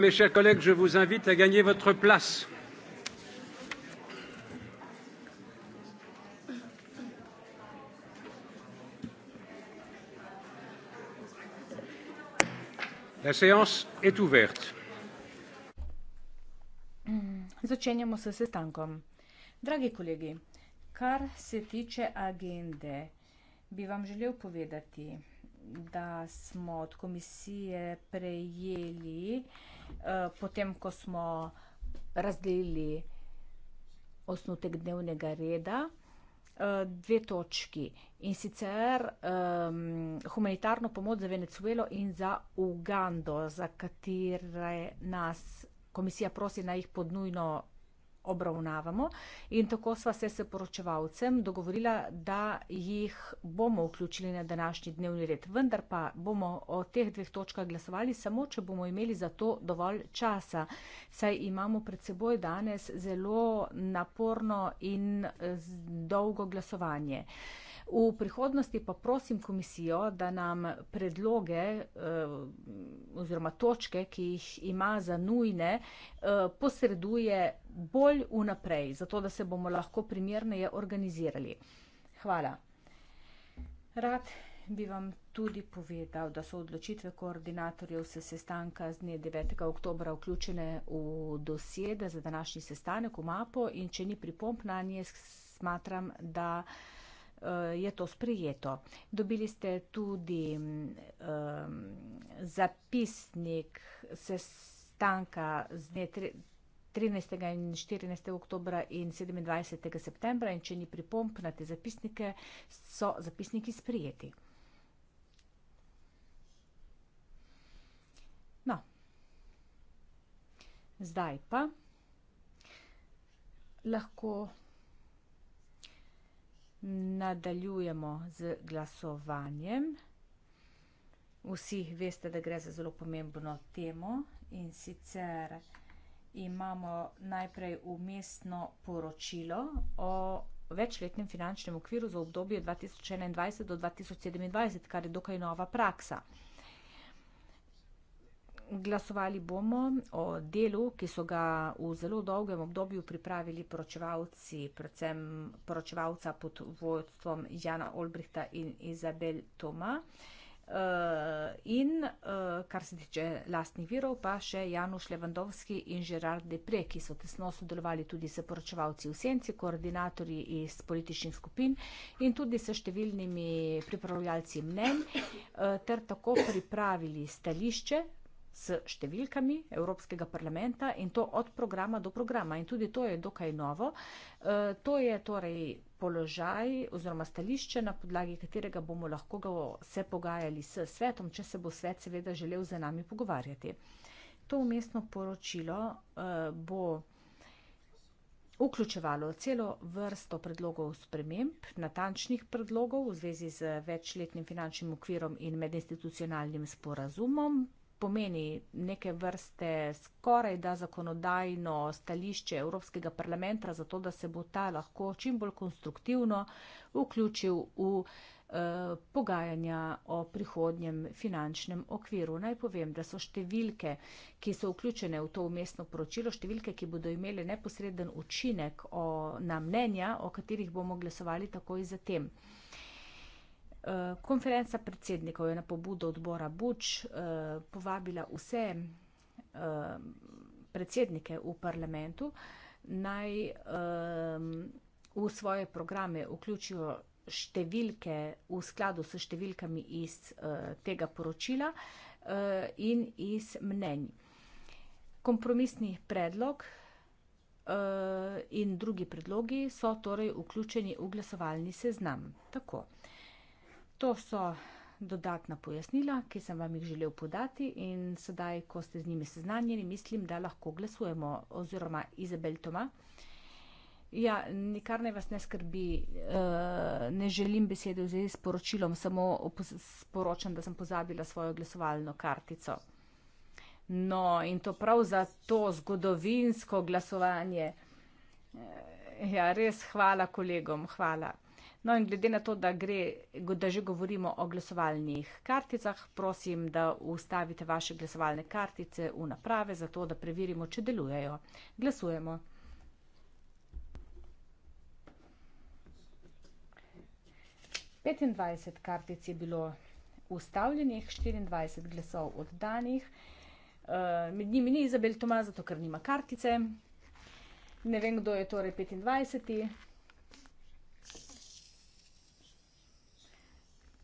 Mes chers collègues, je vous invite à gagner votre place. La séance est ouverte. Začenjamo se sestankom. Dragi kolegi, kar se tiče agende, bi vam želel povedati, da smo od komisije prejeli, eh, potem ko smo razdelili osnutek dnevnega reda, eh, dve točki in sicer um, humanitarno pomoč za Venezuelo in za Ugando, za katere nas komisija prosi, naj jih podnujno obravnavamo in tako sva se s poročevalcem dogovorila, da jih bomo vključili na današnji dnevni red. Vendar pa bomo o teh dveh točkah glasovali samo, če bomo imeli za to dovolj časa. Saj imamo pred seboj danes zelo naporno in dolgo glasovanje. V prihodnosti pa prosim komisijo, da nam predloge eh, oziroma točke, ki jih ima za nujne, eh, posreduje bolj vnaprej, zato da se bomo lahko primerneje organizirali. Hvala. Rad bi vam tudi povedal, da so odločitve koordinatorjev se sestanka z dne 9. oktober vključene v dosjede za današnji sestanek v MAPO in če ni pripomp na nje, smatram, da. Eh, je to sprejeto. Dobili ste tudi um, zapisnik sestanka z dne 13. in 14. oktober in 27. septembra in če ni pripomp na te zapisnike, so zapisniki sprejeti. No, zdaj pa lahko nadaljujemo z glasovanjem. Vsi veste, da gre za zelo pomembno temo in sicer imamo najprej umestno poročilo o večletnem finančnem okviru za obdobje 2021 do 2027, kar je dokaj nova praksa glasovali bomo o delu, ki so ga v zelo dolgem obdobju pripravili poročevalci, predvsem poročevalca pod vodstvom Jana Olbrihta in Izabel Toma. Eh, in eh, kar se tiče lastnih virov, pa še Januš Levandovski in Žerard Depre, ki so tesno sodelovali tudi s poročevalci v Senci, koordinatorji iz političnih skupin in tudi s številnimi pripravljalci mnen, eh, ter tako pripravili stališče s številkami Evropskega parlamenta in to od programa do programa. In tudi to je dokaj novo. E, to je torej položaj oziroma stališče, na podlagi katerega bomo lahko se pogajali s svetom, če se bo svet seveda želel za nami pogovarjati. To umestno poročilo e, bo vključevalo celo vrsto predlogov sprememb, natančnih predlogov v zvezi z večletnim finančnim okvirom in medinstitucionalnim sporazumom, pomeni neke vrste skoraj da zakonodajno stališče Evropskega parlamenta za to, da se bo ta lahko čim bolj konstruktivno vključil v eh, pogajanja o prihodnjem finančnem okviru. Naj povem, da so številke, ki so vključene v to umestno poročilo, številke, ki bodo imele neposreden učinek o, na mnenja, o katerih bomo glasovali takoj zatem. Uh, Eh, konferenca predsednikov je na pobudo odbora Buč eh, povabila vse eh, predsednike v parlamentu naj v svoje programe vključijo številke v skladu s številkami iz tega poročila in iz mnenj. Kompromisni predlog in drugi predlogi so torej vključeni v glasovalni seznam. Tako. To so dodatna pojasnila, ki sem vam jih želel podati in sedaj, ko ste z njimi seznanjeni, mislim, da lahko glasujemo oziroma Izabel Toma. Ja, nikar ne vas ne skrbi, eh, ne želim besede vzeti s poročilom, samo sporočam, da sem pozabila svojo glasovalno kartico. No, in to prav za to zgodovinsko glasovanje. Eh, ja, res hvala kolegom, hvala. No, in glede na to, da, gre, da že govorimo o glasovalnih karticah, prosim, da ustavite vaše glasovalne kartice v naprave, zato da preverimo, če delujejo. Glasujemo. Petindvajset kartic je bilo ustavljenih, štiriindvajset glasov oddanih. Eh, med njimi ni Izabel Toma, zato ker nima kartice. Ne vem, kdo je torej petindvajseti.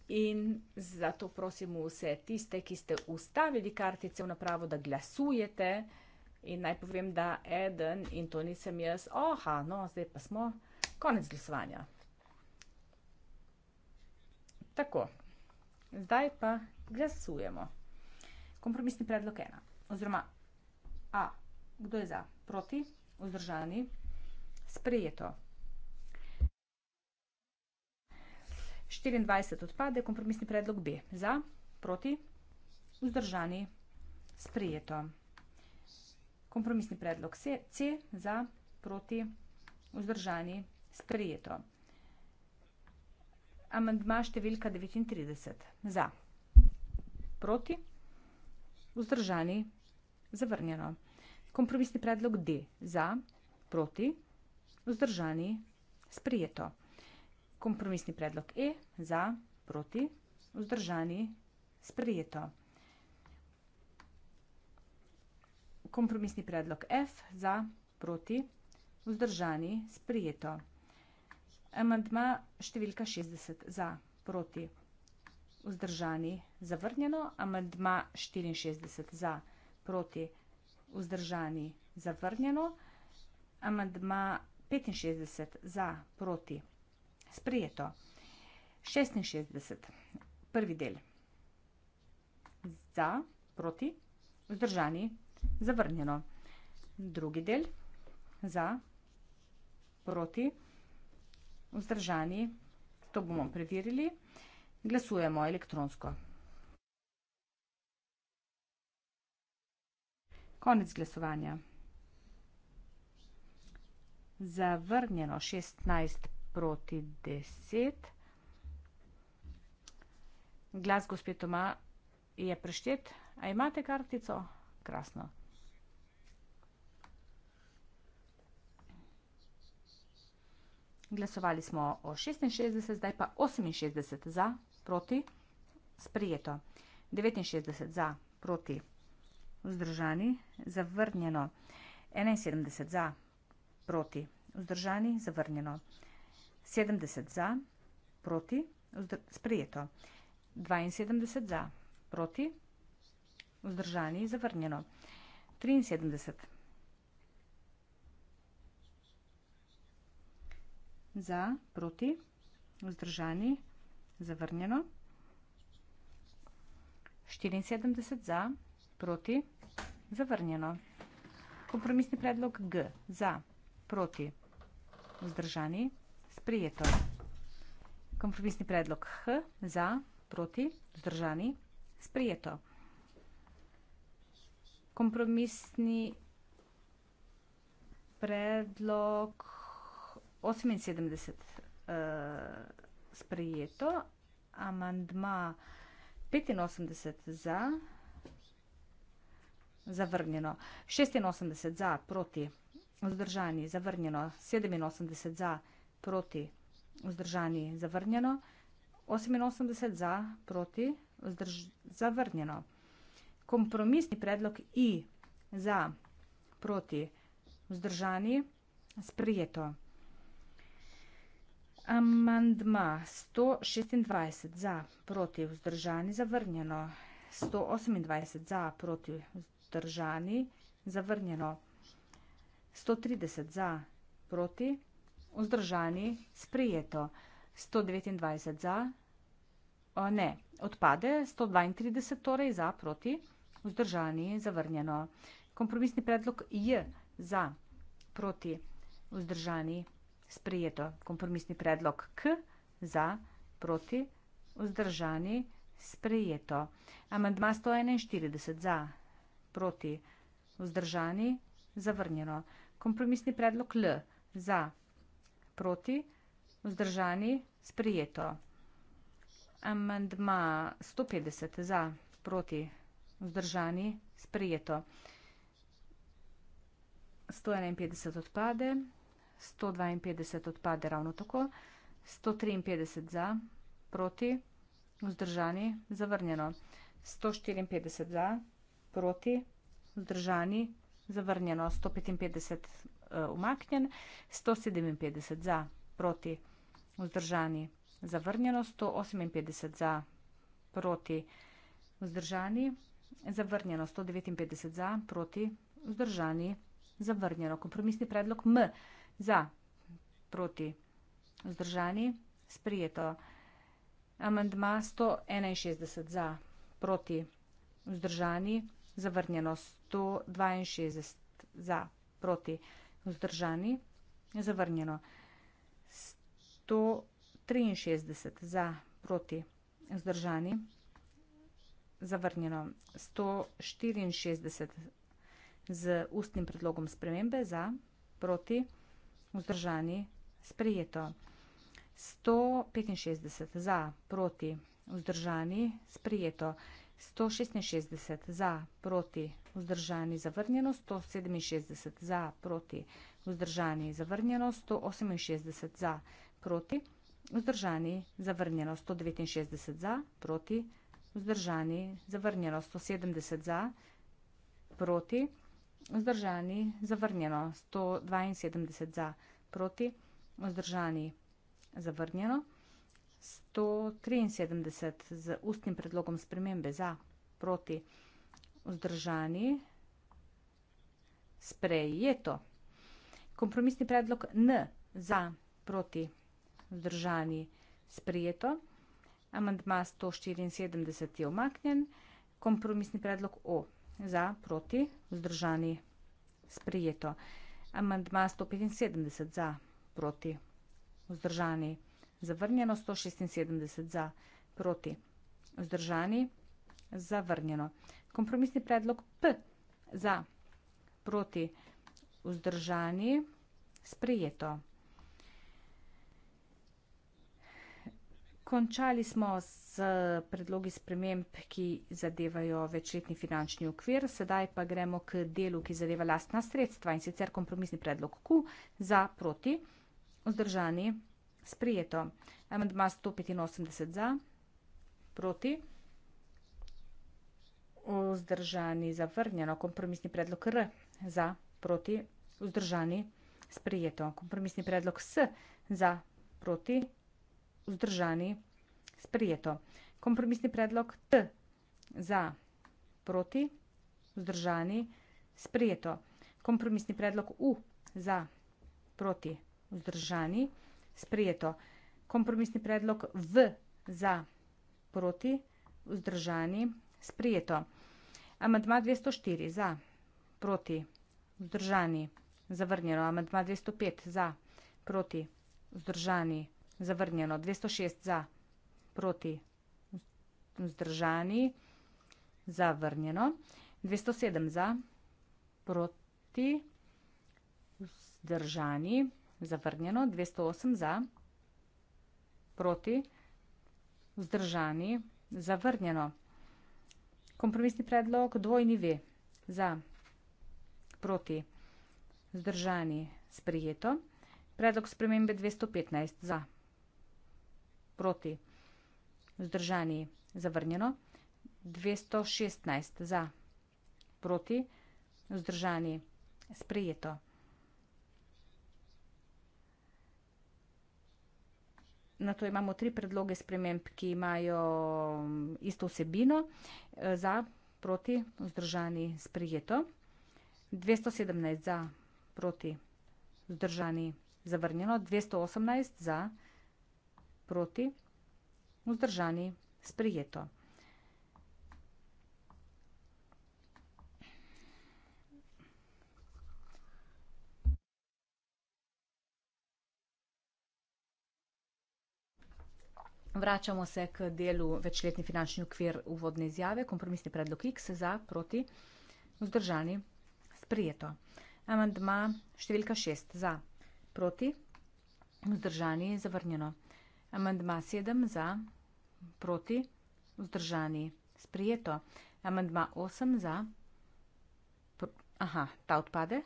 In zato prosim vse tiste, ki ste ustavili kartice v napravo, da glasujete. In naj povem, da eden in to nisem jaz. Oha, no, zdaj pa smo. Konec glasovanja. Tako, zdaj pa glasujemo. Kompromisni predlog ena. Oziroma, a, kdo je za? Proti, vzdržani, sprejeto. 24 odpade, kompromisni predlog B. Za, proti, vzdržani, sprijeto. Kompromisni predlog C, za, proti, vzdržani, sprijeto. Amandma številka 39. Za, proti, vzdržani, zavrnjeno. Kompromisni predlog D, za, proti, vzdržani, sprijeto kompromisni predlog E za, proti, vzdržani, sprejeto. Kompromisni predlog F za, proti, vzdržani, sprejeto. Amandma številka 60 za, proti, vzdržani, zavrnjeno. Amandma 64 za, proti, vzdržani, zavrnjeno. Amandma 65 za, proti, vzdržani sprejeto. 66. Prvi del. Za, proti, vzdržani, zavrnjeno. Drugi del. Za, proti, vzdržani, to bomo preverili. Glasujemo elektronsko. Konec glasovanja. Zavrnjeno 16 proti 10. Glas gospe Toma je preštet. A imate kartico? Krasno. Glasovali smo o 66, zdaj pa 68 za, proti, sprijeto. 69 za, proti, vzdržani, zavrnjeno. 71 za, proti, vzdržani, zavrnjeno. 70 za, proti, sprejeto. 72 za, proti, vzdržani, zavrnjeno. 73 za, proti, vzdržani, zavrnjeno. 74 za, proti, zavrnjeno. Kompromisni predlog G. Za, proti, vzdržani, zavrnjeno. Sprejeto. Kompromisni predlog H za, proti, vzdržani. Sprejeto. Kompromisni predlog oseminsedemdeset, eh, sprejeto. Amandma petinosemdeset za, zavrnjeno. Šestinosemdeset za, proti, vzdržani, zavrnjeno. Sedeminosemdeset za proti, vzdržani zavrnjeno, 88 za proti, vzdrž, zavrnjeno. Kompromisni predlog I za proti, vzdržani, sprijeto. Amandma 126 za proti, vzdržani, zavrnjeno. 128 za proti, vzdržani, zavrnjeno. 130 za proti, vzdržani vzdržani, sprejeto. 129 za, o, ne, odpade, 132 torej za, proti, vzdržani, zavrnjeno. Kompromisni predlog je za, proti, vzdržani, sprejeto. Kompromisni predlog k, za, proti, vzdržani, sprejeto. Amandma 141 za, proti, vzdržani, zavrnjeno. Kompromisni predlog L za, proti, Proti, vzdržani, sprijeto. Amandma 150 za, proti, vzdržani, sprijeto. 151 odpade, 152 odpade ravno tako, 153 za, proti, vzdržani, zavrnjeno. 154 za, proti, vzdržani, zavrnjeno. 155 odpade. Eh, umaknjen, 157 za proti vzdržani zavrnjeno, 158 za proti vzdržani zavrnjeno, 159 za proti vzdržani zavrnjeno. Kompromisni predlog M za proti vzdržani sprijeto. Amandma 161 za proti vzdržani zavrnjeno, 162 za proti vzdržani vzdržani, zavrnjeno. 163 za proti vzdržani, zavrnjeno. 164 z ustnim predlogom spremembe za proti vzdržani sprejeto. 165 za proti vzdržani sprejeto. 163 za proti vzdržani sprejeto. 166 za, proti, vzdržani, zavrnjeno, 167 za, proti, vzdržani, zavrnjeno, 168 za, proti, vzdržani, zavrnjeno, 169 za, proti, vzdržani, zavrnjeno, 170 za, proti, vzdržani, zavrnjeno, 172 za, proti, vzdržani, zavrnjeno, 173 za, proti, vzdržani, zavrnjeno, 173 z ustnim predlogom spremembe za proti vzdržani sprejeto. Kompromisni predlog N za proti vzdržani sprejeto. Amandma 174 je omaknjen. Kompromisni predlog O za proti vzdržani sprejeto. Amandma 175 za proti vzdržani sprejeto zavrnjeno 176 za proti vzdržani zavrnjeno kompromisni predlog p za proti vzdržani sprejeto Končali smo s predlogi sprememb, ki zadevajo večletni finančni okvir, sedaj pa gremo k delu, ki zadeva lastna sredstva in sicer kompromisni predlog Q za proti vzdržani sprejeto sprijeto. Amandma 185 za, proti, vzdržani, zavrnjeno, kompromisni predlog R za, proti, vzdržani, sprijeto. Kompromisni predlog S za, proti, vzdržani, sprijeto. Kompromisni predlog T za, proti, vzdržani, sprijeto. Kompromisni predlog U za, proti, vzdržani, sprijeto sprejeto. Kompromisni predlog V za proti vzdržani sprejeto. Amadma 204 za proti vzdržani zavrnjeno. Amadma 205 za proti vzdržani zavrnjeno. 206 za proti vzdržani zavrnjeno. 207 za proti vzdržani zavrnjeno zavrnjeno, 208 za, proti, vzdržani, zavrnjeno. Kompromisni predlog, dvojni ve, za, proti, vzdržani, sprijeto. Predlog spremembe 215 za, proti, vzdržani, zavrnjeno. 216 za, proti, vzdržani, sprijeto. Na to imamo tri predloge sprememb, ki imajo mm, isto vsebino eh, za, proti, vzdržani, sprijeto. 217 za, proti, vzdržani, zavrnjeno. 218 za, proti, vzdržani, sprijeto. Vračamo se k delu večletni finančni okvir uvodne izjave, kompromisni predlog X za proti vzdržani sprijeto. Amandma številka šest za proti vzdržani zavrnjeno. Amandma sedem za proti vzdržani sprijeto. Amandma osem za Aha, ta odpade.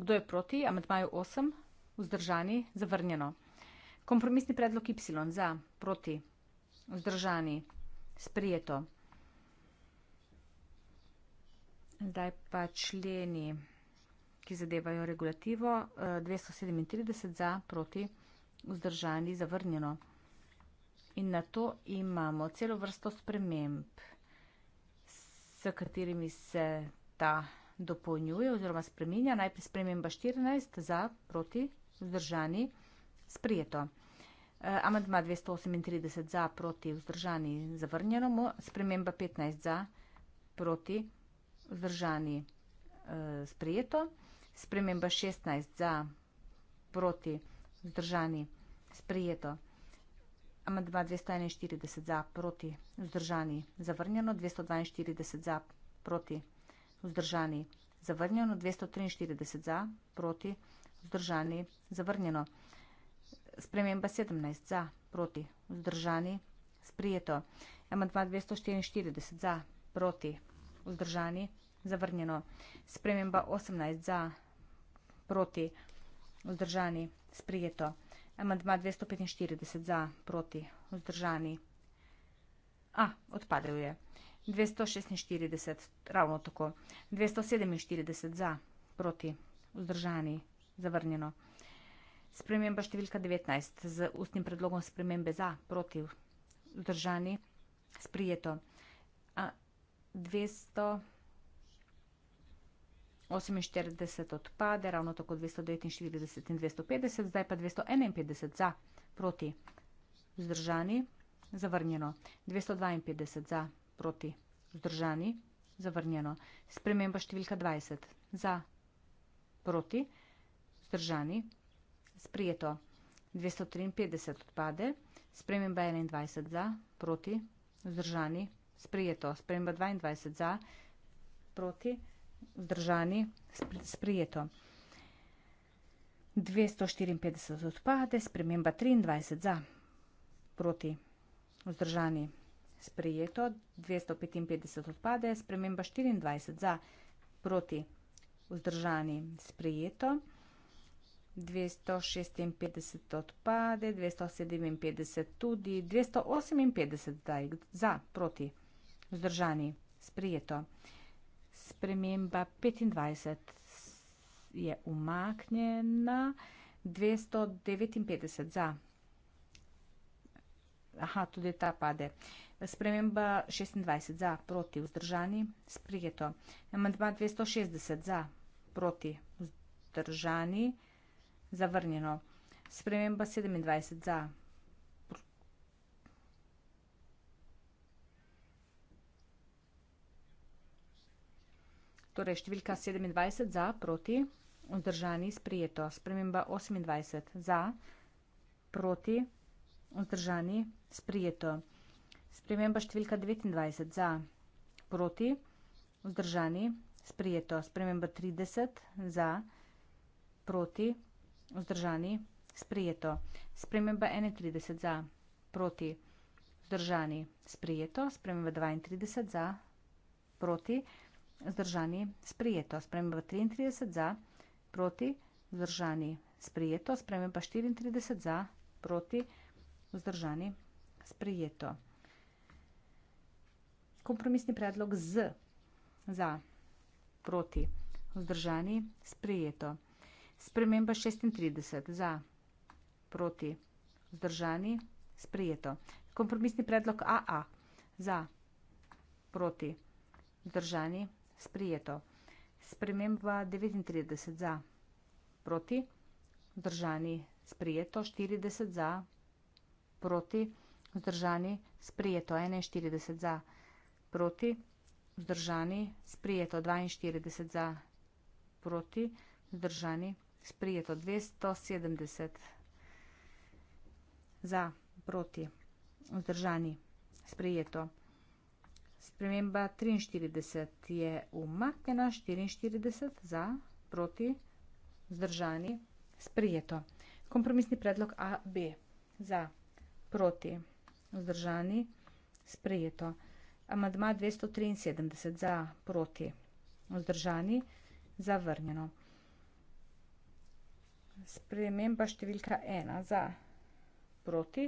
Kdo je proti? Amedmaju 8, vzdržani, zavrnjeno. Kompromisni predlog Y, za, proti, vzdržani, sprijeto. Zdaj pa členi, ki zadevajo regulativo, 237 eh, za, proti, vzdržani, zavrnjeno. In na to imamo celo vrsto sprememb, s katerimi se ta regulativa dopolnjuje oziroma spreminja, najprej sprememba 14 eh, eh, za proti vzdržani sprijeto. Amandma 238 za proti vzdržani zavrnjeno, sprememba 15 za proti vzdržani sprijeto, sprememba 16 za proti vzdržani sprijeto. Amandma 241 za proti vzdržani zavrnjeno, 242 za proti vzdržani sprijeto vzdržani, zavrnjeno 243 za, proti, vzdržani, zavrnjeno. Sprememba 17 za, proti, vzdržani, sprijeto. Ema 244 za, proti, vzdržani, zavrnjeno. Sprememba 18 za, proti, vzdržani, sprijeto. Ema 245 za, proti, vzdržani, a, odpadel je. 246, ravno tako, 247 za, proti, vzdržani, zavrnjeno. Sprememba številka 19 z ustnim predlogom spremembe za, proti, vzdržani, sprijeto. 248 odpade, ravno tako 249 in 250, zdaj pa 251 za, proti, vzdržani, zavrnjeno. 252 za, proti. Vzdržani, zavrnjeno. Sprememba številka 20. Za, proti, vzdržani, sprijeto. 253 odpade, sprememba 21 za, proti, vzdržani, sprijeto. Sprememba 22 za, proti, vzdržani, sprijeto. 254 odpade, sprememba 23 za, proti, vzdržani, sprijeto sprejeto, 255 odpade, sprememba 24 za, proti vzdržani sprejeto, 256 odpade, 257 tudi, 258 zdaj za, proti vzdržani sprejeto, sprememba 25 je umaknjena, 259 za, aha, tudi ta pade. Sprememba 26 za, proti vzdržani, sprijeto. Amandma 260 za, proti vzdržani, zavrnjeno. Sprememba 27 za. Torej številka 27 za, proti vzdržani, sprijeto. Sprememba 28 za, proti vzdržani, sprijeto. Sprememba 28 za, proti vzdržani, sprijeto. Sprememba številka 29 za, proti, vzdržani, sprijeto. Sprememba 30 za, proti, vzdržani, sprijeto. Sprememba 31 za, proti, vzdržani, sprijeto. Sprememba 32 za, proti, vzdržani, sprijeto. Sprememba 33 za, proti, vzdržani, sprijeto. Sprememba 34 za, proti, vzdržani, sprijeto kompromisni predlog z za proti vzdržani sprejeto. Sprememba 36 za proti vzdržani sprejeto. Kompromisni predlog AA za proti vzdržani sprejeto. Sprememba 39 za proti vzdržani sprejeto. 40 za proti vzdržani sprejeto. 41 za proti proti, vzdržani, sprijeto 42 za, proti, vzdržani, sprijeto 270 za, proti, vzdržani, sprijeto. Sprememba 43 je umaknjena, 44 za, proti, vzdržani, sprijeto. Kompromisni predlog A, B, za, proti, vzdržani, sprijeto. Amadma 273 za proti. Vzdržani zavrnjeno. Sprememba številka 1 za proti.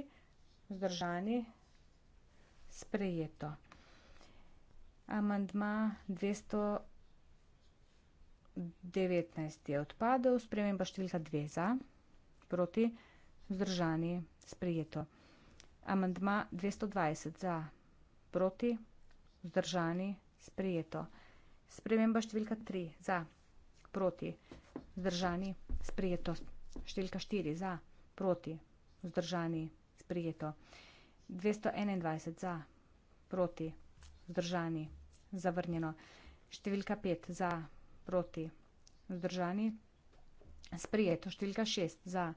Vzdržani sprejeto. Amandma 219 je odpadel, sprememba številka 2 za, proti, vzdržani, sprejeto. Amandma 220 za, proti, vzdržani vzdržani, sprejeto. Sprememba številka 3, za, proti, vzdržani, sprejeto. Številka 4, za, proti, vzdržani, sprejeto. 221, za, proti, vzdržani, zavrnjeno. Številka 5, za, proti, vzdržani, sprejeto. Številka 6, za,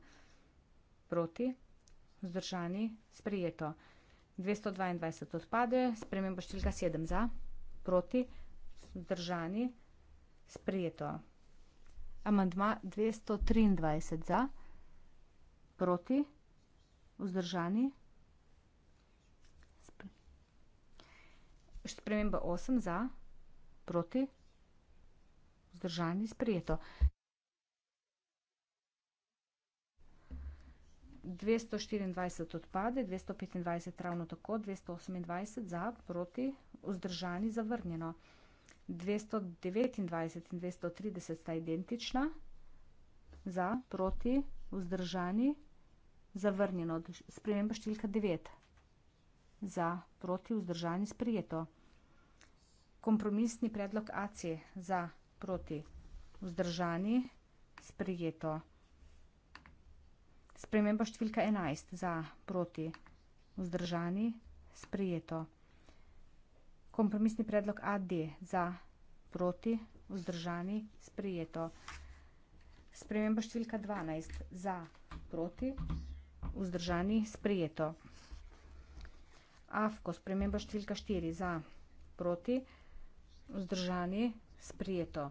proti, vzdržani, sprejeto. 222 odpade, sprememba številka 7 za, proti, zdržani, sprijeto. Amandma 223 za, proti, vzdržani, sprememba 8 za, proti, vzdržani, sprijeto. 224 odpade, 225 ravno tako, 228 za, proti, vzdržani, zavrnjeno. 229 in 230 sta identična, za, proti, vzdržani, zavrnjeno. Sprememba številka 9, za, proti, vzdržani, sprijeto. Kompromisni predlog AC, za, proti, vzdržani, sprijeto. Sprijeto. Sprememba številka 11 za proti vzdržani sprejeto. Kompromisni predlog AD za proti vzdržani sprejeto. Sprememba številka 12 za proti vzdržani sprejeto. AFKO sprememba številka 4 za proti vzdržani sprejeto.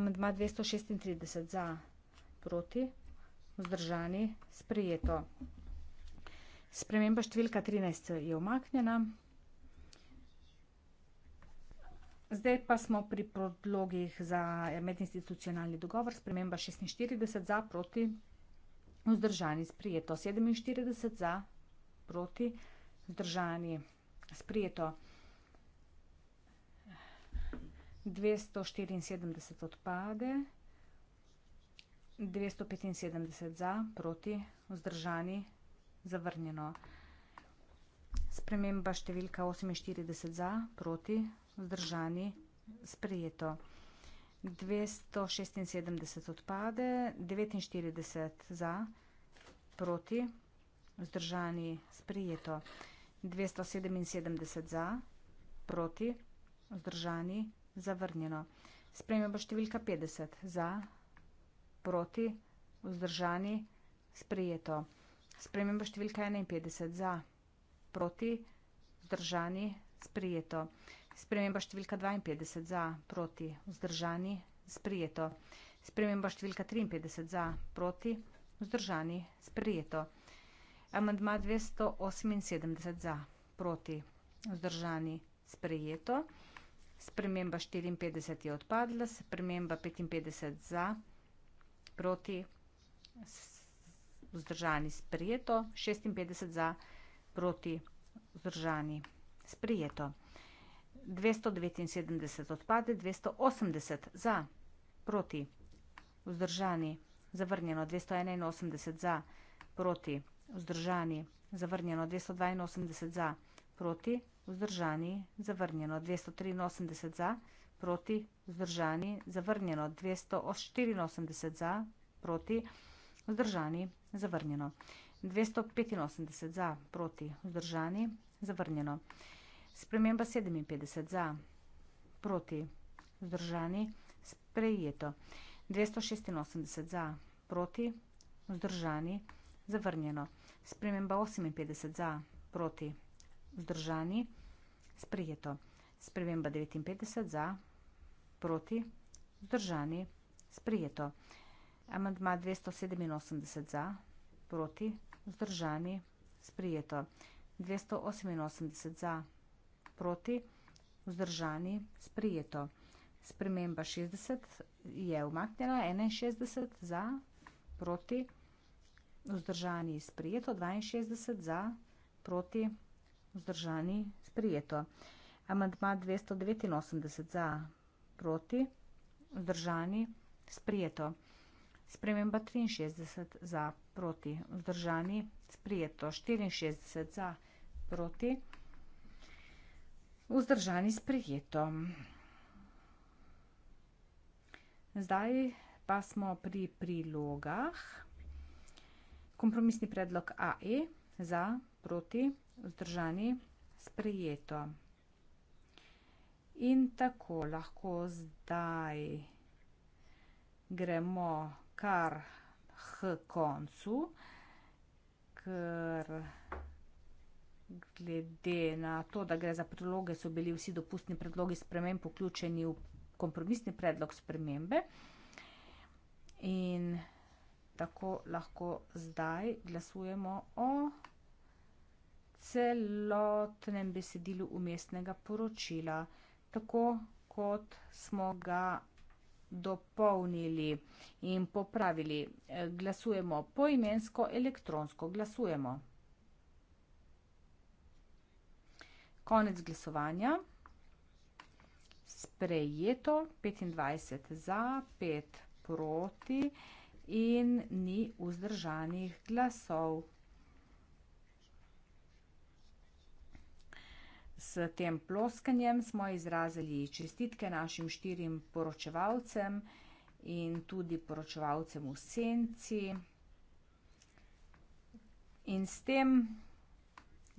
Amandma 236 za proti vzdržani sprejeto vzdržani, sprejeto. Sprememba številka 13 je omaknjena. Zdaj pa smo pri predlogih za medinstitucionalni dogovor. Sprememba 46 za, proti, vzdržani, sprejeto. 47 za, proti, vzdržani, sprejeto. 274 odpade. 275 za, proti, vzdržani, zavrnjeno. Sprememba številka 48 za, proti, vzdržani, sprejeto. 276 odpade, 49 za, proti, vzdržani, sprejeto. 277 za, proti, vzdržani, zavrnjeno. Sprememba številka 50 za, proti, vzdržani, zavrnjeno proti, vzdržani, sprejeto. Sprememba številka 51 za, proti, vzdržani, sprejeto. Sprememba številka 52 za, proti, vzdržani, sprejeto. Sprememba številka 53 za, proti, vzdržani, sprejeto. Amandma 278 za, proti, vzdržani, sprejeto. Sprememba 54 je odpadla, sprememba 55 za, proti, vzdržani, sprejeto proti, vzdržani, sprejeto, šestinpetdeset za, proti, vzdržani, sprejeto. Dvesto devetinsedemdeset odpade, dvesto osemdeset za, proti, vzdržani, zavrnjeno, dvesto enainosemdeset za, proti, vzdržani, zavrnjeno, dvesto dvainosemdeset za, proti, vzdržani, zavrnjeno, dvesto triinosemdeset za proti, vzdržani, zavrnjeno, 284 za, proti, vzdržani, zavrnjeno, 285 za, proti, vzdržani, zavrnjeno, sprememba 57 za, proti, vzdržani, sprejeto, 286 za, proti, vzdržani, zavrnjeno, sprememba 58 za, proti, vzdržani, sprejeto, sprememba 59 za, proti, vzdržani, sprejeto, sprememba 59 za, proti, vzdržani, sprejeto, proti, vzdržani, sprijeto. Amandma 287 za, proti, vzdržani, sprijeto. 288 za, proti, vzdržani, sprijeto. Sprememba 60 je umaknjena, 61 za, proti, vzdržani, sprijeto. 62 za, proti, vzdržani, sprijeto. Amandma 289 za, proti, vzdržani, sprijeto proti, vzdržani, sprijeto. Sprememba 63 za, proti, vzdržani, sprijeto. 64 za, proti, vzdržani, sprijeto. Zdaj pa smo pri prilogah. Kompromisni predlog AE za, proti, vzdržani, sprijeto. Sprijeto. In tako lahko zdaj gremo kar h koncu, ker glede na to, da gre za predloge, so bili vsi dopustni predlogi sprememb vključeni v kompromisni predlog spremembe. In tako lahko zdaj glasujemo o celotnem besedilu umestnega poročila vsega tako kot smo ga dopolnili in popravili. E, glasujemo poimensko, elektronsko glasujemo. Konec glasovanja. Sprejeto 25 za, 5 proti in ni vzdržanih glasov. S tem ploskanjem smo izrazili čestitke našim štirim poročevalcem in tudi poročevalcem v senci. In s tem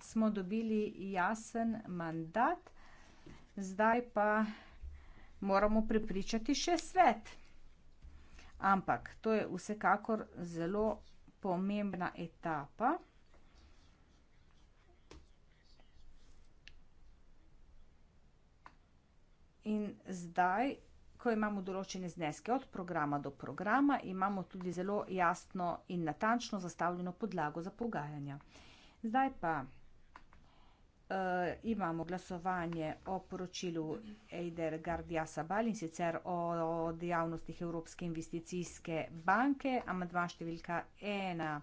smo dobili jasen mandat, zdaj pa moramo prepričati še svet. Ampak to je vsekakor zelo pomembna etapa. In zdaj, ko imamo določene zneske od programa do programa, imamo tudi zelo jasno in natančno zastavljeno podlago za pogajanja. Zdaj pa uh, imamo glasovanje o poročilu Eider Gardia Sabal in sicer o, o dejavnostih Evropske investicijske banke, amadva številka ena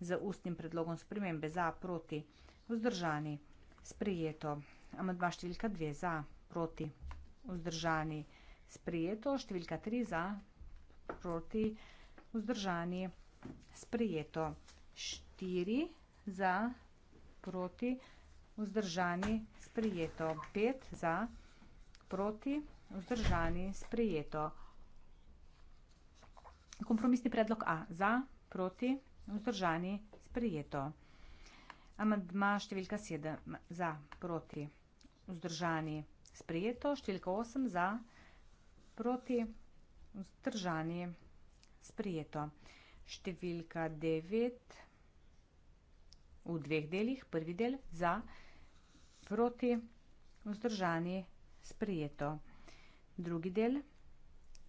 z ustnim predlogom spremembe za proti vzdržani sprejeto, amadva številka dve za proti vzdržani. Sprijeto, številka 3 za, proti, vzdržani. Sprijeto, 4 za, proti, vzdržani. Sprijeto, 5 za, proti, vzdržani. Sprijeto. Kompromisni predlog A, za, proti, vzdržani. Sprijeto. Amadma številka 7, za, proti, vzdržani. Sprijeto sprejeto, številka 8 za, proti, vzdržani, sprejeto. Številka 9 v dveh delih, prvi del za, proti, vzdržani, sprejeto. Drugi del,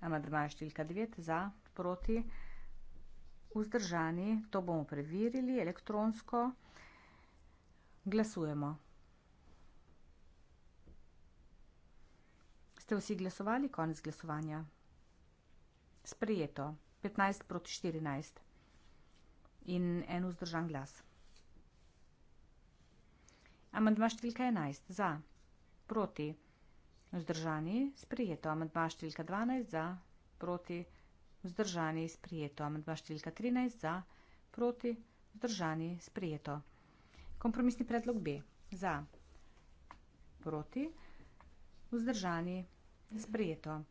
amadma je številka 9 za, proti, vzdržani, to bomo preverili elektronsko, glasujemo. Glasujemo. Ste vsi glasovali? Konec glasovanja. Sprejeto. 15 proti 14. In en vzdržan glas. Amandma številka 11. Za. Proti. Vzdržani. Sprejeto. Amandma številka 12. Za. Proti. Vzdržani. Sprejeto. Amandma številka 13. Za. Proti. Vzdržani. Sprejeto. Kompromisni predlog B. Za. Proti. Vzdržani. Sprejeto. Sprijeto.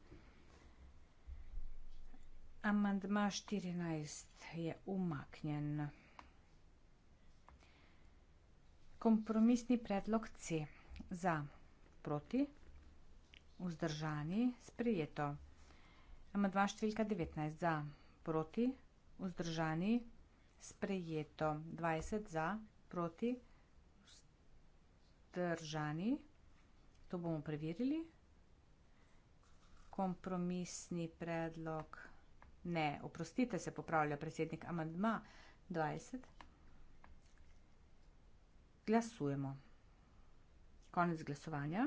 Amandma 14 je umaknjen. Kompromisni predlog C. Za. Proti. Vzdržani. Sprijeto. Amandma številka 19. Za. Proti. Vzdržani. Sprijeto. 20. Za. Proti. Vzdržani. To bomo preverili kompromisni predlog. Ne, oprostite, se popravlja predsednik amandma 20. Glasujemo. Konec glasovanja.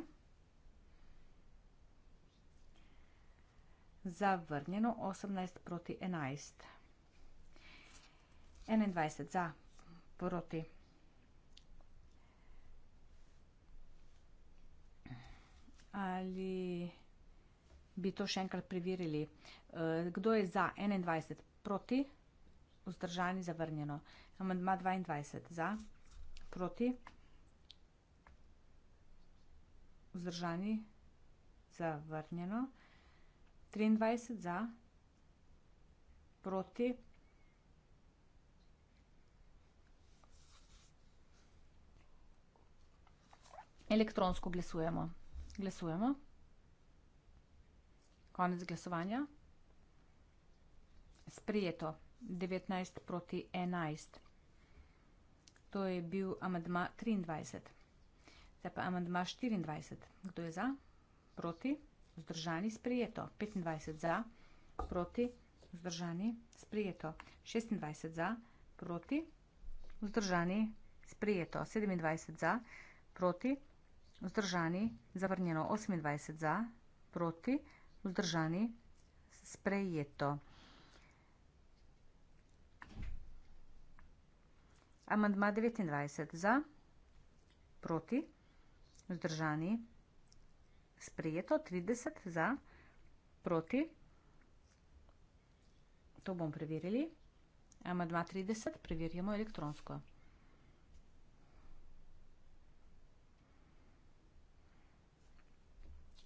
Zavrnjeno 18 proti 11. 21 za proti. Ali bi to še enkrat preverili. Eh, kdo je za 21 proti, vzdržani zavrnjeno. Amandma 22 za, proti, vzdržani zavrnjeno. 23 za, proti, elektronsko glasujemo. Glasujemo. Konec glasovanja. Sprijeto. 19 proti 11. To je bil amadma 23. Zdaj pa amadma 24. Kdo je za? Proti. Zdržani sprijeto. 25 za. Proti. Zdržani sprijeto. 26 za. Proti. Zdržani sprijeto. 27 za. Proti. Zdržani zavrnjeno. 28 za. Proti. Vzdržani. Sprejeto. Amandma 29 za. Proti. Vzdržani. Sprejeto. 30 za. Proti. To bom preverili. Amandma 30. Preverjamo elektronsko.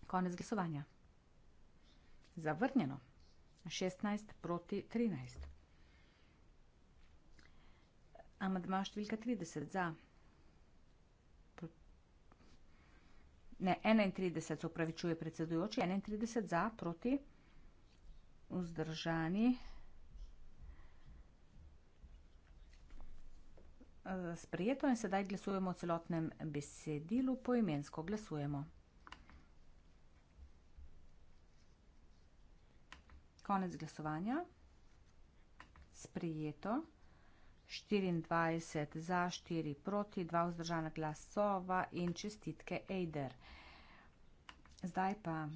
Konec glasovanja zavrnjeno. 16 proti 13. Amadma številka 30 za. Ne, 31 se upravičuje predsedujoči, 31 za proti vzdržani. Eh, sprejeto in sedaj glasujemo o celotnem besedilu, poimensko glasujemo. konec glasovanja. Sprijeto. 24 za, 4 proti, 2 vzdržana glasova in čestitke Eider. Zdaj pa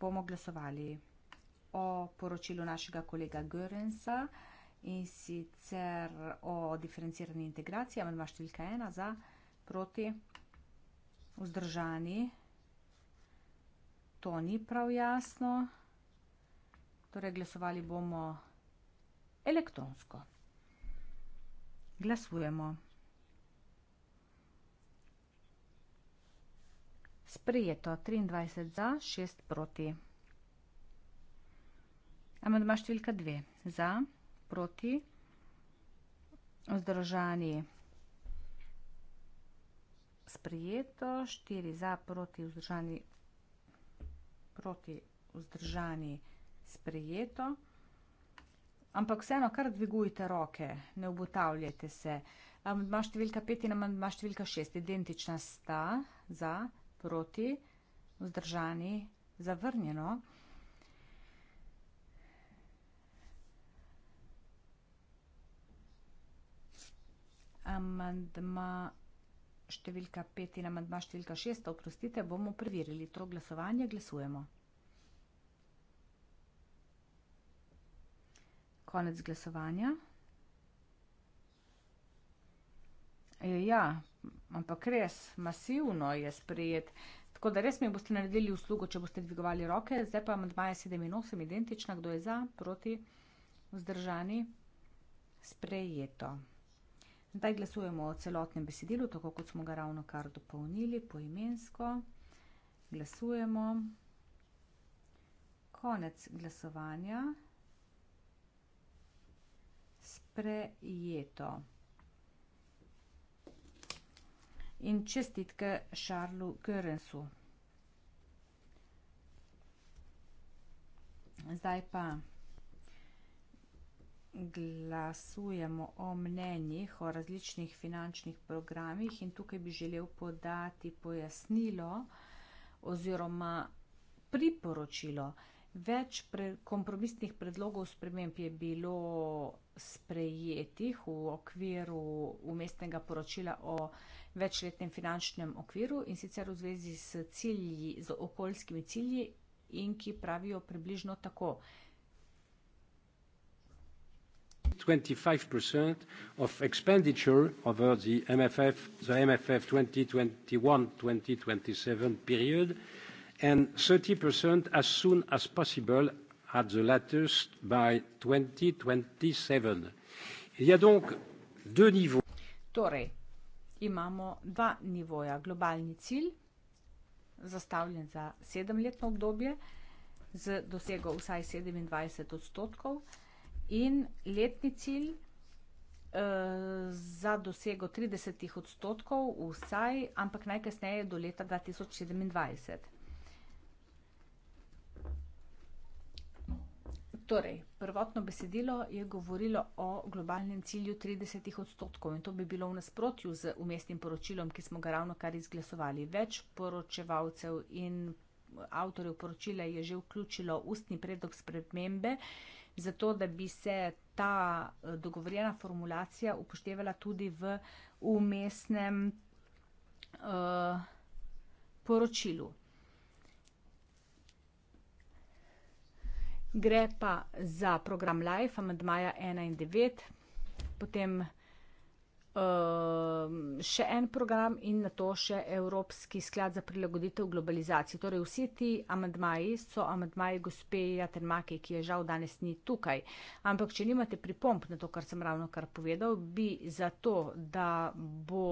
bomo glasovali o poročilu našega kolega Görensa in sicer o diferencirani integraciji, amedma številka 1 za, proti, vzdržani. To ni prav jasno. Torej, glasovali bomo elektronsko. Glasujemo. Sprejeto 23 za, 6 proti. Amandma številka 2 za, proti, vzdržani. Sprejeto 4 za, proti, vzdržani. Proti, vzdržani sprejeto. Ampak vseeno, kar dvigujte roke, ne obotavljajte se. Amandma številka 5 in amandma številka 6, identična sta, za, proti, vzdržani, zavrnjeno. Amandma številka 5 in amandma številka 6, oprostite, bomo preverili to glasovanje, glasujemo. konec glasovanja. E, ja, ampak res masivno je sprejet. Tako da res mi boste naredili uslugo, če boste dvigovali roke. Zdaj pa amandma je 7 in 8 identična, kdo je za, proti, vzdržani, sprejeto. Zdaj glasujemo o celotnem besedilu, tako kot smo ga ravno kar dopolnili, poimensko. Glasujemo. Konec glasovanja sprejeto. In čestitke Šarlu Körensu. Zdaj pa glasujemo o mnenjih, o različnih finančnih programih in tukaj bi želel podati pojasnilo oziroma priporočilo. Več pre, kompromisnih predlogov sprememb je bilo sprejetih v okviru umestnega poročila o večletnem finančnem okviru in sicer v zvezi s cilji, z okoljskimi cilji in ki pravijo približno tako. 25% of expenditure over the MFF, the MFF 2021-2027 period and 30% as soon as possible at the latest by 2027. Il y a donc deux niveaux. Torej, imamo dva nivoja. Globalni cilj, zastavljen za sedemletno obdobje, z dosego vsaj 27% in letni cilj, eh, za dosego 30% vsaj, ampak najkasneje do leta 2027. Torej, prvotno besedilo je govorilo o globalnem cilju 30 odstotkov in to bi bilo v nasprotju z umestnim poročilom, ki smo ga ravno kar izglasovali. Več poročevalcev in avtorjev poročila je že vključilo ustni predlog spremembe, zato da bi se ta eh, dogovorjena formulacija upoštevala tudi v umestnem uh, poročilu. gre pa za program Life, amandmaja ena in devet, potem Ehm, še en program in na to še Evropski sklad za prilagoditev globalizaciji. Torej vsi ti amadmaji so amadmaji gospe Jatenmake, ki je žal danes ni tukaj. Ampak, če nimate pripomp na to, kar sem ravno kar povedal, bi za to, da bo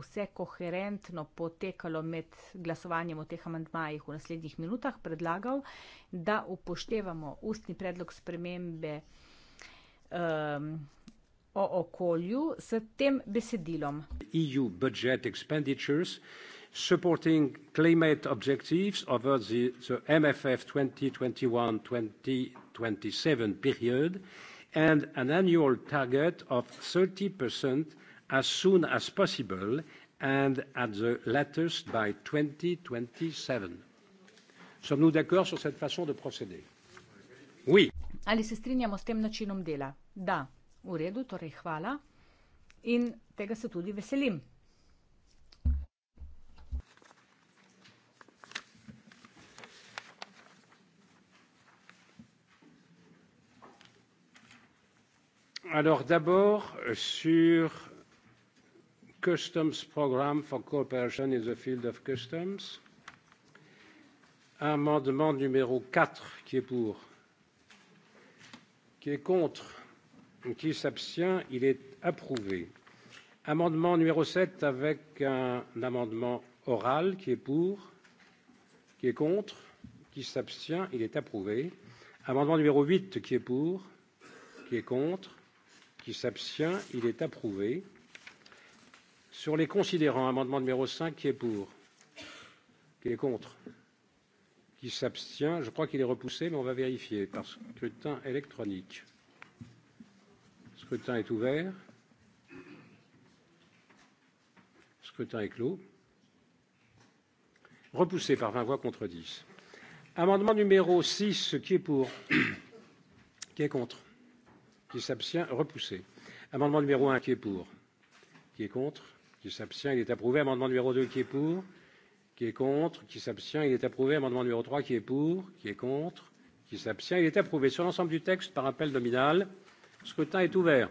vse koherentno potekalo med glasovanjem o teh amadmajih v naslednjih minutah, predlagal, da upoštevamo ustni predlog spremembe. Um, o okolju s tem besedilom. EU budget expenditures supporting climate objectives over the, the MFF 2021-2027 period and an annual target of 30% as soon as possible and at the latest by 2027. Sommes-nous d'accord sur cette façon de procéder? Oui. Ali se strinjamo s tem načinom dela? Da. V redu, torej hvala in tega se tudi veselim. Alors d'abord sur Customs Programme for Cooperation in the Field of Customs. Amendement numéro 4 qui est pour, qui est contre, qui s'abstient il est approuvé amendement numéro 7 avec un amendement oral qui est pour qui est contre qui s'abstient il est approuvé amendement numéro 8 qui est pour qui est contre qui s'abstient il est approuvé sur les considérants amendement numéro 5 qui est pour qui est contre qui s'abstient je crois qu'il est repoussé mais on va vérifier par scrutin électronique scrutin est ouvert. Scrutin est clos. Repoussé par 20 voix contre 10. Amendement numéro 6, qui est pour Qui est contre Qui s'abstient Repoussé. Amendement numéro 1, qui est pour Qui est contre Qui s'abstient Il est approuvé. Amendement numéro 2, qui est pour Qui est contre Qui s'abstient Il est approuvé. Amendement numéro 3, qui est pour Qui est contre Qui s'abstient Il est approuvé. Sur l'ensemble du texte, par appel nominal. Le scrutin est ouvert.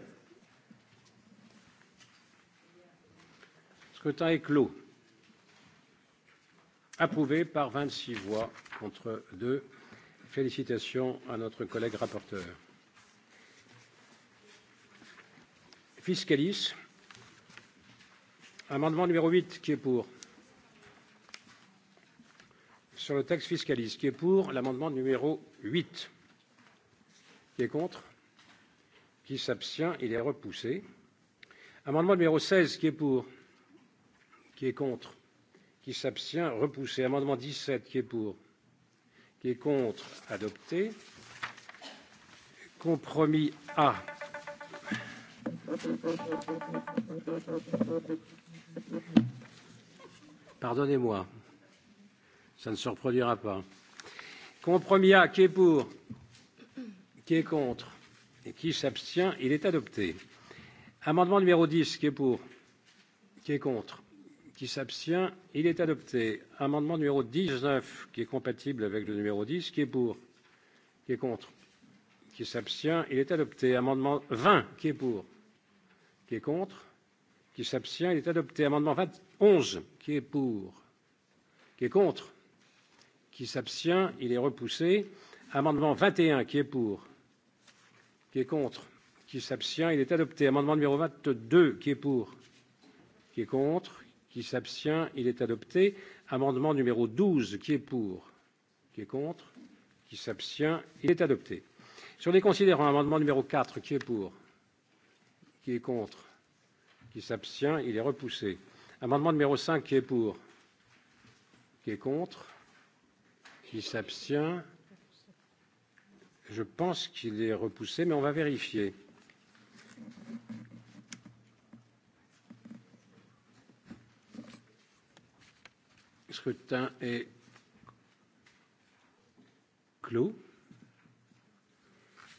Le scrutin est clos. Approuvé par 26 voix contre 2. Félicitations à notre collègue rapporteur. Fiscalis. Amendement numéro 8 qui est pour. Sur le texte fiscaliste, qui est pour l'amendement numéro 8 Qui est contre qui s'abstient, il est repoussé. Amendement numéro 16, qui est pour Qui est contre Qui s'abstient, repoussé. Amendement 17, qui est pour Qui est contre Adopté. Compromis A. Pardonnez-moi, ça ne se reproduira pas. Compromis A, qui est pour Qui est contre qui s'abstient il est adopté amendement numéro 10 qui est pour qui est contre qui s'abstient il est adopté amendement numéro 19 qui est compatible avec le numéro 10 qui est pour qui est contre qui s'abstient il est adopté amendement 20 qui est pour qui est contre qui s'abstient il est adopté amendement 11 qui est pour qui est contre qui s'abstient il est repoussé amendement 21 qui est pour qui est contre qui s'abstient il est adopté amendement numéro 22 qui est pour qui est contre qui s'abstient il est adopté amendement numéro 12 qui est pour qui est contre qui s'abstient il est adopté sur les considérants amendement numéro 4 qui est pour qui est contre qui s'abstient il est repoussé amendement numéro 5 qui est pour qui est contre qui s'abstient Je pense qu'il est repoussé, mais on va vérifier. Le scrutin est clos.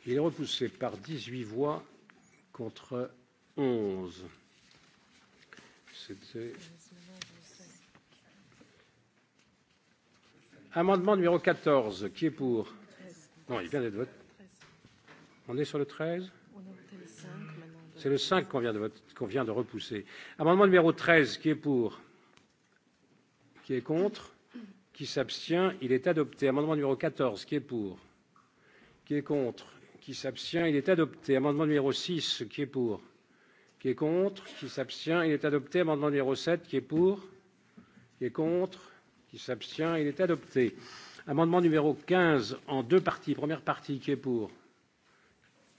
Il est repoussé par 18 voix contre 11. C'était. Amendement numéro 14. Qui est pour Non, il vient d'être voté. On est sur le 13 C'est le 5 qu'on vient, qu vient de repousser. Amendement numéro 13, qui est pour Qui est contre Qui s'abstient Il est adopté. Amendement numéro 14, qui est pour Qui est contre Qui s'abstient Il est adopté. Amendement numéro 6, qui est pour Qui est contre Qui s'abstient Il est adopté. Amendement numéro 7, qui est pour Qui est contre Qui s'abstient Il est adopté. Amendement Amendement numéro 15 en deux parties. Première partie, qui est pour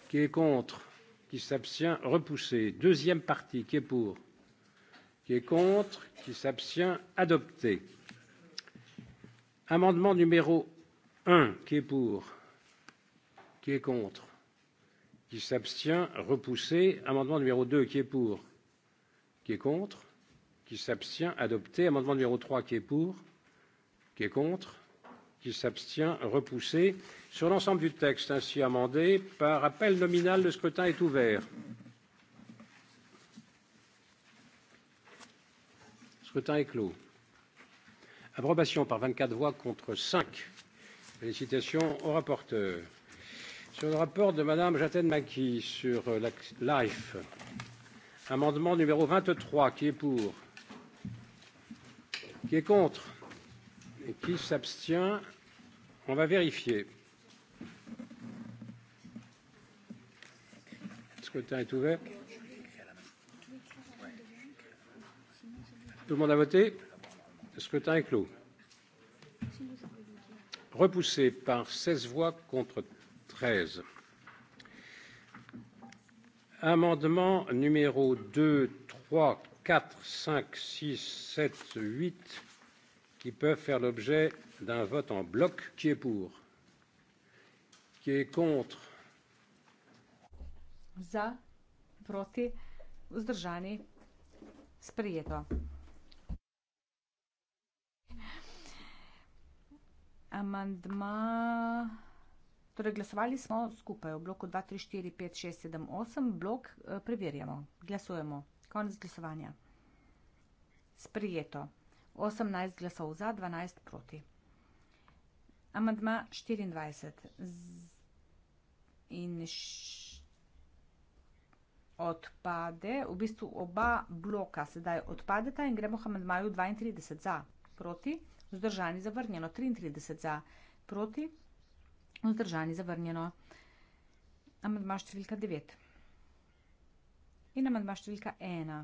Qui est contre Qui s'abstient Repoussé. Deuxième partie, qui est pour Qui est contre Qui s'abstient Adopté. Amendement numéro 1, qui est pour Qui est contre Qui s'abstient Repoussé. Amendement numéro 2, qui est pour Qui est contre Qui s'abstient Adopté. Amendement numéro 3, qui est pour Qui est contre qui s'abstient repoussé sur l'ensemble du texte ainsi amendé par appel nominal le scrutin est ouvert scrutin est clos approbation par 24 voix contre 5 félicitations au rapporteur sur le rapport de madame Jatène Maki sur life amendement numéro 23 qui est pour qui est contre et qui s'abstient On va vérifier. Le scrutin est ouvert. Tout le monde a voté Le scrutin est clos. Repoussé par 16 voix contre 13. Amendement numéro 2, 3, 4, 5, 6, 7, 8 qui peuvent faire l'objet d'un vote en bloc. Qui est pour Qui est contre Za, proti, vzdržani, sprijeto. Amandma, torej glasovali smo skupaj v bloku 2, 3, 4, 5, 6, 7, 8, blok eh, preverjamo, glasujemo, konec glasovanja, sprijeto. 18 glasov za, 12 proti. Amandma 24. In odpade, v bistvu oba bloka sedaj odpadeta in gremo k amandmaju 32 za, proti, vzdržani zavrnjeno, 33 za, proti, vzdržani zavrnjeno. Amandma številka 9. In amandma številka 1.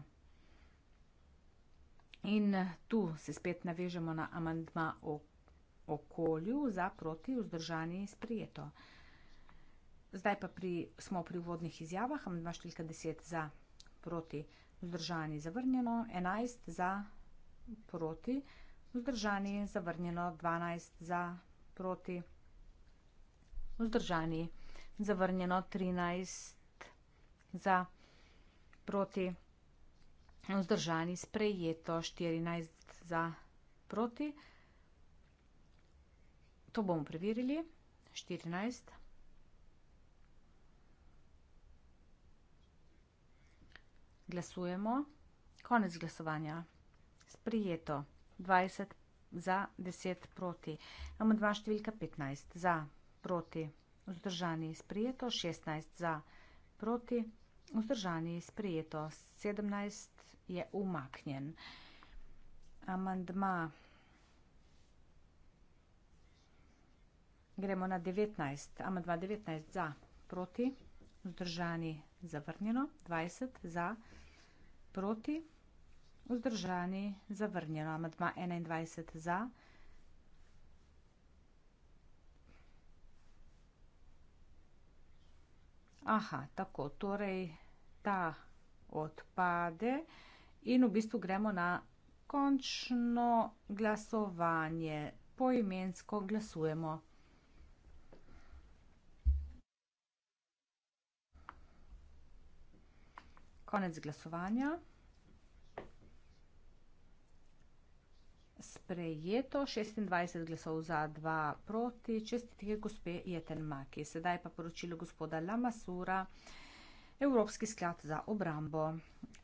In eh, tu se spet navežemo na amantma o okolju za proti vzdržanje in sprijeto. Zdaj pa pri, smo pri uvodnih izjavah, amantma številka 10 za proti vzdržanje zavrnjeno, 11 za proti vzdržanje zavrnjeno, 12 za proti vzdržanje zavrnjeno, 13 za proti vzdržanje zavrnjeno vzdržani, sprejeto 14 za proti. To bomo preverili. 14. Glasujemo. Konec glasovanja. Sprijeto. 20 za, 10 proti. Imamo dva številka 15 za, proti. Vzdržani sprijeto. 16 za, proti. Vzdržani sprijeto. 17 je umaknjen. Amandma. Gremo na 19. Amandma 19 za, proti, vzdržani, zavrnjeno. 20 za, proti, vzdržani, zavrnjeno. Amandma 21 za. Aha, tako, torej ta odpade. Amandma 21 za. In v bistvu gremo na končno glasovanje. Poimensko glasujemo. Konec glasovanja. Sprejeto, 26 glasov za, 2 proti, čestitke gospe Jeten Maki. Sedaj pa poročilo gospoda Lamasura. Evropski sklad za obrambo.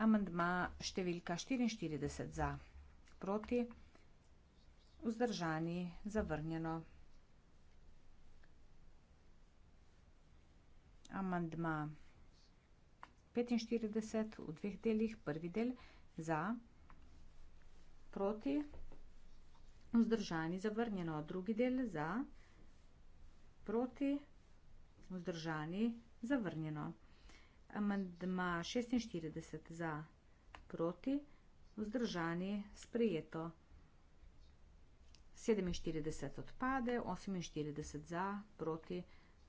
Amendma številka 44 za proti, vzdržani zavrnjeno. Amendma 45 v dveh delih, prvi del za proti, vzdržani zavrnjeno, drugi del za proti, vzdržani zavrnjeno amandma 46 za proti, vzdržani sprejeto. 47 odpade, 48 za proti,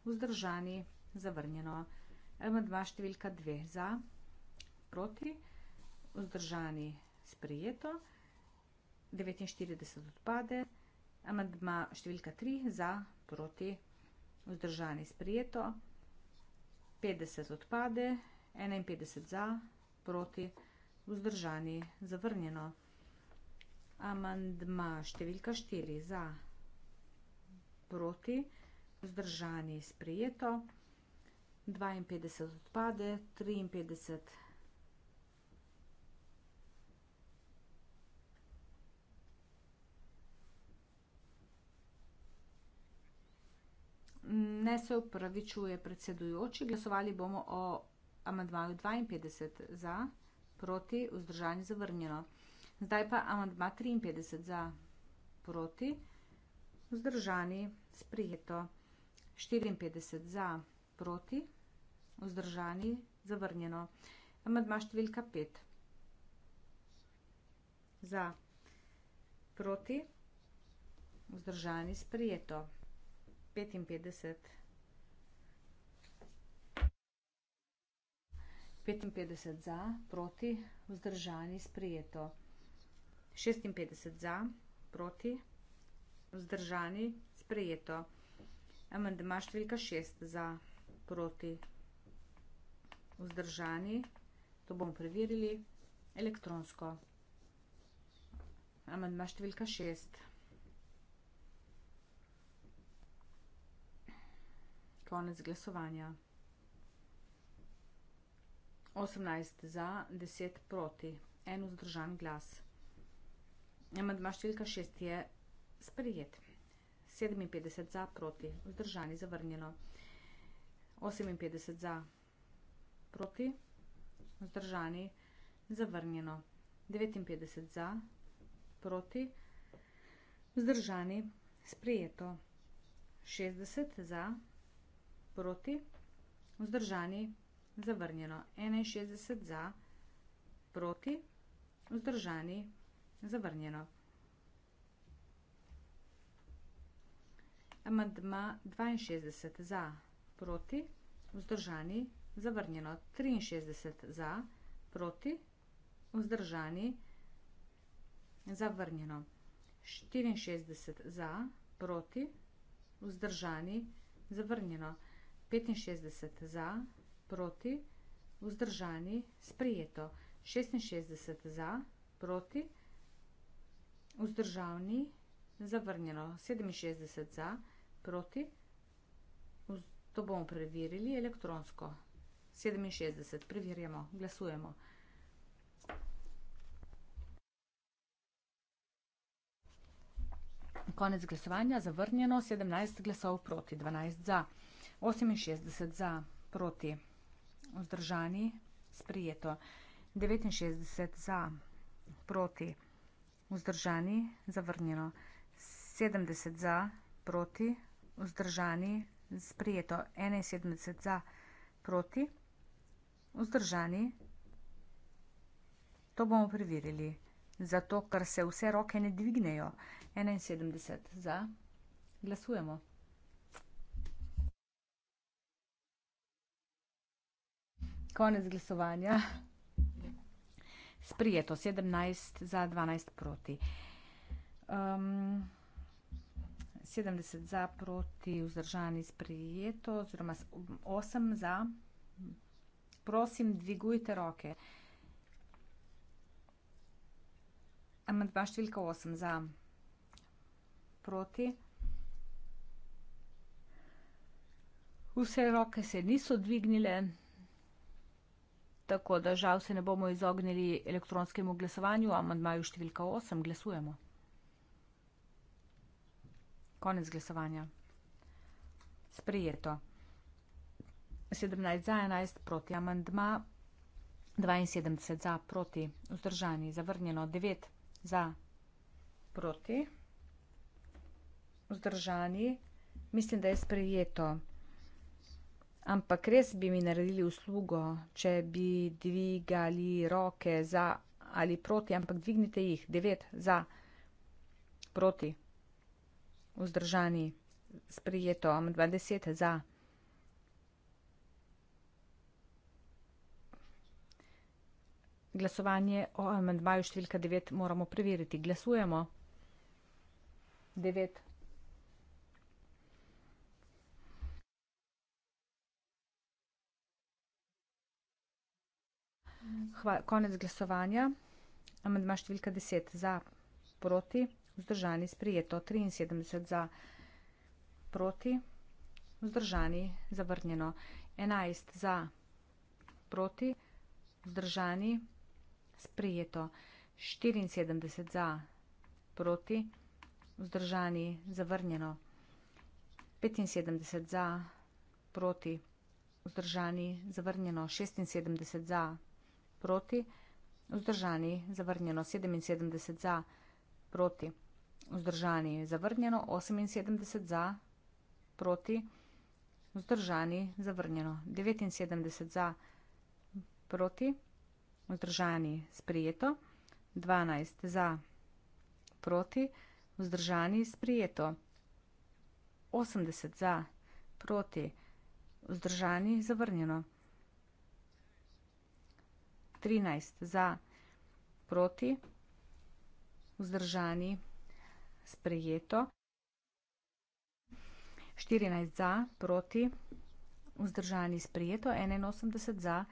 vzdržani zavrnjeno. Amandma številka 2 za proti, vzdržani sprejeto. 49 odpade, amandma številka 3 za proti, vzdržani sprejeto. 50 odpade, 51 za, proti, vzdržani, zavrnjeno. Amandma številka 4 za, proti, vzdržani, sprejeto. 52 odpade, 53 odpade. ne se upravičuje predsedujoči, glasovali bomo o amandmaju 52 za, proti, vzdržanje zavrnjeno. Zdaj pa amandma 53 za, proti, vzdržani, sprijeto. 54 za, proti, vzdržani, zavrnjeno. Amandma številka 5 za, proti, vzdržani, sprijeto. 55 za, proti, vzdržani, sprijeto. 56 za, proti, vzdržani, sprijeto. Amandma številka 6 za, proti, vzdržani. To bomo preverili elektronsko. Amandma številka 6 za. konec glasovanja. 18 za, 10 proti, en vzdržan glas. Amandma številka 6 je sprejet. 57 za, proti, vzdržani zavrnjeno. 58 za, proti, vzdržani zavrnjeno. 59 za, proti, vzdržani sprejeto. 60 za, proti proti, vzdržani, zavrnjeno. 61 za, proti, vzdržani, zavrnjeno. Amandma 62 za, proti, vzdržani, zavrnjeno. 63 za, proti, vzdržani, zavrnjeno. 64 za, proti, vzdržani, zavrnjeno. 64 za, proti, vzdržani, zavrnjeno. 65 za, proti, vzdržani, sprijeto. 66 za, proti, vzdržani, zavrnjeno. 67 za, proti, to bomo preverili elektronsko. 67, preverjamo, glasujemo. Konec glasovanja, zavrnjeno, 17 glasov proti, 12 za. 68 za, proti, vzdržani, sprijeto. 69 za, proti, vzdržani, zavrnjeno. 70 za, proti, vzdržani, sprijeto. 71 za, proti, vzdržani. To bomo preverili, zato ker se vse roke ne dvignejo. 71 za, glasujemo. 71 za. Konec glasovanja. Sprijeto 17 za 12 proti. Um, 70 za proti, vzdržani sprijeto, oziroma 8 za. Prosim, dvigujte roke. Amandma številka 8 za proti. Vse roke se niso dvignile tako da žal se ne bomo izognili elektronskemu glasovanju, amandmaju številka 8 glasujemo. Konec glasovanja. Sprejeto. 17 za 11 proti amandma, 72 za proti vzdržani, zavrnjeno 9 za proti vzdržani. Mislim, da je sprejeto. Ampak res bi mi naredili uslugo, če bi dvigali roke za ali proti, ampak dvignite jih, devet za, proti, vzdržani, sprijeto, dvadeset za. Glasovanje o amandmaju številka 9 moramo preveriti. Glasujemo. 9. Hvala. Konec glasovanja. Amandma številka 10 za, proti, vzdržani, sprijeto. 73 za, proti, vzdržani, zavrnjeno. 11 za, proti, vzdržani, sprijeto. 74 za, proti, vzdržani, zavrnjeno. 75 za, proti, vzdržani, zavrnjeno. 76 za, proti proti, vzdržani zavrnjeno 77 za, proti, vzdržani zavrnjeno 78 za, proti, vzdržani zavrnjeno 79 za, proti, vzdržani sprijeto 12 za, proti, vzdržani sprijeto 80 za, proti, vzdržani zavrnjeno 79 za, proti, 13 za, proti, vzdržani, sprejeto. 14 za, proti, vzdržani, sprejeto. 81 za,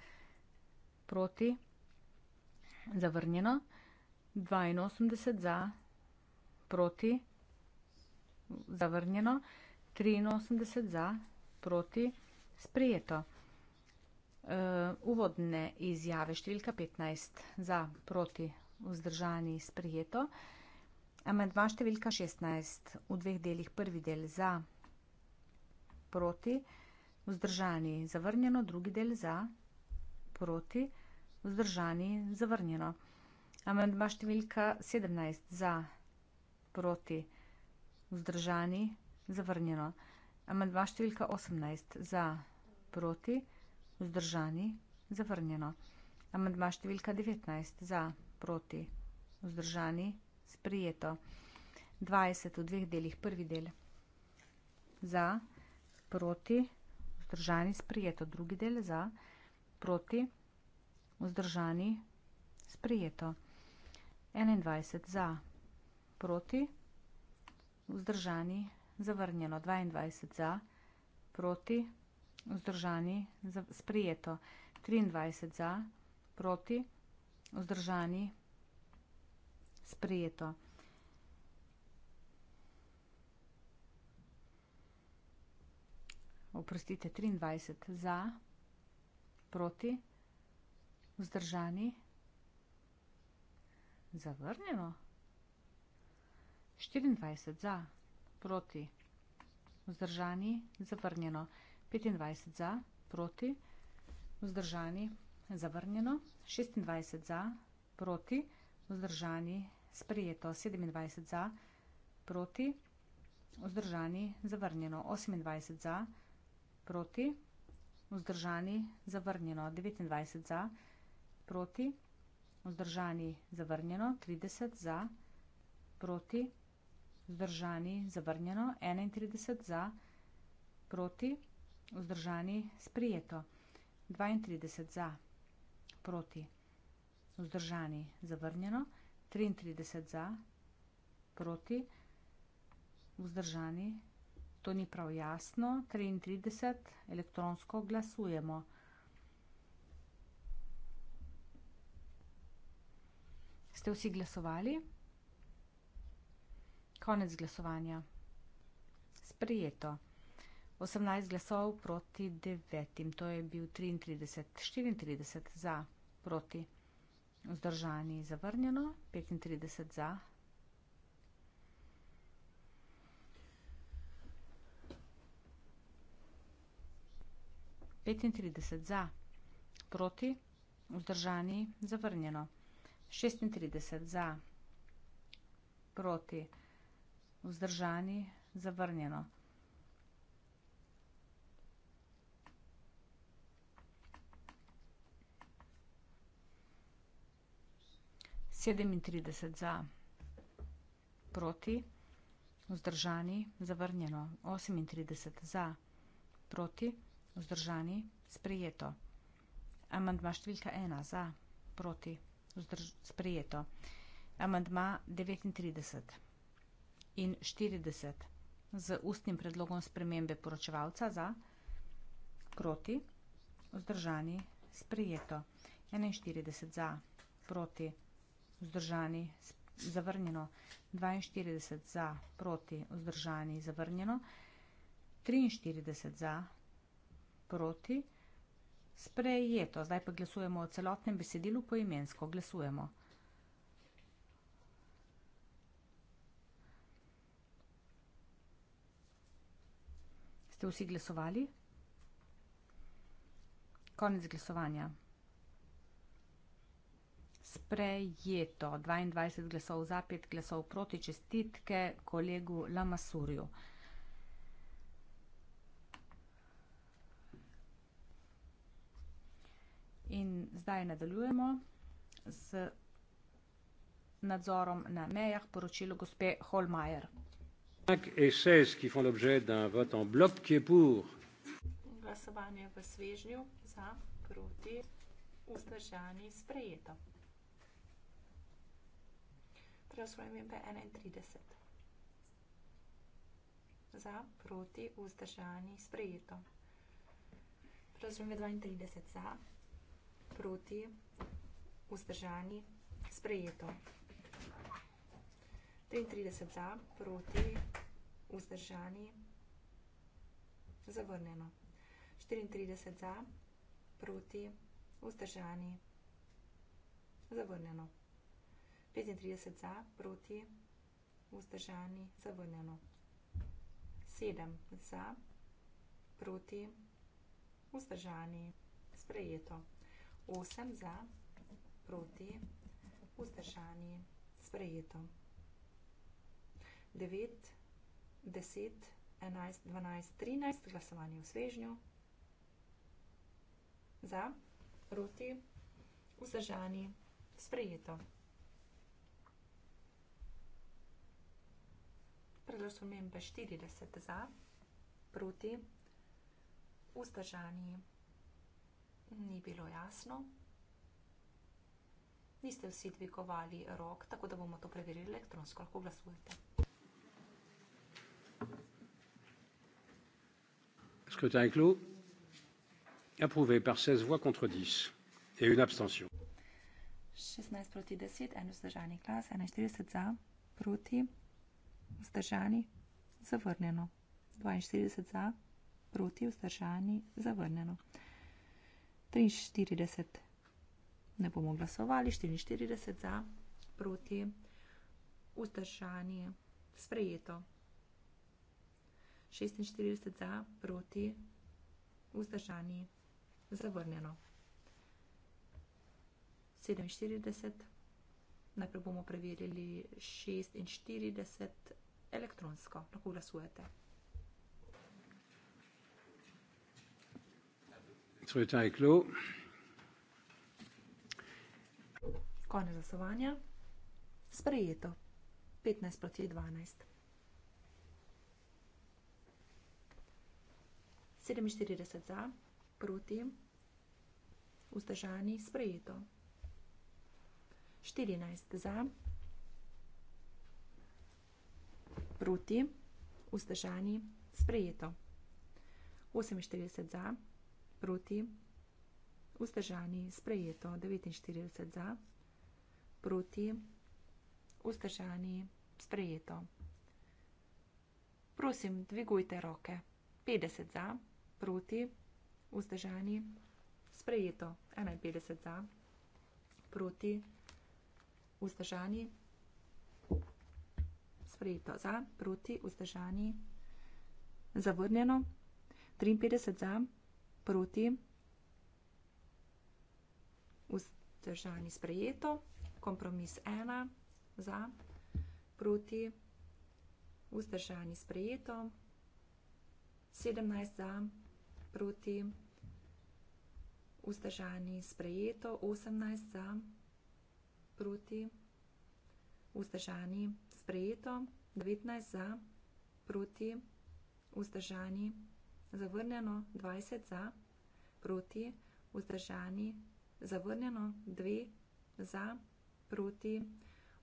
proti, zavrnjeno. 82 za, proti, zavrnjeno. 83 za, proti, sprejeto uh, uvodne izjave številka 15 za proti vzdržani sprijeto. Amendma številka 16 v dveh delih, prvi del za proti vzdržani zavrnjeno, drugi del za proti vzdržani zavrnjeno. Amendma številka 17 za proti vzdržani zavrnjeno. Amendma številka 18 za proti vzdržani zavrnjeno vzdržani, zavrnjeno. Amandma številka 19, za, proti, vzdržani, sprijeto. 20 v dveh delih, prvi del, za, proti, vzdržani, sprijeto. Drugi del, za, proti, vzdržani, sprijeto. 21, za, proti, vzdržani, zavrnjeno. 22, za, proti, vzdržani, sprijeto vzdržani, sprejeto. 23 za, proti, vzdržani, sprejeto. Oprostite, 23 za, proti, vzdržani, zavrnjeno. 24 za, proti, vzdržani, zavrnjeno. 24 za, proti, vzdržani, zavrnjeno. 25 za, proti, vzdržani, zavrnjeno, 26 za, proti, vzdržani, sprejeto, 27 za, proti, vzdržani, zavrnjeno, 28 za, proti, vzdržani, zavrnjeno, 29 za, proti, vzdržani, zavrnjeno, 30 za, proti, vzdržani, zavrnjeno, 31 za, proti, vzdržani, zavrnjeno, 31 za, proti, Vzdržani sprijeto. 32 za, proti. Vzdržani zavrnjeno. 33 za, proti. Vzdržani, to ni prav jasno. 33 elektronsko glasujemo. Ste vsi glasovali? Konec glasovanja. Sprijeto. 18 glasov proti 9, to je bil 33, 34 za proti vzdržani zavrnjeno, 35 za. za proti vzdržani zavrnjeno 36 za proti vzdržani zavrnjeno sedemintrideset za, proti, vzdržani, zavrnjeno, osemintrideset za, proti, vzdržani, sprejeto. Amandma številka ena za, proti, sprejeto. Amandma devetintrideset in štirideset z ustnim predlogom spremembe poročevalca za, proti, vzdržani, sprejeto. Enainštirideset za, proti, vzdržani, zavrnjeno, 42 za, proti, vzdržani, zavrnjeno, 43 za, proti, sprejeto. Zdaj pa glasujemo o celotnem besedilu poimensko. Glasujemo. Ste vsi glasovali? Konec glasovanja sprejeto. 22 glasov za, 5 glasov proti. Čestitke kolegu Lamasurju. In zdaj nadaljujemo z nadzorom na mejah poročilo gospe Holmajer. Glasovanje v svežnju za proti vzdržani sprejeto razumem pa 31. Za, proti, vzdržani, sprejeto. Razumem pa 32. Za, proti, vzdržani, sprejeto. 33 za, proti, vzdržani, zavrnjeno. 34 za, proti, vzdržani, zavrnjeno. 35 za, proti, vzdržani, zavrnjeno. 7 za, proti, vzdržani, sprejeto. 8 za, proti, vzdržani, sprejeto. 9, 10, 11, 12, 13, glasovanje v svežnju. Za, proti, vzdržani, sprejeto. Predlog so membe 40 za, proti, vzdržani. Ni bilo jasno. Niste vsi dvigovali rok, tako da bomo to preverili elektronsko. Lahko glasujete. Skrutin je klub. Approuvé par 16 voix contre 10 et une abstention. 16 proti 10, 1 vzdržani glas, 41 za, proti vzdržani, zavrnjeno. 42 za, proti, vzdržani, zavrnjeno. 43 ne bomo glasovali, 44 za, proti, vzdržani, sprejeto. 46 za, proti, vzdržani, zavrnjeno. 47 za, Najprej bomo preverili 46 elektronsko, lahko glasujete. Konec glasovanja. Sprejeto. 15 proti 12. 47 za, proti, vzdržani, sprejeto. 14 za, proti, vzdržani, sprejeto. 48 za, proti, vzdržani, sprejeto. 49 za, proti, vzdržani, sprejeto. Prosim, dvigujte roke. 50 za, proti, vzdržani, sprejeto. 51 za, proti, vzdržani, sprejeto vzdržani, sprejeto za, proti, vzdržani, zavrnjeno, 53 za, proti, vzdržani, sprejeto, kompromis 1 za, proti, vzdržani, sprejeto, 17 za, proti, vzdržani, sprejeto, 18 za, proti, proti, vzdržani, sprejeto, 19 za, proti, vzdržani, zavrnjeno, 20 za, proti, vzdržani, zavrnjeno, 2 za, proti,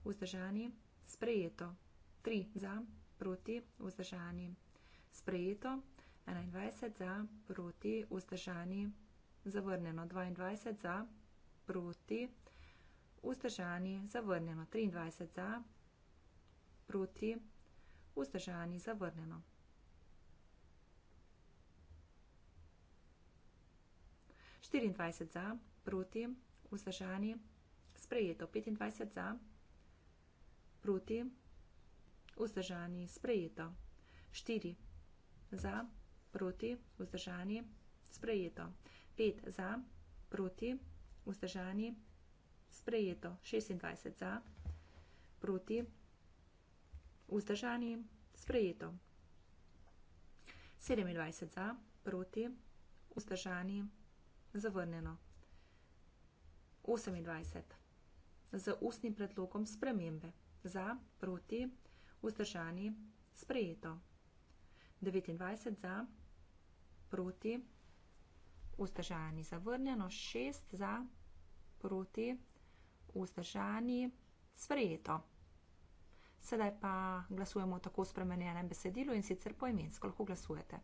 vzdržani, sprejeto, 3 za, proti, vzdržani, sprejeto, 21 za, proti, vzdržani, zavrnjeno, 22 za, proti, vzdržani, vzdržani, zavrnjeno, 23 za, proti, vzdržani, zavrnjeno. Štirindvajset za, proti, vzdržani, sprejeto. Petindvajset za, proti, vzdržani, sprejeto. Štiri za, proti, vzdržani, sprejeto. Pet za, proti, vzdržani, sprejeto sprejeto 26 za, proti, vzdržani, sprejeto 27 za, proti, vzdržani, zavrnjeno 28 z ustnim predlogom spremembe za, proti, vzdržani, sprejeto 29 za, proti, vzdržani, zavrnjeno 6 za, proti, vzdržani, vzdržani, sprejeto. Sedaj pa glasujemo o tako spremenjenem besedilu in sicer po imensko lahko glasujete.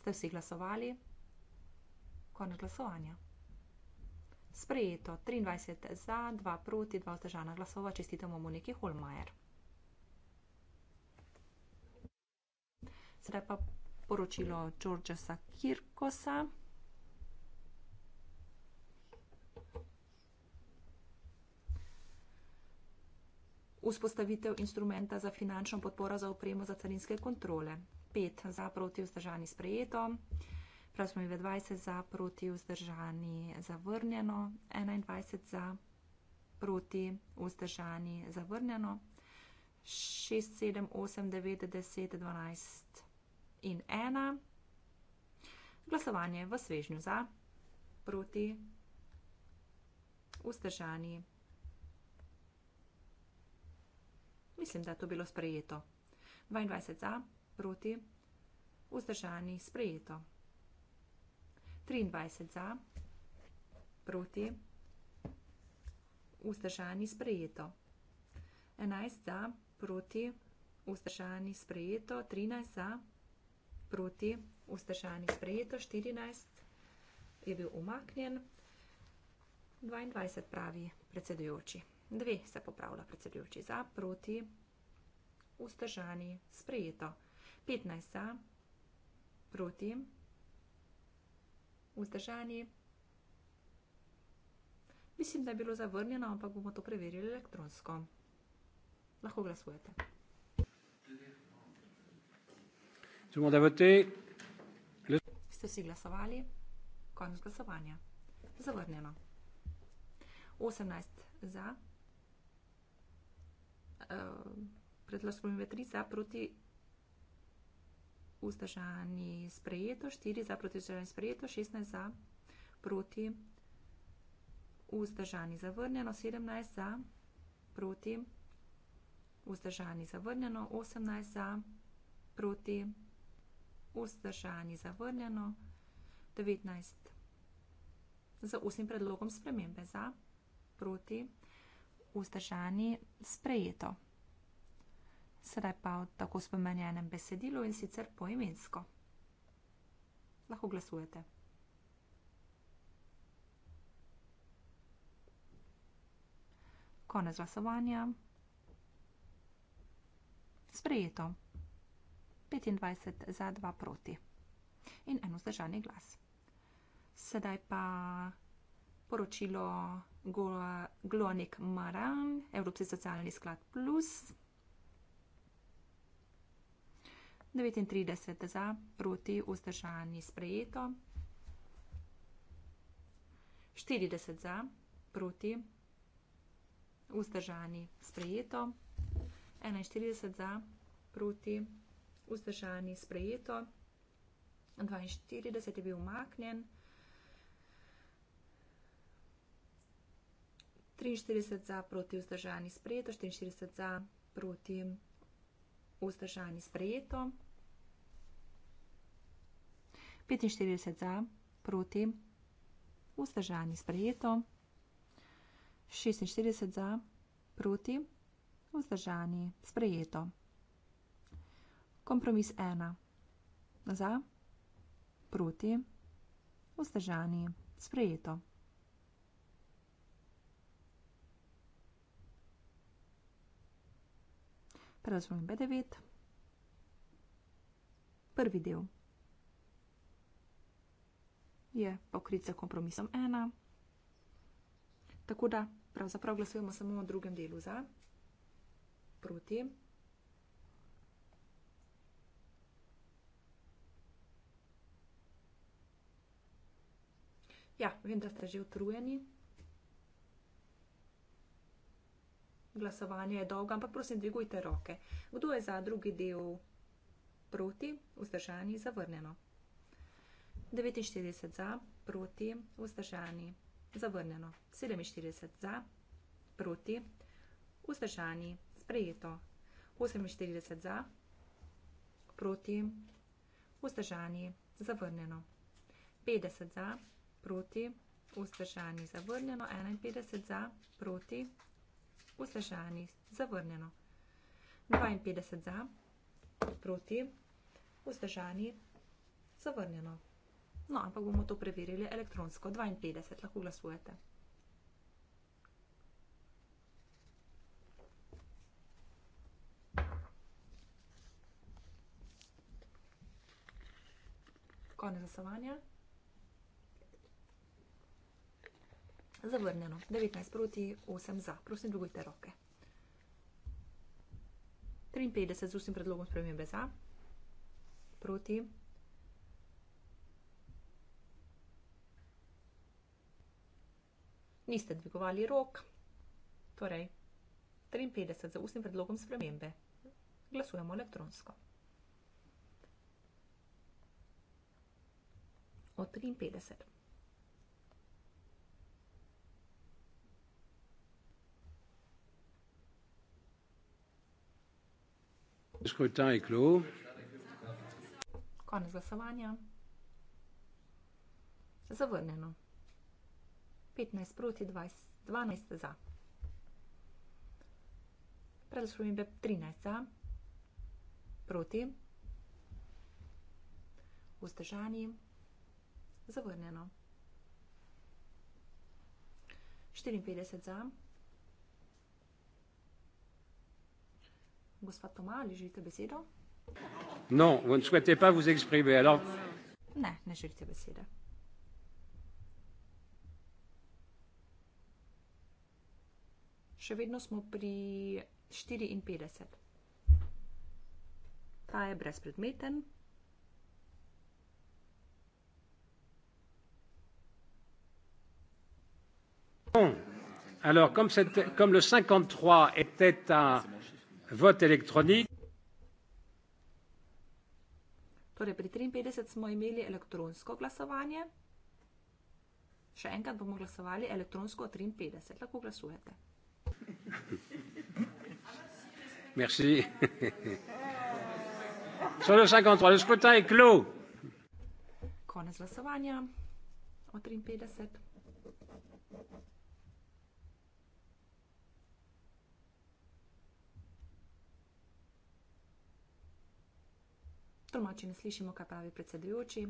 Ste vsi glasovali? Konec glasovanja. Sprejeto 23 za, 2 proti, 2 vzdržana glasova, čestitamo Moniki Holmajer. Sedaj pa poročilo Đorđasa Kirkosa. Vzpostavitev instrumenta za finančno podporo za opremo za carinske kontrole. 5 za proti vzdržani sprejeto, prosimo jih 20 za proti vzdržani zavrnjeno, 21 za proti vzdržani zavrnjeno, 6, 7, 8, 9, 10, 12 in ena. Glasovanje v svežnju za, proti, vzdržani. Mislim, da je to bilo sprejeto. 22 za, proti, vzdržani, sprejeto. 23 za, proti, vzdržani, sprejeto. 11 za, proti, vzdržani, sprejeto. 13 za, proti vzdržanju sprejeto, 14 je bil umaknjen, 22 pravi predsedujoči, 2 se popravlja predsedujoči za, proti vzdržanju sprejeto, 15 za, proti vzdržanju. Mislim, da je bilo zavrnjeno, ampak bomo to preverili elektronsko. Lahko glasujete. Tout le monde a voté. Le... Ste vsi glasovali? Konec glasovanja. Zavrnjeno. 18 za. Uh, predlog spremembe 3 za proti vzdržani sprejeto, 4 za proti vzdržani sprejeto, 16 za proti vzdržani zavrnjeno, 17 za proti vzdržani zavrnjeno, 18 za proti vzdržani zavrnjeno vzdržani, zavrnjeno, 19 za 8 predlogom spremembe za, proti, vzdržani, sprejeto. Sedaj pa v tako spomenjenem besedilu in sicer poimensko. Lahko glasujete. Konec glasovanja. Sprejeto. 25 za 2 proti in en vzdržani glas. Sedaj pa poročilo Glonik Maran, Evropski socialni sklad plus. 39 za, proti, vzdržani, sprejeto. 40 za, proti, vzdržani, sprejeto. 41 za, proti, vzdržani vzdržani, sprejeto, 42 je bil umaknjen, 43 za proti vzdržani, sprejeto, 44 za proti vzdržani, sprejeto, 45 za proti vzdržani, sprejeto, 46 za proti vzdržani, sprejeto kompromis ena, za, proti, vzdržani, sprejeto. Prelazimo B9, prvi del je pokrit za kompromisom ena, tako da pravzaprav glasujemo samo o drugem delu za, proti, proti, Ja, vem, da ste že utrujeni. Glasovanje je dolgo, ampak prosim, dvigujte roke. Kdo je za drugi del proti, vzdržani, zavrnjeno? 49 za, proti, vzdržani, zavrnjeno. 47 za, proti, vzdržani, sprejeto. 48 za, proti, vzdržani, zavrnjeno. 50 za, proti, vzdržani, zavrnjeno, 51 za, proti, vzdržani, zavrnjeno, 52 za, proti, vzdržani, zavrnjeno. No, ampak bomo to preverili elektronsko. 52 lahko glasujete. Konec glasovanja. Zavrnjeno. 19 proti 8 za. Prosim, dvigujte roke. 53 z vsem predlogom spremembe za. Proti. Niste dvigovali rok. Torej, 53 z vsem predlogom spremembe. Glasujemo elektronsko. Od 53. Skrutaj klo. Konec glasovanja. Zavrnjeno. 15 proti 20, 12 za. Predlog spremembe 13 za. Proti. Vzdržani. Zavrnjeno. 54 za. Gospod Tomaž, ali želite besedo? No, exprimer, alors... Ne, ne želite besede. Še vedno smo pri 54. Ta je brezpredmeten. Bon. Alors, comme, comme le 53 était un... À vote électronique. Torej, pri 53 smo imeli elektronsko glasovanje. Še enkrat bomo glasovali elektronsko 53. Lahko glasujete. Merci. Sur le 53, le scrutin est clos. Konec glasovanja o 53. Tolmači ne slišimo, kaj pravi predsedujoči.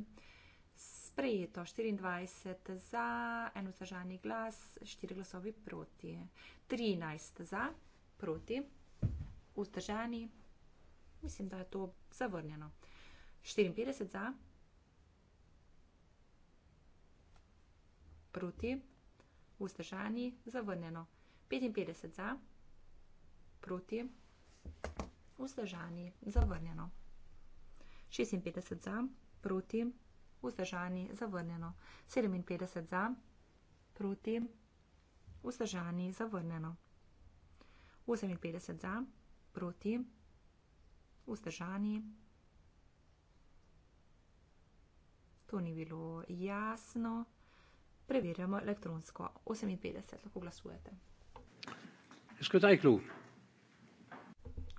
Sprejeto 24 za, en vzdržani glas, 4 glasovi proti. 13 za, proti, vzdržani, mislim, da je to zavrnjeno. 54 za, proti, vzdržani, zavrnjeno. 55 za, proti, vzdržani, zavrnjeno. 56 za, proti, vzdržani, zavrnjeno. 57 za, proti, vzdržani, zavrnjeno. 58 za, proti, vzdržani. To ni bilo jasno. Preverjamo elektronsko. 58 lahko glasujete. Skratka, klub.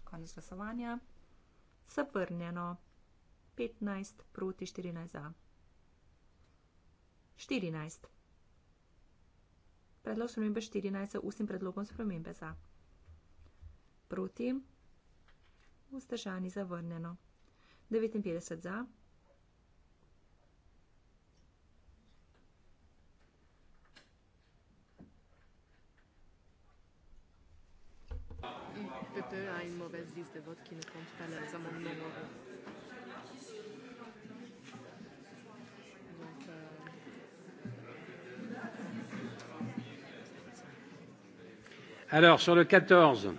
Konec glasovanja. Zavrnjeno. 15 proti 14 za. 14. Predlog spremembe 14 z ustnim predlogom spremembe za. Proti. Vzdržani zavrnjeno. 59 za. Alors, sur le 14.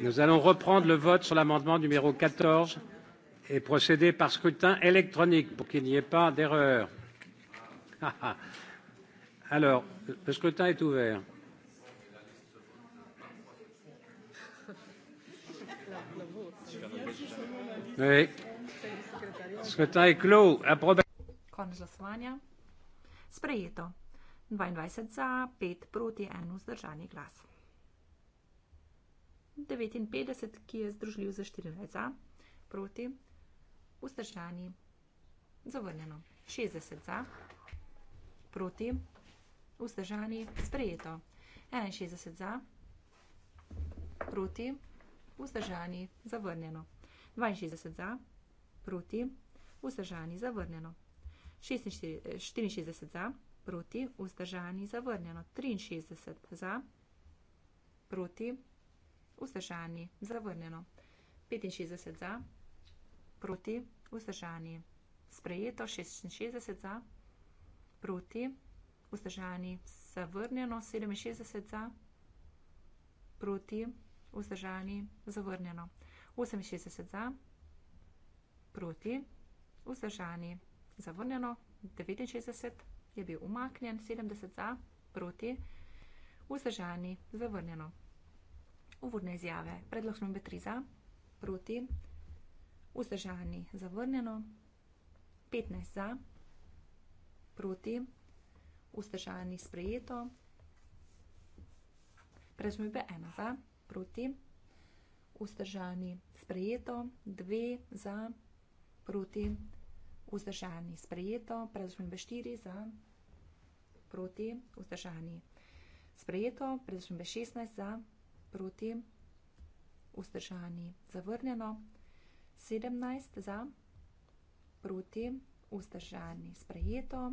Nous allons reprendre le vote sur l'amendement numéro 14 et procéder par scrutin électronique pour qu'il n'y ait pas d'erreur. Alors, le scrutin est ouvert. Oui. Le scrutin est clos. Approbation. Konec glasovanja. Sprejeto. 22 za, 5 proti, 1 vzdržani glas. 59, ki je združljiv za 14 za, proti, vzdržani, zavrnjeno. 60 za, proti, vzdržani, sprejeto. 61 za, proti, vzdržani, zavrnjeno. 62 za, proti, vzdržani, zavrnjeno. 64 za, proti, vzdržani, zavrnjeno, 63 za, proti, vzdržani, zavrnjeno, 65 za, proti, vzdržani, sprejeto, 66 za, proti, vzdržani, zavrnjeno, 67 za, proti, vzdržani, zavrnjeno, 68 za, proti, vzdržani, zavrnjeno, 69 je bil umaknjen, 70 za, proti, vzdržani, zavrnjeno. Uvodne izjave. Predlog službe 3 za, proti, vzdržani, zavrnjeno, 15 za, proti, vzdržani, sprejeto. Predlog službe 1 za, proti, vzdržani, sprejeto, 2 za, proti, vzdržani vzdržani. Sprejeto, predvsem v štiri za, proti, vzdržani. Sprejeto, predvsem v šestnaest za, proti, vzdržani. Zavrnjeno, sedemnaest za, proti, vzdržani. Sprejeto,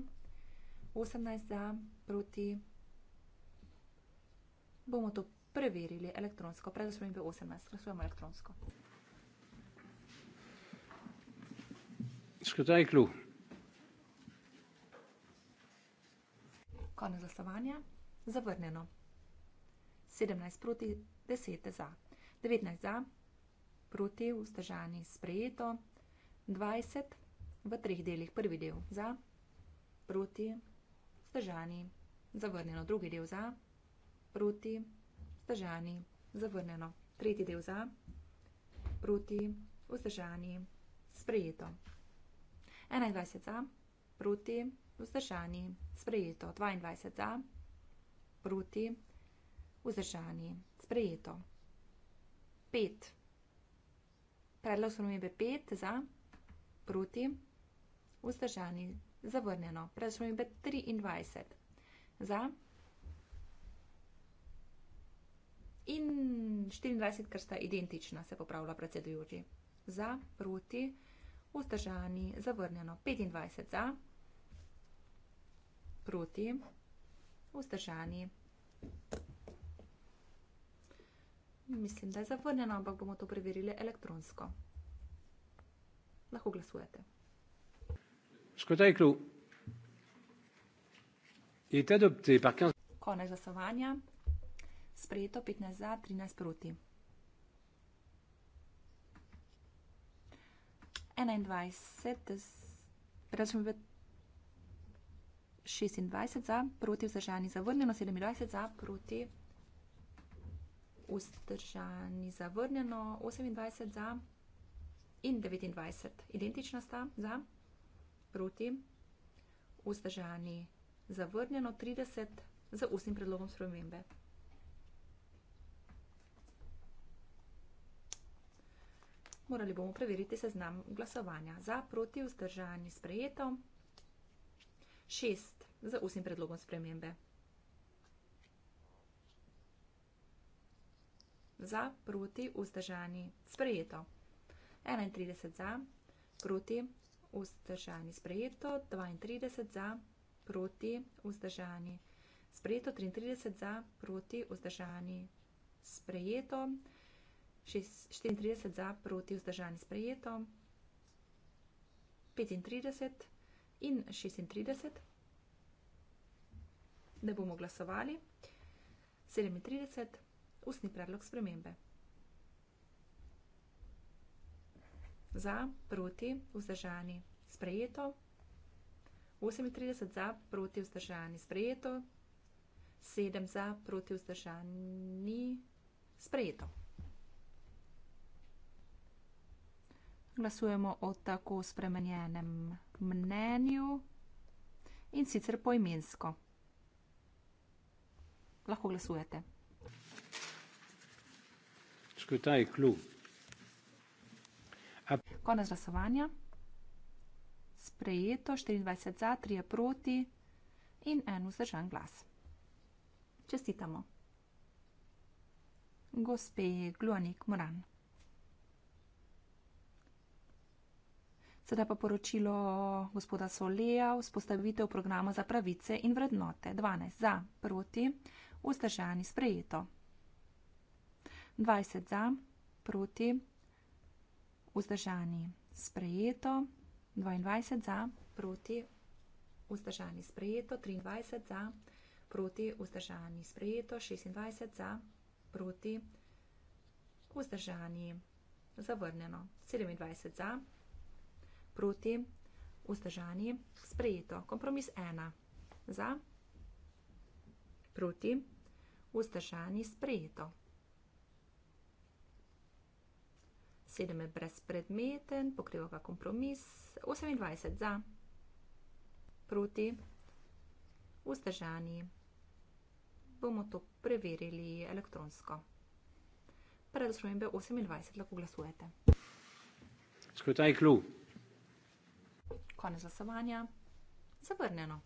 osemnaest za, proti, bomo to preverili elektronsko, predvsem v osemnaest, glasujemo elektronsko. Gospod Ajklu. Konec glasovanja. Zavrnjeno. 17 proti 10 za. 19 za, proti, vzdržani, sprejeto. 20 v treh delih. Prvi del za, proti, vzdržani, zavrnjeno. Drugi del za, proti, vzdržani, zavrnjeno. Tretji del za, proti, vzdržani, sprejeto. 21 za, proti, vzdržani, sprejeto. 22 za, proti, vzdržani, sprejeto. 5. Predlog spremembe 5 za, proti, vzdržani, zavrnjeno. Predlog spremembe 23 za. In 24, ker sta identična, se popravlja predsedujoči. Za, proti, vzdržani vzdržani, zavrnjeno 25 za, proti, vzdržani. Mislim, da je zavrnjeno, ampak bomo to preverili elektronsko. Lahko glasujete. Konec glasovanja. Sprejeto 15 za, 13 proti. 21, računamo 26 za, proti vzdržani zavrnjeno, 27 za, proti vzdržani zavrnjeno, 28 za in 29 identična sta za, proti vzdržani zavrnjeno, 30 za ustnim predlogom spremembe. morali bomo preveriti seznam glasovanja. Za, proti, vzdržani, sprejeto. Šest za osim predlogom spremembe. Za, proti, vzdržani, sprejeto. 31 za, proti, vzdržani, sprejeto. 32 za, proti, vzdržani, sprejeto. 33 za, proti, vzdržani, sprejeto. 34 za, proti vzdržani sprejeto, 35 in 36, da bomo glasovali, 37, ustni predlog spremembe. Za, proti vzdržani sprejeto, 38 za, proti vzdržani sprejeto, 7 za, proti vzdržani sprejeto. glasujemo o tako spremenjenem mnenju in sicer poimensko. Lahko glasujete. Škotaj klub. A... Konec glasovanja. Sprejeto 24 za, 3 proti in en vzdržan glas. Čestitamo. Gospe Gluanik Moran. Sedaj pa poročilo gospoda Soleja, vzpostavitev programa za pravice in vrednote. 12 za, proti, vzdržani sprejeto. 20 za, proti, vzdržani sprejeto. 22 za, proti, vzdržani sprejeto. 23 za, proti, vzdržani sprejeto. 26 za, proti, vzdržani zavrnjeno. 27 za proti, vzdržani, sprejeto. Kompromis ena, za, proti, vzdržani, sprejeto. Sedem je brezpredmeten, pokriva ga kompromis, 28 za, proti, vzdržani. Bomo to preverili elektronsko. Predstavljam, da 28 lahko glasujete. Skrutaj klub konec glasovanja. Zavrnjeno.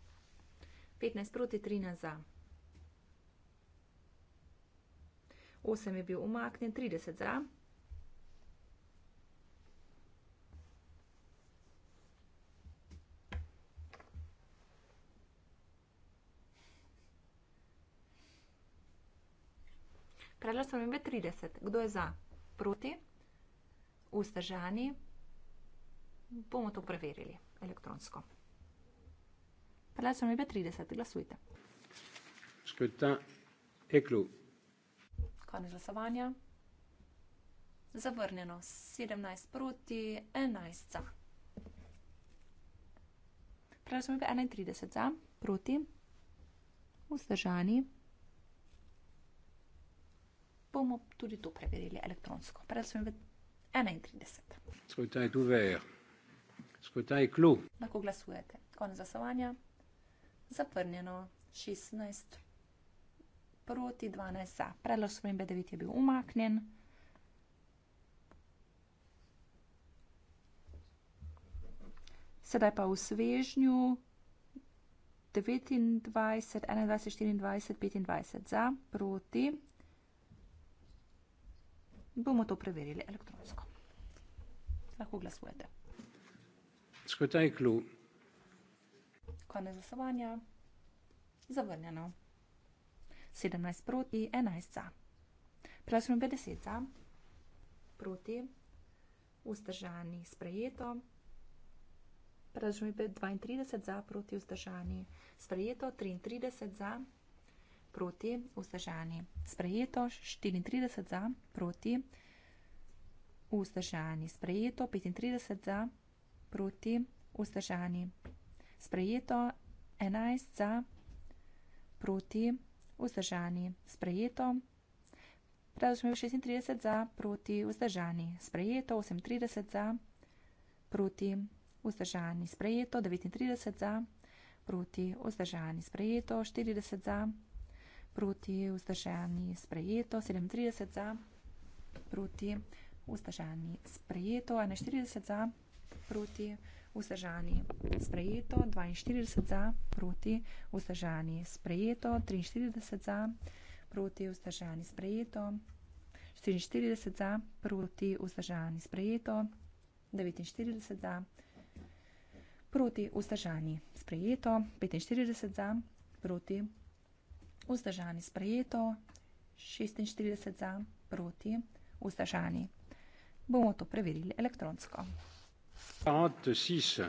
15 proti 13 za. 8 je bil umaknjen, 30 za. Predlog sem imel 30. Kdo je za? Proti? Ustržani? bomo to preverili elektronsko. Predlagam, da je 30, glasujte. Škrta, eklu. Konec glasovanja. Zavrnjeno 17 proti 11 za. Predlagam, da je 31 za, proti, vzdržani. Bomo tudi to preverili elektronsko. Predlagam, da je 31. Skrta, eklu. Skutaj klu. Lahko glasujete. Konec glasovanja. Zaprnjeno. 16 proti 12 za. Predlog spremembe 9 je bil umaknjen. Sedaj pa v svežnju 29, 21, 24, 25 za, proti. Bomo to preverili elektronsko. Lahko glasujete. Skratka, je klub. Konec glasovanja. Zavrnjeno. 17 proti, 11 za. Prosim, 50 za, proti, vzdržani, sprejeto. Prosim, 32 za, proti, vzdržani, sprejeto. 33 za, proti, vzdržani, sprejeto. 34 za, proti, vzdržani, sprejeto. 35 za, proti proti, vzdržani. Sprejeto 11 za, proti, vzdržani. Sprejeto. Predlagam 36 za, proti, vzdržani. Sprejeto 38 za, proti, vzdržani. Sprejeto 39 za, proti, vzdržani. Sprejeto 40 za, proti, vzdržani. Sprejeto 37 za, proti, vzdržani. Sprejeto 41 za, proti, vzdržani proti, vzdržani, sprejeto, 42 za, proti, vzdržani, sprejeto, 43 za, proti, vzdržani, sprejeto, 44 za, proti, vzdržani, sprejeto, 49 za, proti, vzdržani, sprejeto, 45 za, proti, vzdržani, sprejeto, 46 za, proti, vzdržani. Bomo to preverili elektronsko quarante six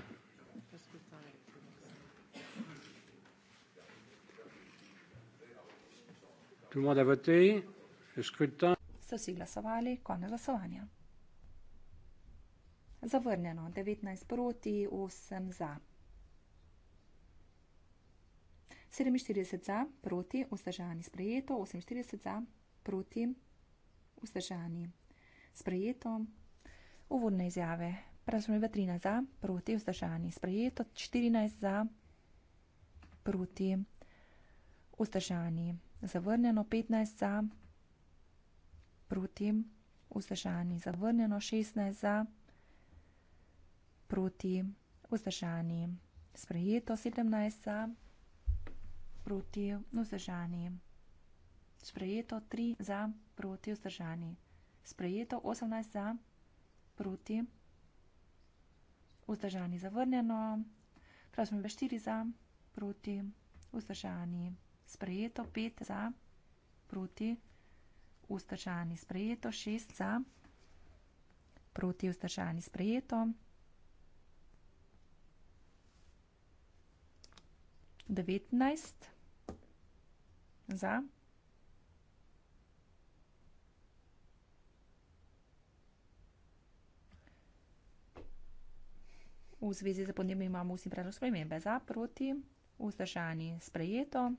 tout le monde a voté le scrutin Zavrnjeno, 19 proti, 8 za. 47 za, proti, vzdržani sprejeto, 48 za, proti, vzdržani sprejeto. Uvodne izjave Razumljive 13 za, proti vzdržani. Sprejeto 14 za, proti vzdržani. Zavrnjeno 15 za, proti vzdržani. Zavrnjeno 16 za, proti vzdržani. Sprejeto 17 za, proti vzdržani. Sprejeto 3 za, proti vzdržani. Sprejeto 18 za, proti vzdržani vzdržani zavrnjeno, prosim, veš 4 za, proti, vzdržani sprejeto, 5 za, proti, vzdržani sprejeto, 6 za, proti, vzdržani sprejeto. 19 za. v zvezi z podnebnim imamo vsi predlog spremembe za, proti, vzdržani, sprejeto.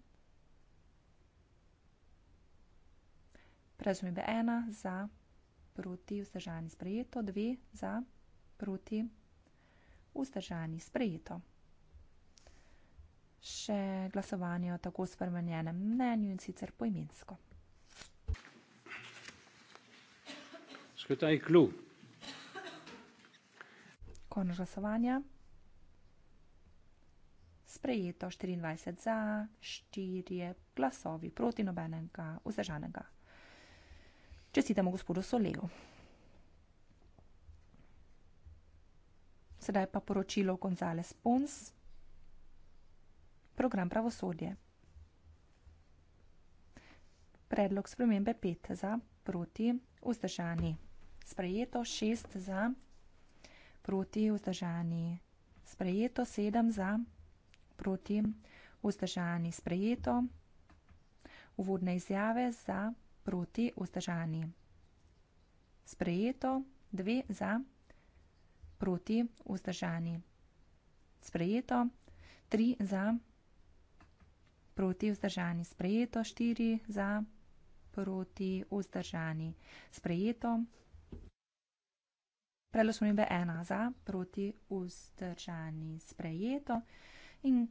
Predlog spremembe ena za, proti, vzdržani, sprejeto, dve za, proti, vzdržani, sprejeto. Še glasovanje o tako spremenjenem mnenju in sicer poimensko. Skratka, je klub. Konec glasovanja. Sprejeto 24 za, 4 glasovi proti nobenega vzdržanega. Čestitamo gospodu Soleju. Sedaj pa poročilo Gonzales Pons, program pravosodje. Predlog spremembe 5 za, proti, vzdržani. Sprejeto 6 za proti vzdržani. Sprejeto sedem za, proti vzdržani. Sprejeto uvodne izjave za, proti vzdržani. Sprejeto dve za, proti vzdržani. Sprejeto tri za, proti vzdržani. Sprejeto štiri za, proti vzdržani. Sprejeto predlog spremembe ena za, proti vzdržani sprejeto in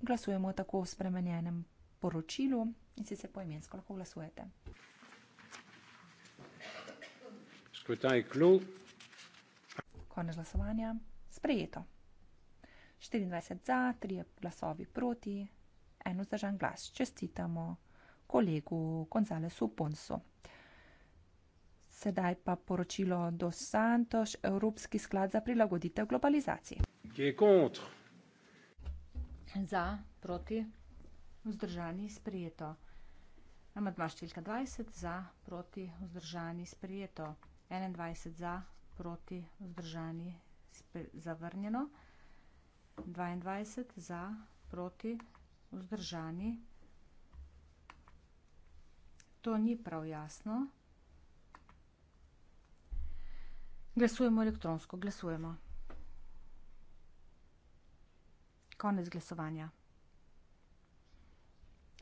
glasujemo tako v spremenjenem poročilu in si se poimensko lahko glasujete. Skrutaj klu. Konec glasovanja. Sprejeto. 24 za, 3 glasovi proti, en vzdržan glas. Čestitamo kolegu Gonzalesu Ponsu. Sedaj pa poročilo do Santoš, Evropski sklad za prilagoditev globalizaciji. Za, proti, vzdržani, sprijeto. Amadma številka 20, za, proti, vzdržani, sprijeto. 21 za, proti, vzdržani, zavrnjeno. 22 za, proti, vzdržani. To ni prav jasno. Glasujemo elektronsko. Glasujemo. Konec glasovanja.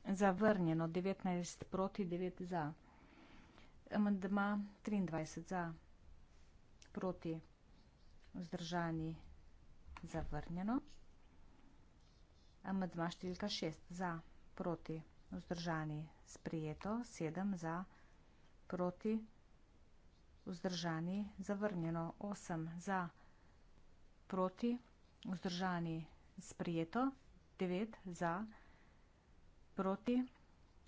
Zavrnjeno 19 proti 9 za. Amandma 23 za. Proti. Vzdržani. Zavrnjeno. Amandma številka 6 za. Proti. Vzdržani. Sprijeto. 7 za. Proti. Vzdržani vzdržani, zavrnjeno, 8 za, proti, vzdržani, sprijeto, 9 za, proti,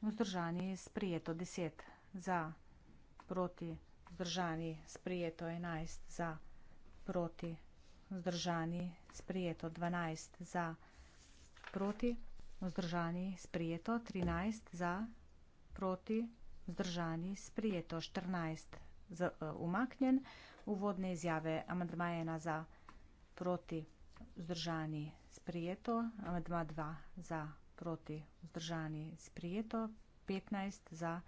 vzdržani, sprijeto, 10 za, proti, vzdržani, sprijeto, 11 za, proti, vzdržani, sprijeto, 12 za, proti, vzdržani, sprijeto, 13 za, proti, vzdržani, sprijeto, 14 za, Eh, umaknjen. Uvodne izjave amadma ena za proti vzdržani sprijeto, amadma dva za proti vzdržani sprijeto, 15 za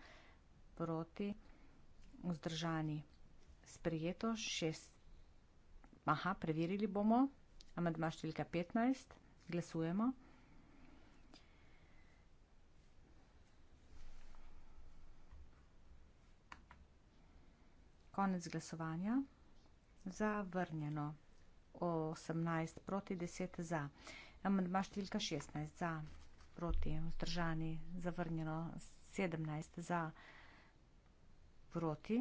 proti vzdržani sprijeto, 6. Aha, preverili bomo. Amadma številka 15, glasujemo. konec glasovanja. Zavrnjeno 18 proti 10 za. Amandma številka 16 za, proti vzdržani, zavrnjeno 17 za, proti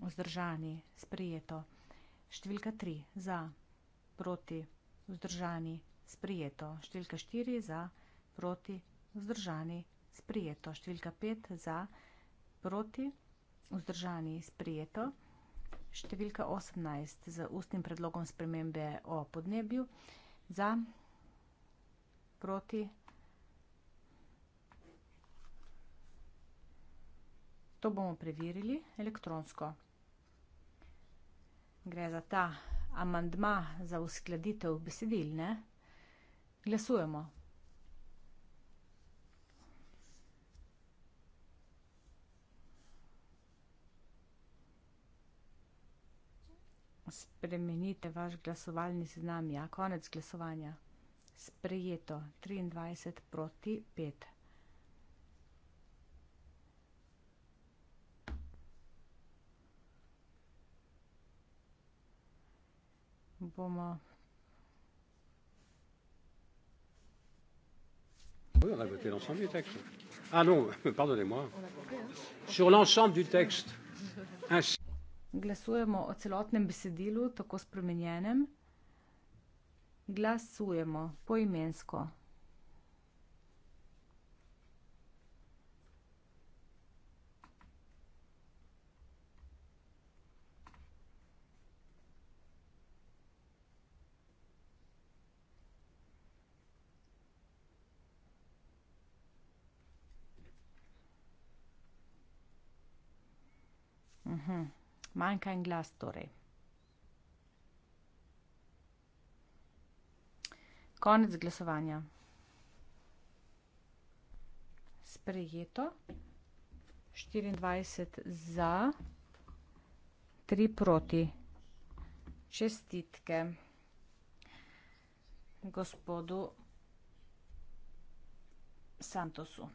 vzdržani, sprijeto. Številka 3 za, proti vzdržani, sprijeto. Številka 4 za, proti vzdržani, sprijeto. Številka 5 za, proti vzdržani vzdržani sprejeto. Številka 18 z ustnim predlogom spremembe o podnebju za proti. To bomo preverili elektronsko. Gre za ta amandma za uskladitev besedilne. Glasujemo. spremenite vaš glasovalni seznam. Ja, konec glasovanja. Sprejeto 23 proti 5. Bomo. Oui, on a voté l'ensemble du texte. Ah non, pardonnez-moi. Sur l'ensemble du texte. Ainsi glasujemo o celotnem besedilu, tako spremenjenem. Glasujemo poimensko. Mm-hmm manjka en glas torej. Konec glasovanja. Sprejeto. 24 za, 3 proti. Čestitke gospodu Santosu.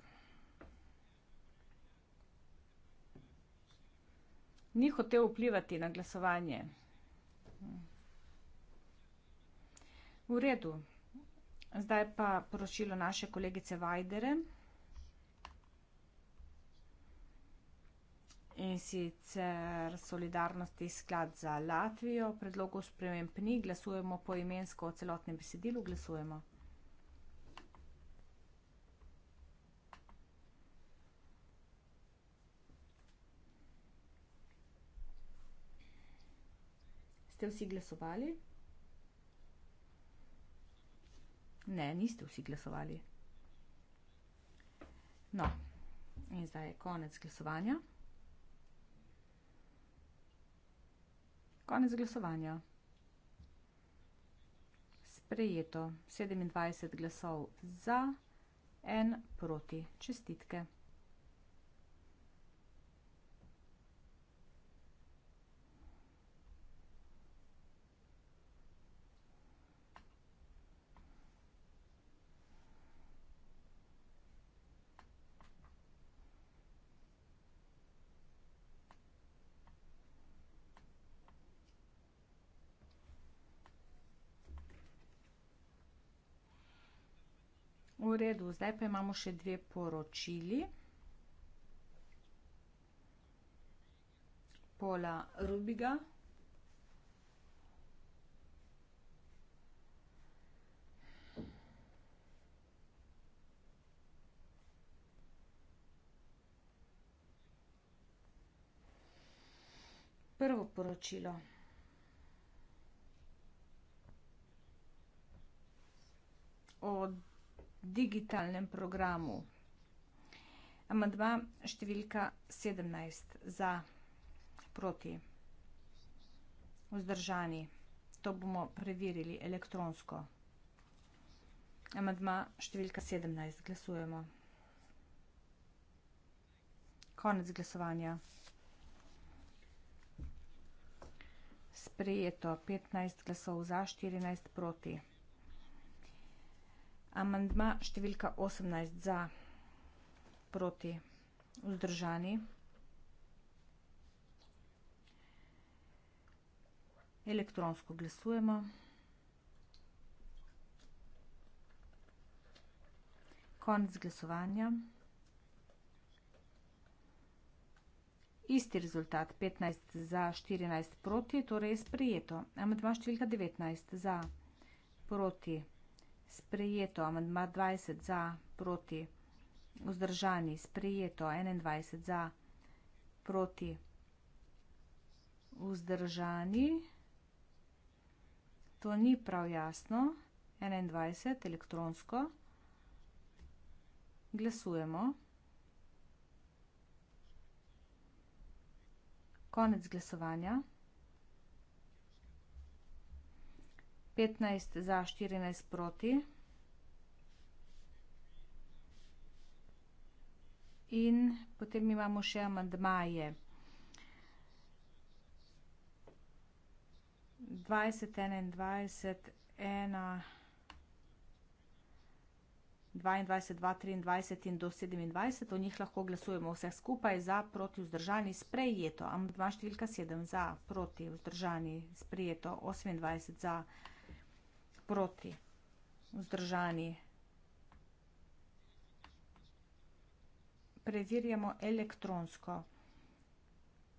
ni hotel vplivati na glasovanje. V redu. Zdaj pa poročilo naše kolegice Vajdere. In sicer solidarnosti sklad za Latvijo, predlogov spremem pni, glasujemo po imensko o celotnem besedilu, glasujemo. Ste vsi glasovali? Ne, niste vsi glasovali. No, in zdaj je konec glasovanja. Konec glasovanja. Sprejeto 27 glasov za, en proti. Čestitke. redu, zdaj pa imamo še dve poročili. Pola Rubiga. Prvo poročilo. Od digitalnem programu. Amandma številka 17 za proti vzdržani. To bomo preverili elektronsko. Amandma številka 17. Glasujemo. Konec glasovanja. Sprejeto 15 glasov za, 14 proti. Amandma številka 18 za, proti, vzdržani. Elektronsko glasujemo. Konec glasovanja. Isti rezultat, 15 za, 14 proti, torej je sprijeto. Amandma številka 19 za, proti, vzdržani sprejeto, amandma 20 za, proti, vzdržani, sprejeto, 21 za, proti, vzdržani, to ni prav jasno, 21, elektronsko, glasujemo, konec glasovanja, 15 za, 14 proti. In potem imamo še amandmaje. 20, 21, 1, 22, 2, 23 in do 27. O njih lahko glasujemo vse skupaj za, proti, vzdržani, sprejeto. Amandma številka 7 za, proti, vzdržani, sprejeto, 28 za, proti, vzdržani. Preverjamo elektronsko.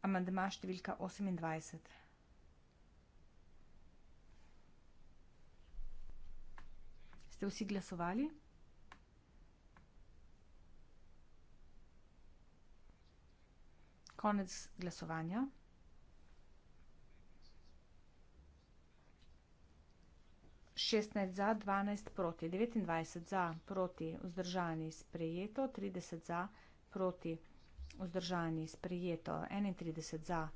Amandma številka 28. Ste vsi glasovali? Konec glasovanja. 16 za, 12 proti, 29 za, proti, vzdržani, sprejeto, 30 za, proti, vzdržani, sprejeto, 31 za,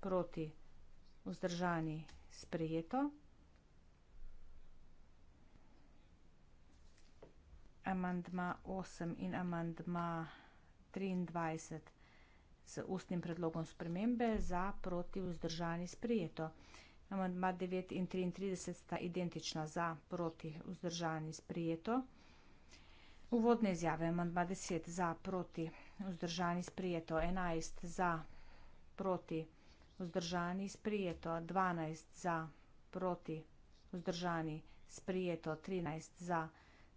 proti, vzdržani, sprejeto. Amandma 8 in amandma 23 z ustnim predlogom spremembe za, proti, vzdržani, sprejeto. Amandma 9 in 33 sta identična za, proti, vzdržani, sprijeto. Uvodne izjave. Amandma 10 za, proti, vzdržani, sprijeto. 11 za, proti, vzdržani, sprijeto. 12 za, proti, vzdržani, sprijeto. 13 za,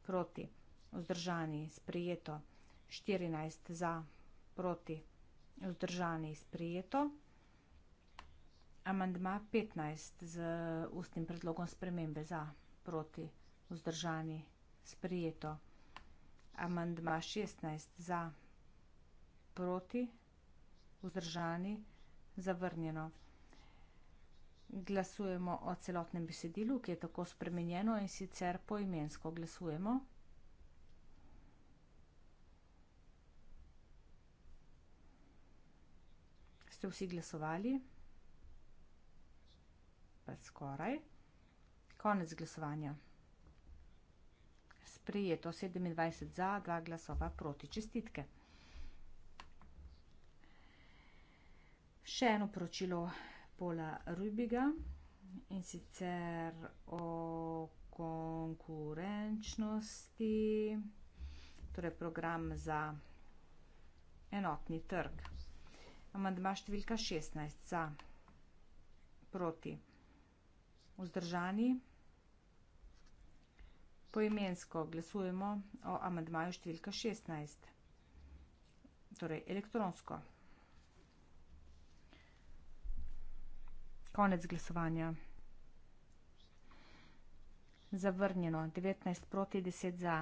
proti, vzdržani, sprijeto. 14 za, proti, vzdržani, sprijeto. 14 za, proti, vzdržani, sprijeto. Amandma 15 z ustnim predlogom spremembe za, proti, vzdržani, sprijeto. Amandma 16 za, proti, vzdržani, zavrnjeno. Glasujemo o celotnem besedilu, ki je tako spremenjeno in sicer poimensko glasujemo. Ste vsi glasovali? pa skoraj. Konec glasovanja. Sprijeto 27 za, 2 glasova proti čestitke. Še eno poročilo Pola Rubiga in sicer o konkurenčnosti, torej program za enotni trg. Amandma številka 16 za proti vzdržani. Poimensko glasujemo o amadmaju številka 16. Torej, elektronsko. Konec glasovanja. Zavrnjeno. 19 proti 10 za.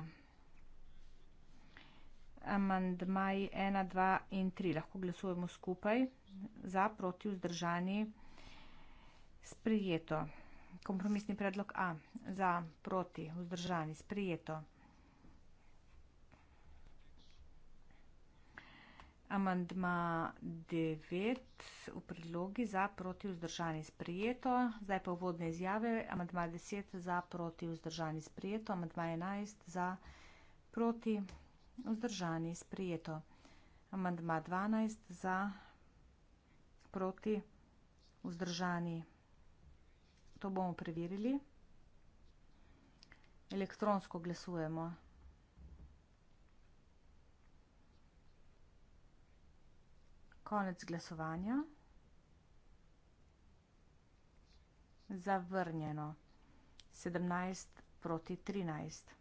Amandmaji 1, 2 in 3 lahko glasujemo skupaj. Za, proti, vzdržani. Sprijeto kompromisni predlog A za proti vzdržani sprijeto. Amandma 9 v predlogi za proti vzdržani sprijeto. Zdaj pa vodne izjave. Amandma 10 za proti vzdržani sprijeto. Amandma 11 za proti vzdržani sprijeto. Amandma 12 za proti vzdržani sprijeto. To bomo preverili. Elektronsko glasujemo. Konec glasovanja. Zavrnjeno. 17 proti 13.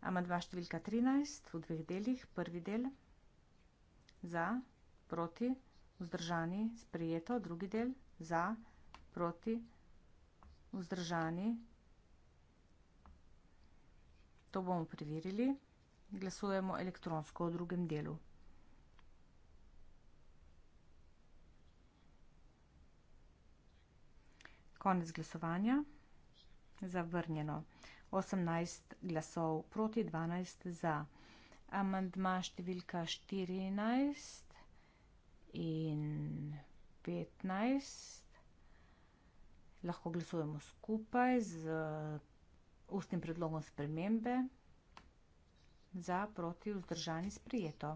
Amadva številka 13 v dveh delih. Prvi del za, proti, vzdržani, sprijeto. Drugi del za, proti, vzdržani vzdržani. To bomo preverili. Glasujemo elektronsko v drugem delu. Konec glasovanja. Zavrnjeno. 18 glasov proti 12 za. Amandma številka 14 in 15 lahko glasujemo skupaj z uh, ustnim predlogom spremembe za, proti, vzdržani, sprijeto.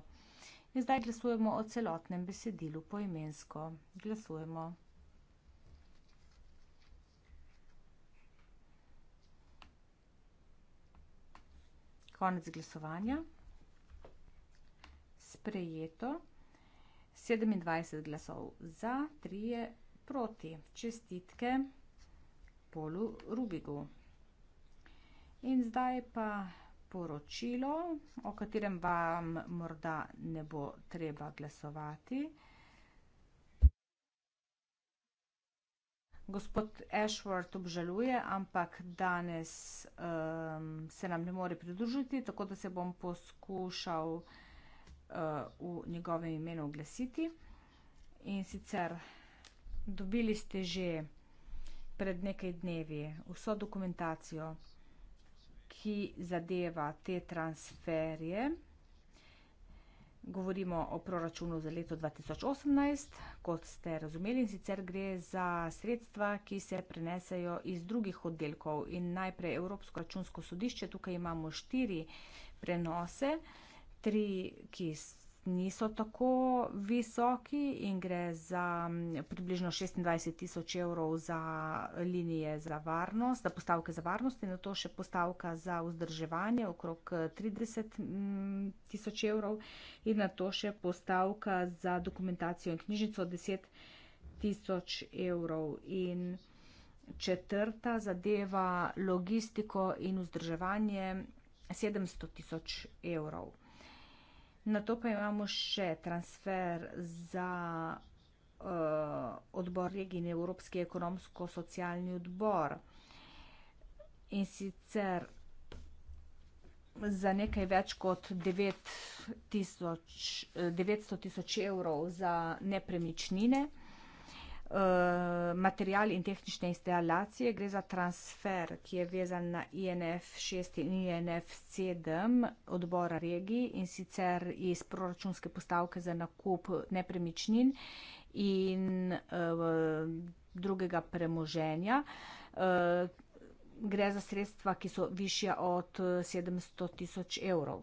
In zdaj glasujemo o celotnem besedilu poimensko. Glasujemo. Konec glasovanja. Sprejeto. 27 glasov za, 3 glasov proti. Čestitke Polu Rubigu. In zdaj pa poročilo, o katerem vam morda ne bo treba glasovati. Gospod Ashworth obžaluje, ampak danes um, se nam ne more pridružiti, tako da se bom poskušal uh, v njegovem imenu oglasiti. In sicer dobili ste že pred nekaj dnevi vso dokumentacijo, ki zadeva te transferje. Govorimo o proračunu za leto 2018, kot ste razumeli, in sicer gre za sredstva, ki se prenesejo iz drugih oddelkov. In najprej Evropsko računsko sodišče, tukaj imamo štiri prenose, tri, ki niso tako visoki in gre za približno 26 tisoč evrov za linije za varnost, za postavke za varnost in na to še postavka za vzdrževanje okrog 30 eh, tisoč evrov in na to še postavka za dokumentacijo in knjižnico 10 tisoč evrov. In četrta zadeva logistiko in vzdrževanje 700 tisoč evrov. Na to pa imamo še transfer za uh, odbor Regine Evropski ekonomsko-socialni odbor. In sicer za nekaj več kot 9 tisoč, 900 eh, tisoč evrov za nepremičnine. Eh, material in tehnične instalacije, gre za transfer, ki je vezan na INF6 in INF7 odbora regij in sicer iz proračunske postavke za nakup nepremičnin in uh, drugega premoženja. Uh, gre za sredstva, ki so višja od 700 tisoč evrov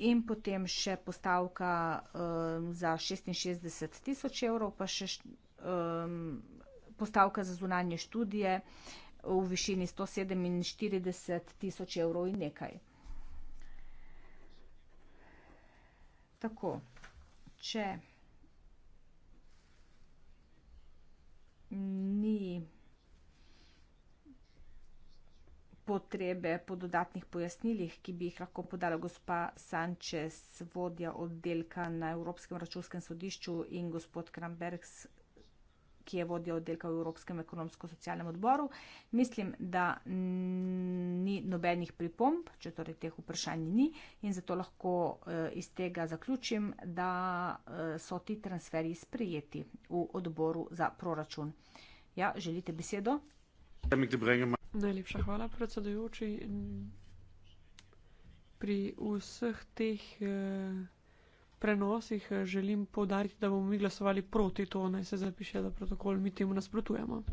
in potem še postavka um, za 66 tisoč evrov, pa še um, postavka za zunanje študije v višini 147 tisoč evrov in nekaj. Tako, če ni. potrebe po dodatnih pojasnilih, ki bi jih lahko podala gospa Sančez, vodja oddelka na Evropskem računskem sodišču in gospod Krambergs, ki je vodja oddelka v Evropskem ekonomsko-socialnem odboru. Mislim, da ni nobenih pripomb, če torej teh vprašanj ni in zato lahko eh, iz tega zaključim, da eh, so ti transferji sprijeti v odboru za proračun. Ja, želite besedo? Ja, Najlepša hvala, predsedujoči. Pri vseh teh eh, prenosih eh, želim povdariti, da bomo mi glasovali proti to, naj se zapiše, da protokol mi temu nasprotujemo. Eh,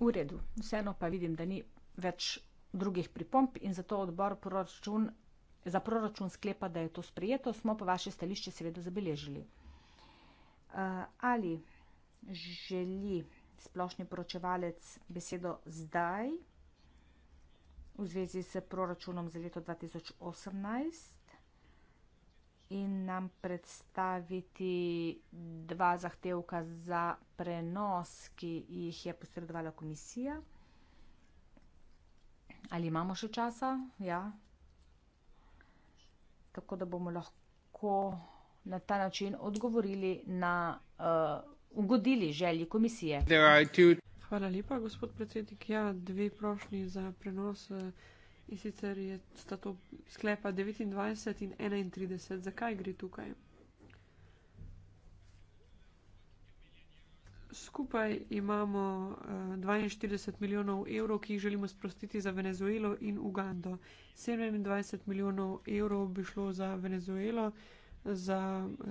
v redu, vseeno pa vidim, da ni več drugih pripomb in zato odbor proračun, za proračun sklepa, da je to sprejeto, smo pa vaše stališče seveda zabeležili. Eh, ali želi splošni poročevalec besedo zdaj v zvezi s proračunom za leto 2018 in nam predstaviti dva zahtevka za prenos, ki jih je posredovala komisija. Ali imamo še časa? Ja. Tako da bomo lahko na ta način odgovorili na uh, ugodili želji komisije. Hvala lepa, gospod predsednik. Ja, dve prošnji za prenos uh, in sicer je sta to sklepa 29 in 31. Zakaj gre tukaj? Skupaj imamo uh, 42 milijonov evrov, ki jih želimo sprostiti za Venezuelo in Ugando. 27 milijonov evrov bi šlo za Venezuelo, uh, za eh,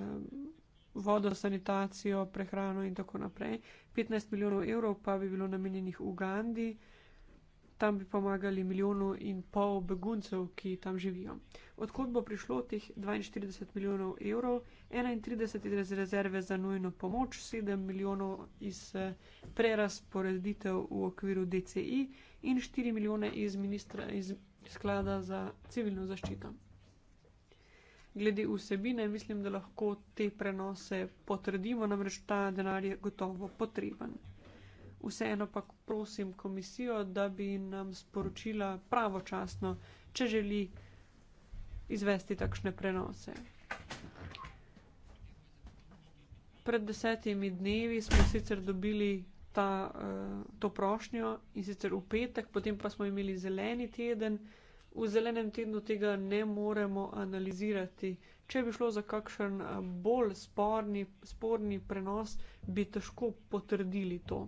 vodo, sanitacijo, prehrano in tako naprej. 15 milijonov evrov pa bi bilo namenjenih Ugandi, tam bi pomagali milijonu in pol beguncev, ki tam živijo. Odkud bo prišlo teh 42 milijonov evrov? 31 je iz rezerve za nujno pomoč, 7 milijonov iz eh, prerasporeditev v okviru DCI in 4 milijone iz, ministra, iz sklada za civilno zaščito glede vsebine, mislim, da lahko te prenose potrdimo, namreč ta denar je gotovo potreben. Vseeno pa prosim komisijo, da bi nam sporočila pravočasno, če želi izvesti takšne prenose. Pred desetimi dnevi smo sicer dobili ta, eh, to prošnjo in sicer v petek, potem pa smo imeli zeleni teden v zelenem tednu tega ne moremo analizirati. Če bi šlo za kakšen eh, bolj sporni, sporni prenos, bi težko potrdili to.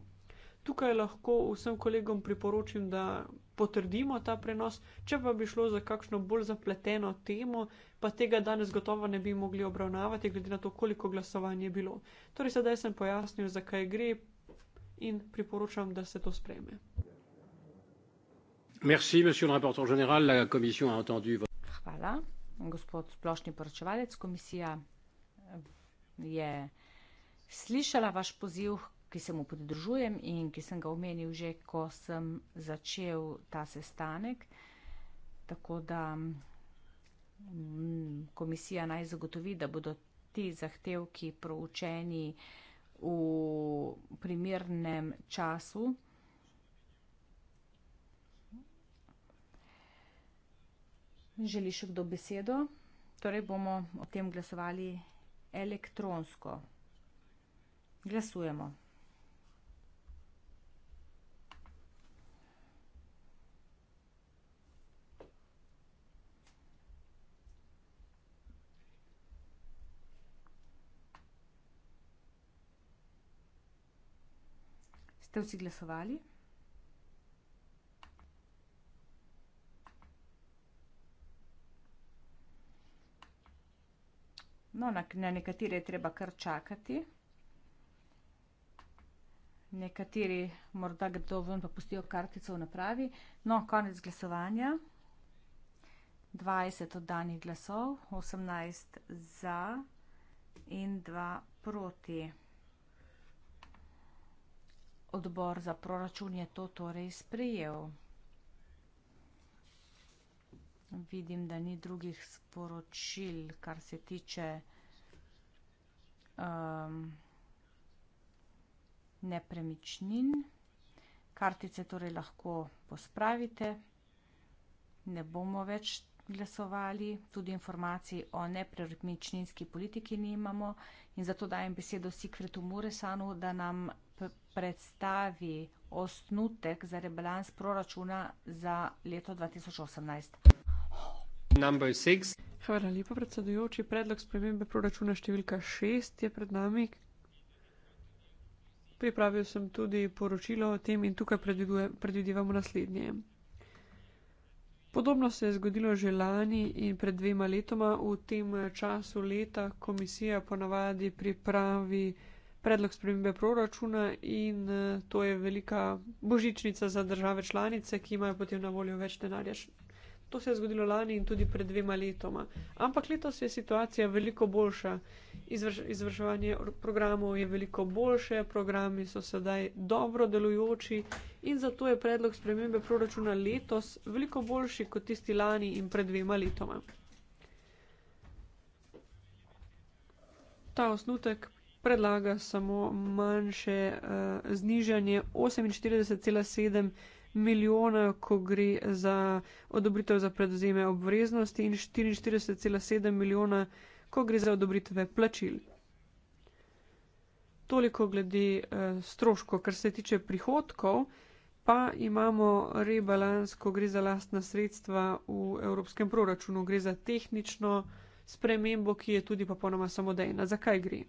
Tukaj lahko vsem kolegom priporočim, da potrdimo ta prenos, če pa bi šlo za kakšno bolj zapleteno temo, pa tega danes gotovo ne bi mogli obravnavati, glede na to, koliko glasovanj je bilo. Torej, sedaj sem pojasnil, zakaj gre in priporočam, da se to spreme. Merci, monsieur le rapporteur général. La commission a entendu votre... Hvala. Gospod splošni poročevalec, komisija eh, je slišala vaš poziv, ki se mu podružujem in ki sem ga omenil že, ko sem začel ta sestanek. Tako da mm, komisija naj zagotovi, da bodo ti zahtevki proučeni v primernem času. Želi še kdo besedo? Torej bomo o tem glasovali elektronsko. Glasujemo. Ste vsi glasovali? No, na, na nekatere je treba kar čakati. Nekateri morda gredo ven, pa pustijo kartico v napravi. No, konec glasovanja. 20 oddanih glasov, 18 za in 2 proti. Odbor za proračun je to torej sprejel. Vidim, da ni drugih sporočil, kar se tiče um, nepremičnin. Kartice torej lahko pospravite, ne bomo več glasovali, tudi informacij o nepremičninski politiki nimamo in zato dajem besedo Sikretu Muresanu, da nam predstavi osnutek za rebalans proračuna za leto 2018. Hvala lepa, predsedujoči. Predlog spremembe proračuna številka 6 je pred nami. Pripravil sem tudi poročilo o tem in tukaj predvidevamo naslednje. Podobno se je zgodilo že lani in pred dvema letoma. V tem času leta komisija ponavadi pripravi predlog spremembe proračuna in to je velika božičnica za države članice, ki imajo potem na voljo več denarja To se je zgodilo lani in tudi pred dvema letoma. Ampak letos je situacija veliko boljša. Izvrš, izvrševanje programov je veliko boljše, programi so sedaj dobro delujoči in zato je predlog spremembe proračuna letos veliko boljši kot tisti lani in pred dvema letoma. Ta osnutek predlaga samo manjše uh, znižanje 48,7 milijona, ko gre za odobritev za predozeme obveznosti in 44,7 milijona, ko gre za odobritve plačil. Toliko glede eh, stroško, kar se tiče prihodkov, pa imamo rebalans, ko gre za lastna sredstva v evropskem proračunu. Gre za tehnično spremembo, ki je tudi popolnoma samodejna. Zakaj gre?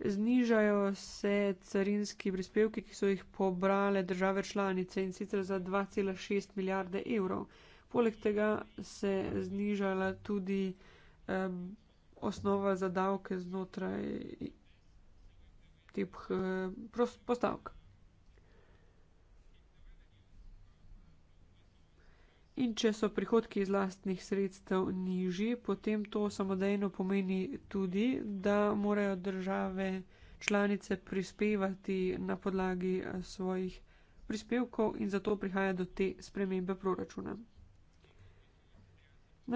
znižajo se carinski prispevki, ki so jih pobrale države članice in sicer za 2,6 milijarde evrov. Poleg tega se znižala tudi um, osnova za davke znotraj tip uh, prost, postavka. In če so prihodki iz lastnih sredstev nižji, potem to samodejno pomeni tudi, da morajo države članice prispevati na podlagi eh, svojih prispevkov in zato prihaja do te spremembe proračuna.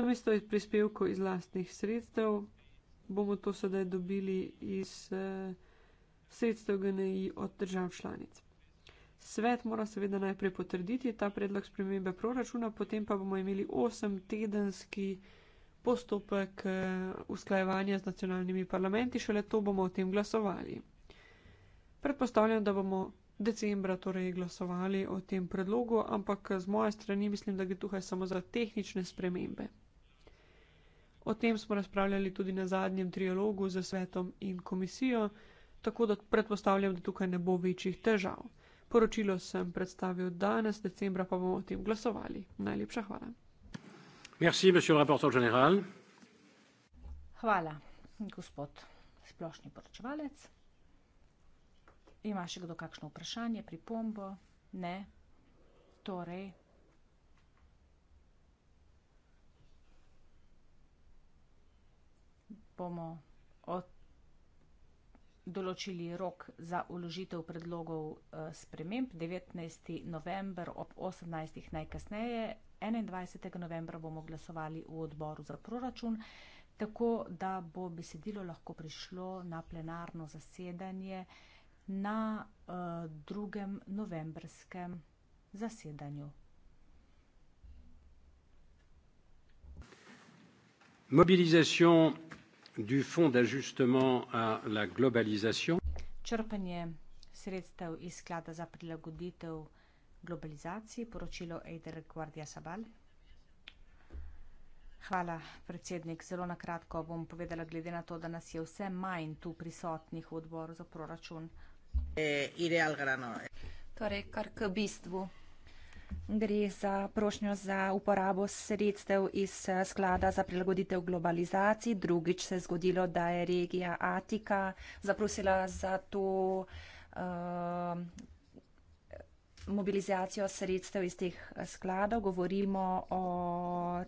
Namesto iz prispevkov iz lastnih sredstev bomo to sedaj dobili iz eh, sredstev GNI od držav članic. Svet mora seveda najprej potrditi ta predlog spremembe proračuna, potem pa bomo imeli 8-tedenski postopek eh, usklajevanja z nacionalnimi parlamenti, šele to bomo o tem glasovali. Predpostavljam, da bomo decembra torej glasovali o tem predlogu, ampak z moje strani mislim, da gre tukaj samo za tehnične spremembe. O tem smo razpravljali tudi na zadnjem trialogu z svetom in komisijo, tako da predpostavljam, da tukaj ne bo večjih težav. Poročilo sem predstavil danes, decembra pa bomo o tem glasovali. Najlepša hvala. Merci, hvala, gospod splošni poročevalec. Ima še kdo kakšno vprašanje, pripombo? Ne. Torej. Bomo določili rok za uložitev predlogov eh, sprememb, 19. november ob 18. najkasneje. 21. novembra bomo glasovali v odboru za proračun, tako da bo besedilo lahko prišlo na plenarno zasedanje na uh, drugem novembrskem zasedanju. Mobilizacija du fonds d'ajustement à la globalisation. Črpanje sredstev iz sklada za prilagoditev globalizaciji, poročilo Eider Guardia Sabal. Hvala, predsednik. Zelo na kratko bom povedala, glede na to, da nas je vse manj tu prisotnih v odboru za proračun. Eh, eh. Torej, kar k bistvu. Gre za prošnjo za uporabo sredstev iz eh, sklada za prilagoditev globalizaciji. Drugič se je zgodilo, da je regija Atika zaprosila za to uh, mobilizacijo sredstev iz teh eh, skladov. Govorimo o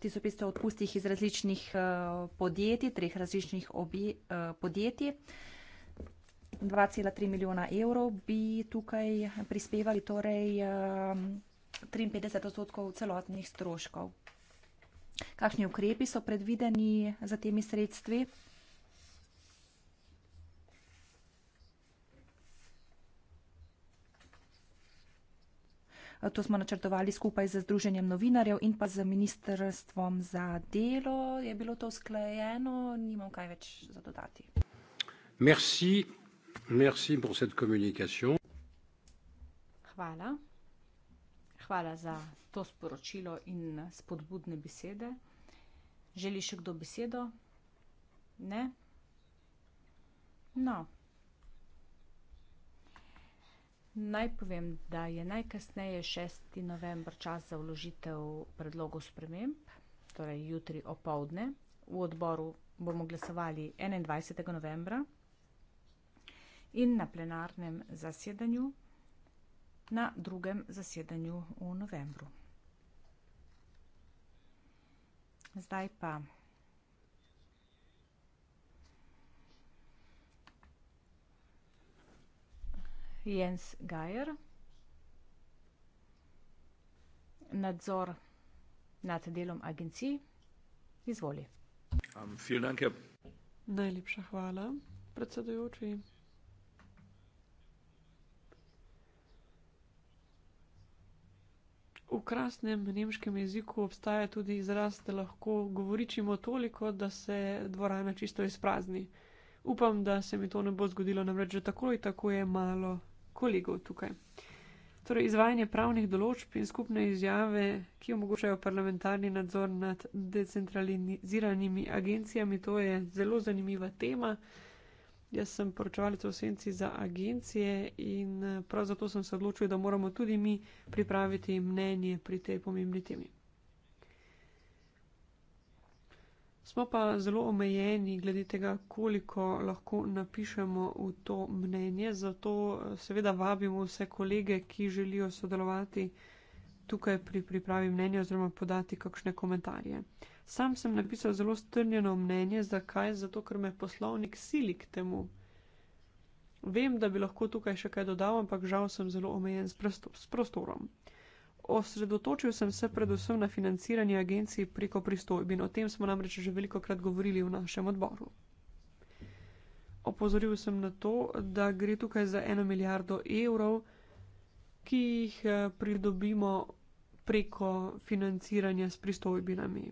1500 odpustih iz različnih uh, podjetij, treh različnih obje, uh, podjetij. 2,3 milijona evrov bi tukaj prispevali. Torej, uh, 53 odstotkov celotnih stroškov. Kakšni ukrepi so predvideni za temi sredstvi? To smo načrtovali skupaj z Združenjem novinarjev in pa z Ministrstvom za delo. Je bilo to sklejeno, nimam kaj več za dodati. Merci, merci pour cette communication. Hvala hvala za to sporočilo in spodbudne besede. Želi še kdo besedo? Ne? No. Naj povem, da je najkasneje 6. november čas za vložitev predlogov sprememb, torej jutri opovdne. V odboru bomo glasovali 21. novembra in na plenarnem zasedanju na drugem zasedanju v novembru. Zdaj pa Jens Geier, nadzor nad delom agencij, izvoli. Um, Najlepša hvala, predsedujoči. V krasnem nemškem jeziku obstaja tudi izraz, da lahko govoričimo toliko, da se dvorana čisto izprazni. Upam, da se mi to ne bo zgodilo, namreč že tako in tako je malo kolegov tukaj. Torej, izvajanje pravnih določb in skupne izjave, ki omogočajo parlamentarni nadzor nad decentraliziranimi agencijami, to je zelo zanimiva tema. Jaz sem poročevalec v senci za agencije in eh, prav zato sem se odločil, da moramo tudi mi pripraviti mnenje pri tej pomembni temi. Smo pa zelo omejeni glede tega, koliko lahko napišemo v to mnenje, zato eh, seveda vabimo vse kolege, ki želijo sodelovati tukaj pri pripravi mnenja oziroma podati kakšne komentarje. Sam sem napisal zelo strnjeno mnenje, zakaj, zato ker me poslovnik sili k temu. Vem, da bi lahko tukaj še kaj dodal, ampak žal sem zelo omejen s, prosto s prostorom. Osredotočil sem se predvsem na financiranje agencij preko pristojbin, o tem smo namreč že veliko krat govorili v našem odboru. Opozoril sem na to, da gre tukaj za eno milijardo evrov, ki jih eh, pridobimo preko financiranja s pristojbinami.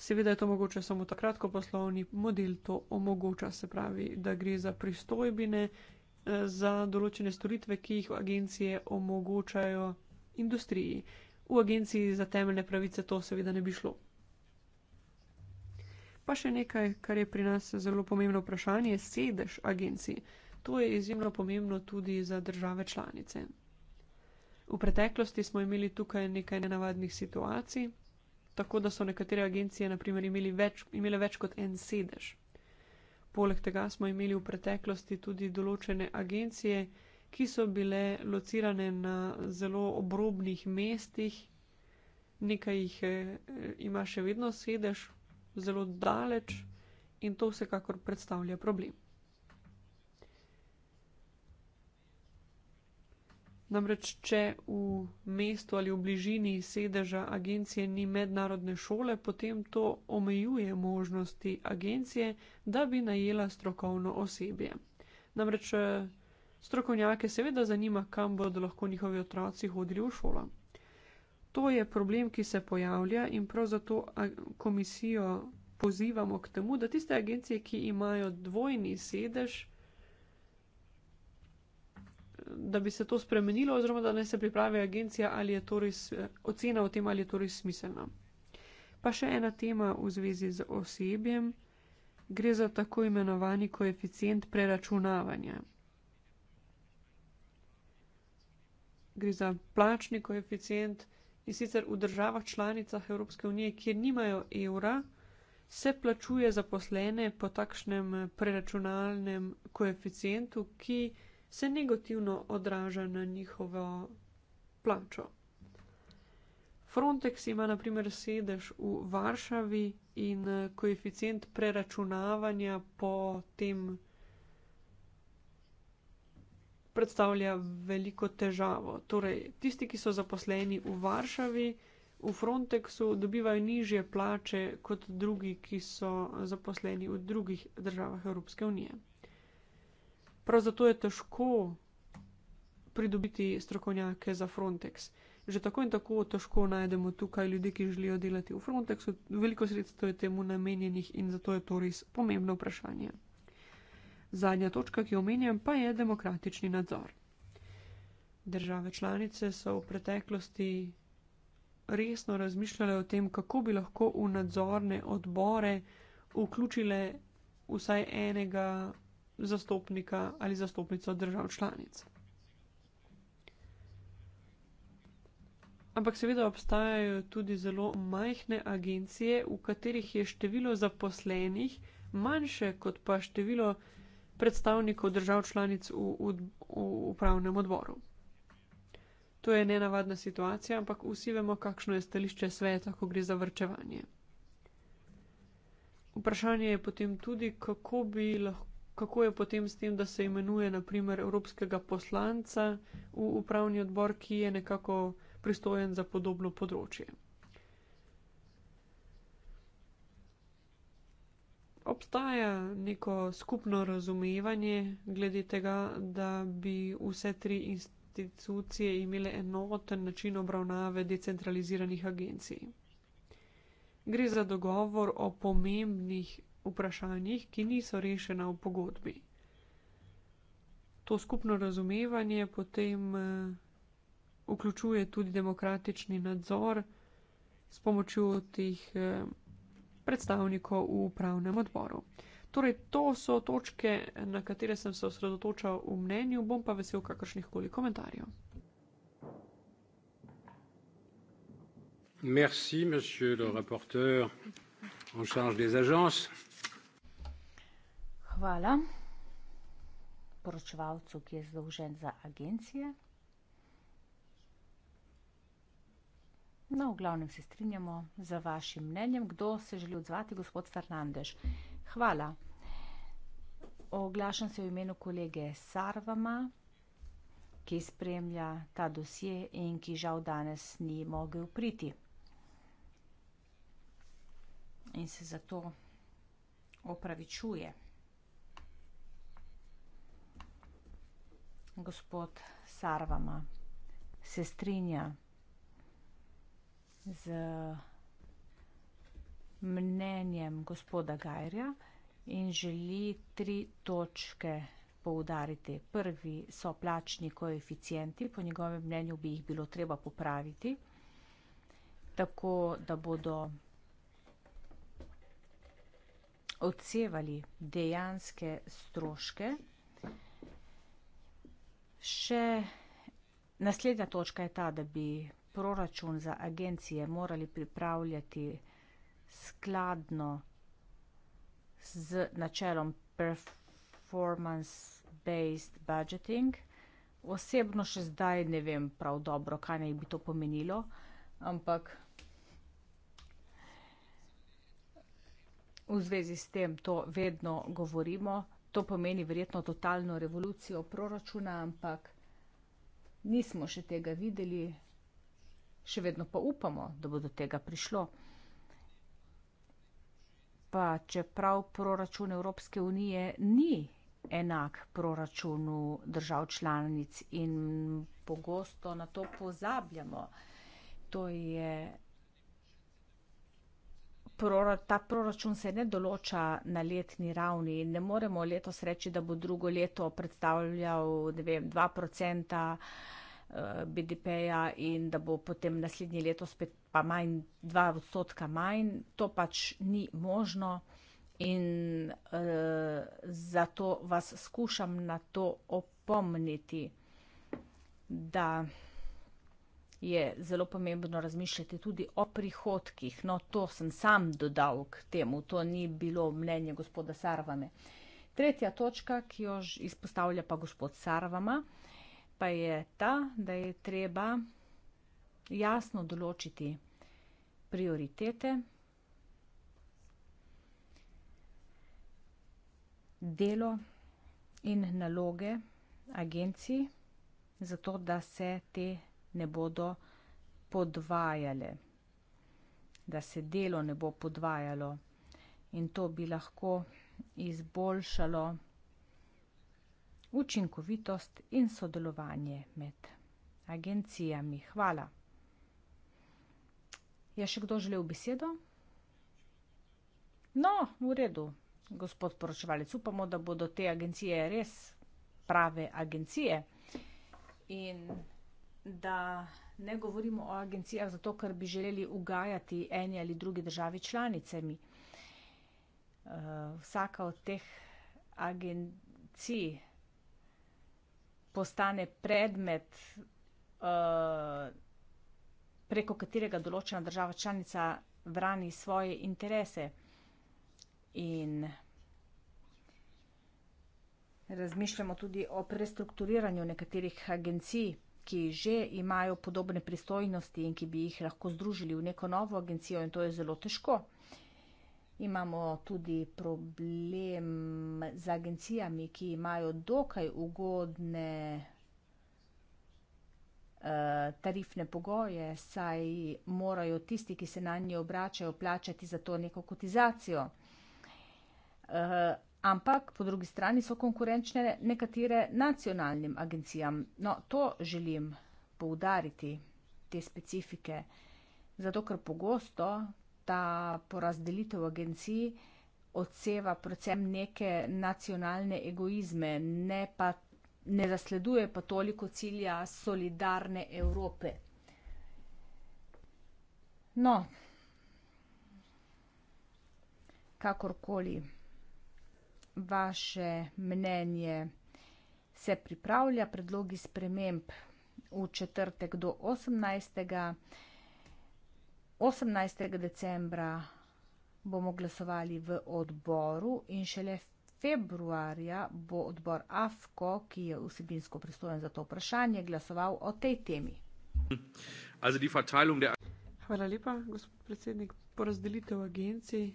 Seveda je to mogoče samo takrat, ko poslovni model to omogoča, se pravi, da gre za pristojbine eh, za določene storitve, ki jih agencije omogočajo industriji. V agenciji za temeljne pravice to seveda ne bi šlo. Pa še nekaj, kar je pri nas zelo pomembno vprašanje, sedež agencij. To je izjemno pomembno tudi za države članice. V preteklosti smo imeli tukaj nekaj nenavadnih situacij tako da so nekatere agencije naprimer, več, imele več kot en sedež. Poleg tega smo imeli v preteklosti tudi določene agencije, ki so bile locirane na zelo obrobnih mestih, nekaj jih eh, ima še vedno sedež, zelo daleč in to vsekakor predstavlja problem. Namreč, če v mestu ali v bližini sedeža agencije ni mednarodne šole, potem to omejuje možnosti agencije, da bi najela strokovno osebje. Namreč, eh, strokovnjake seveda zanima, kam bodo lahko njihovi otroci hodili v šolo. To je problem, ki se pojavlja in prav zato komisijo pozivamo k temu, da tiste agencije, ki imajo dvojni sedež, da bi se to spremenilo, oziroma da naj se pripravi agencija, ali je torej ocena o tem, ali je torej smiselna. Pa še ena tema v zvezi z osebjem, gre za tako imenovani koeficient preračunavanja. Gre za plačni koeficient in sicer v državah članicah Evropske unije, kjer nimajo evra, se plačuje zaposlene po takšnem eh, preračunalnem koeficientu, ki je se negativno odraža na njihovo plačo. Frontex ima naprimer sedež v Varšavi in eh, koeficient preračunavanja po tem predstavlja veliko težavo. Torej, tisti, ki so zaposleni v Varšavi, v Frontexu dobivajo nižje plače kot drugi, ki so zaposleni v drugih državah Evropske unije. Prav zato je težko pridobiti strokovnjake za Frontex. Že tako in tako težko najdemo tukaj ljudi, ki želijo delati v Frontexu, veliko sredstev je temu namenjenih in zato je to res pomembno vprašanje. Zadnja točka, ki jo omenjam, pa je demokratični nadzor. Države članice so v preteklosti resno razmišljale o tem, kako bi lahko v nadzorne odbore vključile vsaj enega zastopnika ali zastopnico držav članic. Ampak seveda obstajajo tudi zelo majhne agencije, v katerih je število zaposlenih manjše kot pa število predstavnikov držav članic v, v, v upravnem odboru. To je nenavadna situacija, ampak vsi vemo, kakšno je stališče sveta, ko gre za vrčevanje. Vprašanje je potem tudi, kako bi lahko kako je potem s tem, da se imenuje naprimer evropskega poslanca v upravni odbor, ki je nekako pristojen za podobno področje. Obstaja neko skupno razumevanje glede tega, da bi vse tri institucije imele enoten način obravnave decentraliziranih agencij. Gre za dogovor o pomembnih vprašanjih, ki niso rešena v pogodbi. To skupno razumevanje potem eh, vključuje tudi demokratični nadzor s pomočjo teh eh, predstavnikov v upravnem odboru. Torej, to so točke, na katere sem se osredotočal v mnenju, bom pa vesel kakršnih koli komentarjev. Merci, monsieur le rapporteur en charge des agences. Hvala poročevalcu, ki je zdolžen za agencije. No, v glavnem se strinjamo za vašim mnenjem. Kdo se želi odzvati? Gospod Fernandež. Hvala. Oglašam se v imenu kolege Sarvama, ki spremlja ta dosje in ki žal danes ni mogel priti. In se zato opravičuje. gospod Sarvama se strinja z mnenjem gospoda Gajrja in želi tri točke poudariti. Prvi so plačni koeficienti, po njegovem mnenju bi jih bilo treba popraviti, tako da bodo odsevali dejanske stroške. Še naslednja točka je ta, da bi proračun za agencije morali pripravljati skladno z načelom performance-based budgeting. Osebno še zdaj ne vem prav dobro, kaj naj bi to pomenilo, ampak v zvezi s tem to vedno govorimo to pomeni verjetno totalno revolucijo proračuna, ampak nismo še tega videli, še vedno pa upamo, da bo do tega prišlo. Pa čeprav proračun Evropske unije ni enak proračunu držav članic in pogosto na to pozabljamo, to je prora, ta proračun se ne določa na letni ravni. Ne moremo letos reči, da bo drugo leto predstavljal vem, 2% eh, BDP-ja in da bo potem naslednje leto spet pa manj, 2 odstotka manj. To pač ni možno in uh, zato vas skušam na to opomniti, da je zelo pomembno razmišljati tudi o prihodkih. No, to sem sam dodal k temu, to ni bilo mnenje gospoda Sarvame. Tretja točka, ki jo izpostavlja pa gospod Sarvama, pa je ta, da je treba jasno določiti prioritete, delo in naloge agencij, zato da se te ne bodo podvajale, da se delo ne bo podvajalo in to bi lahko izboljšalo učinkovitost in sodelovanje med agencijami. Hvala. Je še kdo želel besedo? No, v redu, gospod poročevalec. Upamo, da bodo te agencije res prave agencije. In da ne govorimo o agencijah zato, ker bi želeli ugajati eni ali drugi državi članicami. Eh, vsaka od teh agencij postane predmet, eh, preko katerega določena država članica vrani svoje interese. In razmišljamo tudi o prestrukturiranju nekaterih agencij ki že imajo podobne pristojnosti in ki bi jih lahko združili v neko novo agencijo in to je zelo težko. Imamo tudi problem z agencijami, ki imajo dokaj ugodne eh, tarifne pogoje, saj morajo tisti, ki se na nje obračajo, plačati za to neko kotizacijo. Eh, Ampak po drugi strani so konkurenčne nekatere nacionalnim agencijam. No, to želim poudariti, te specifike, zato ker pogosto ta porazdelitev agencij odseva predvsem neke nacionalne egoizme, ne, pa, ne zasleduje pa toliko cilja solidarne Evrope. No, kakorkoli vaše mnenje se pripravlja, predlogi sprememb v četrtek do 18. 18. decembra bomo glasovali v odboru in šele februarja bo odbor AFKO, ki je vsebinsko pristojen za to vprašanje, glasoval o tej temi. Hvala lepa, gospod predsednik. Porazdelitev agencij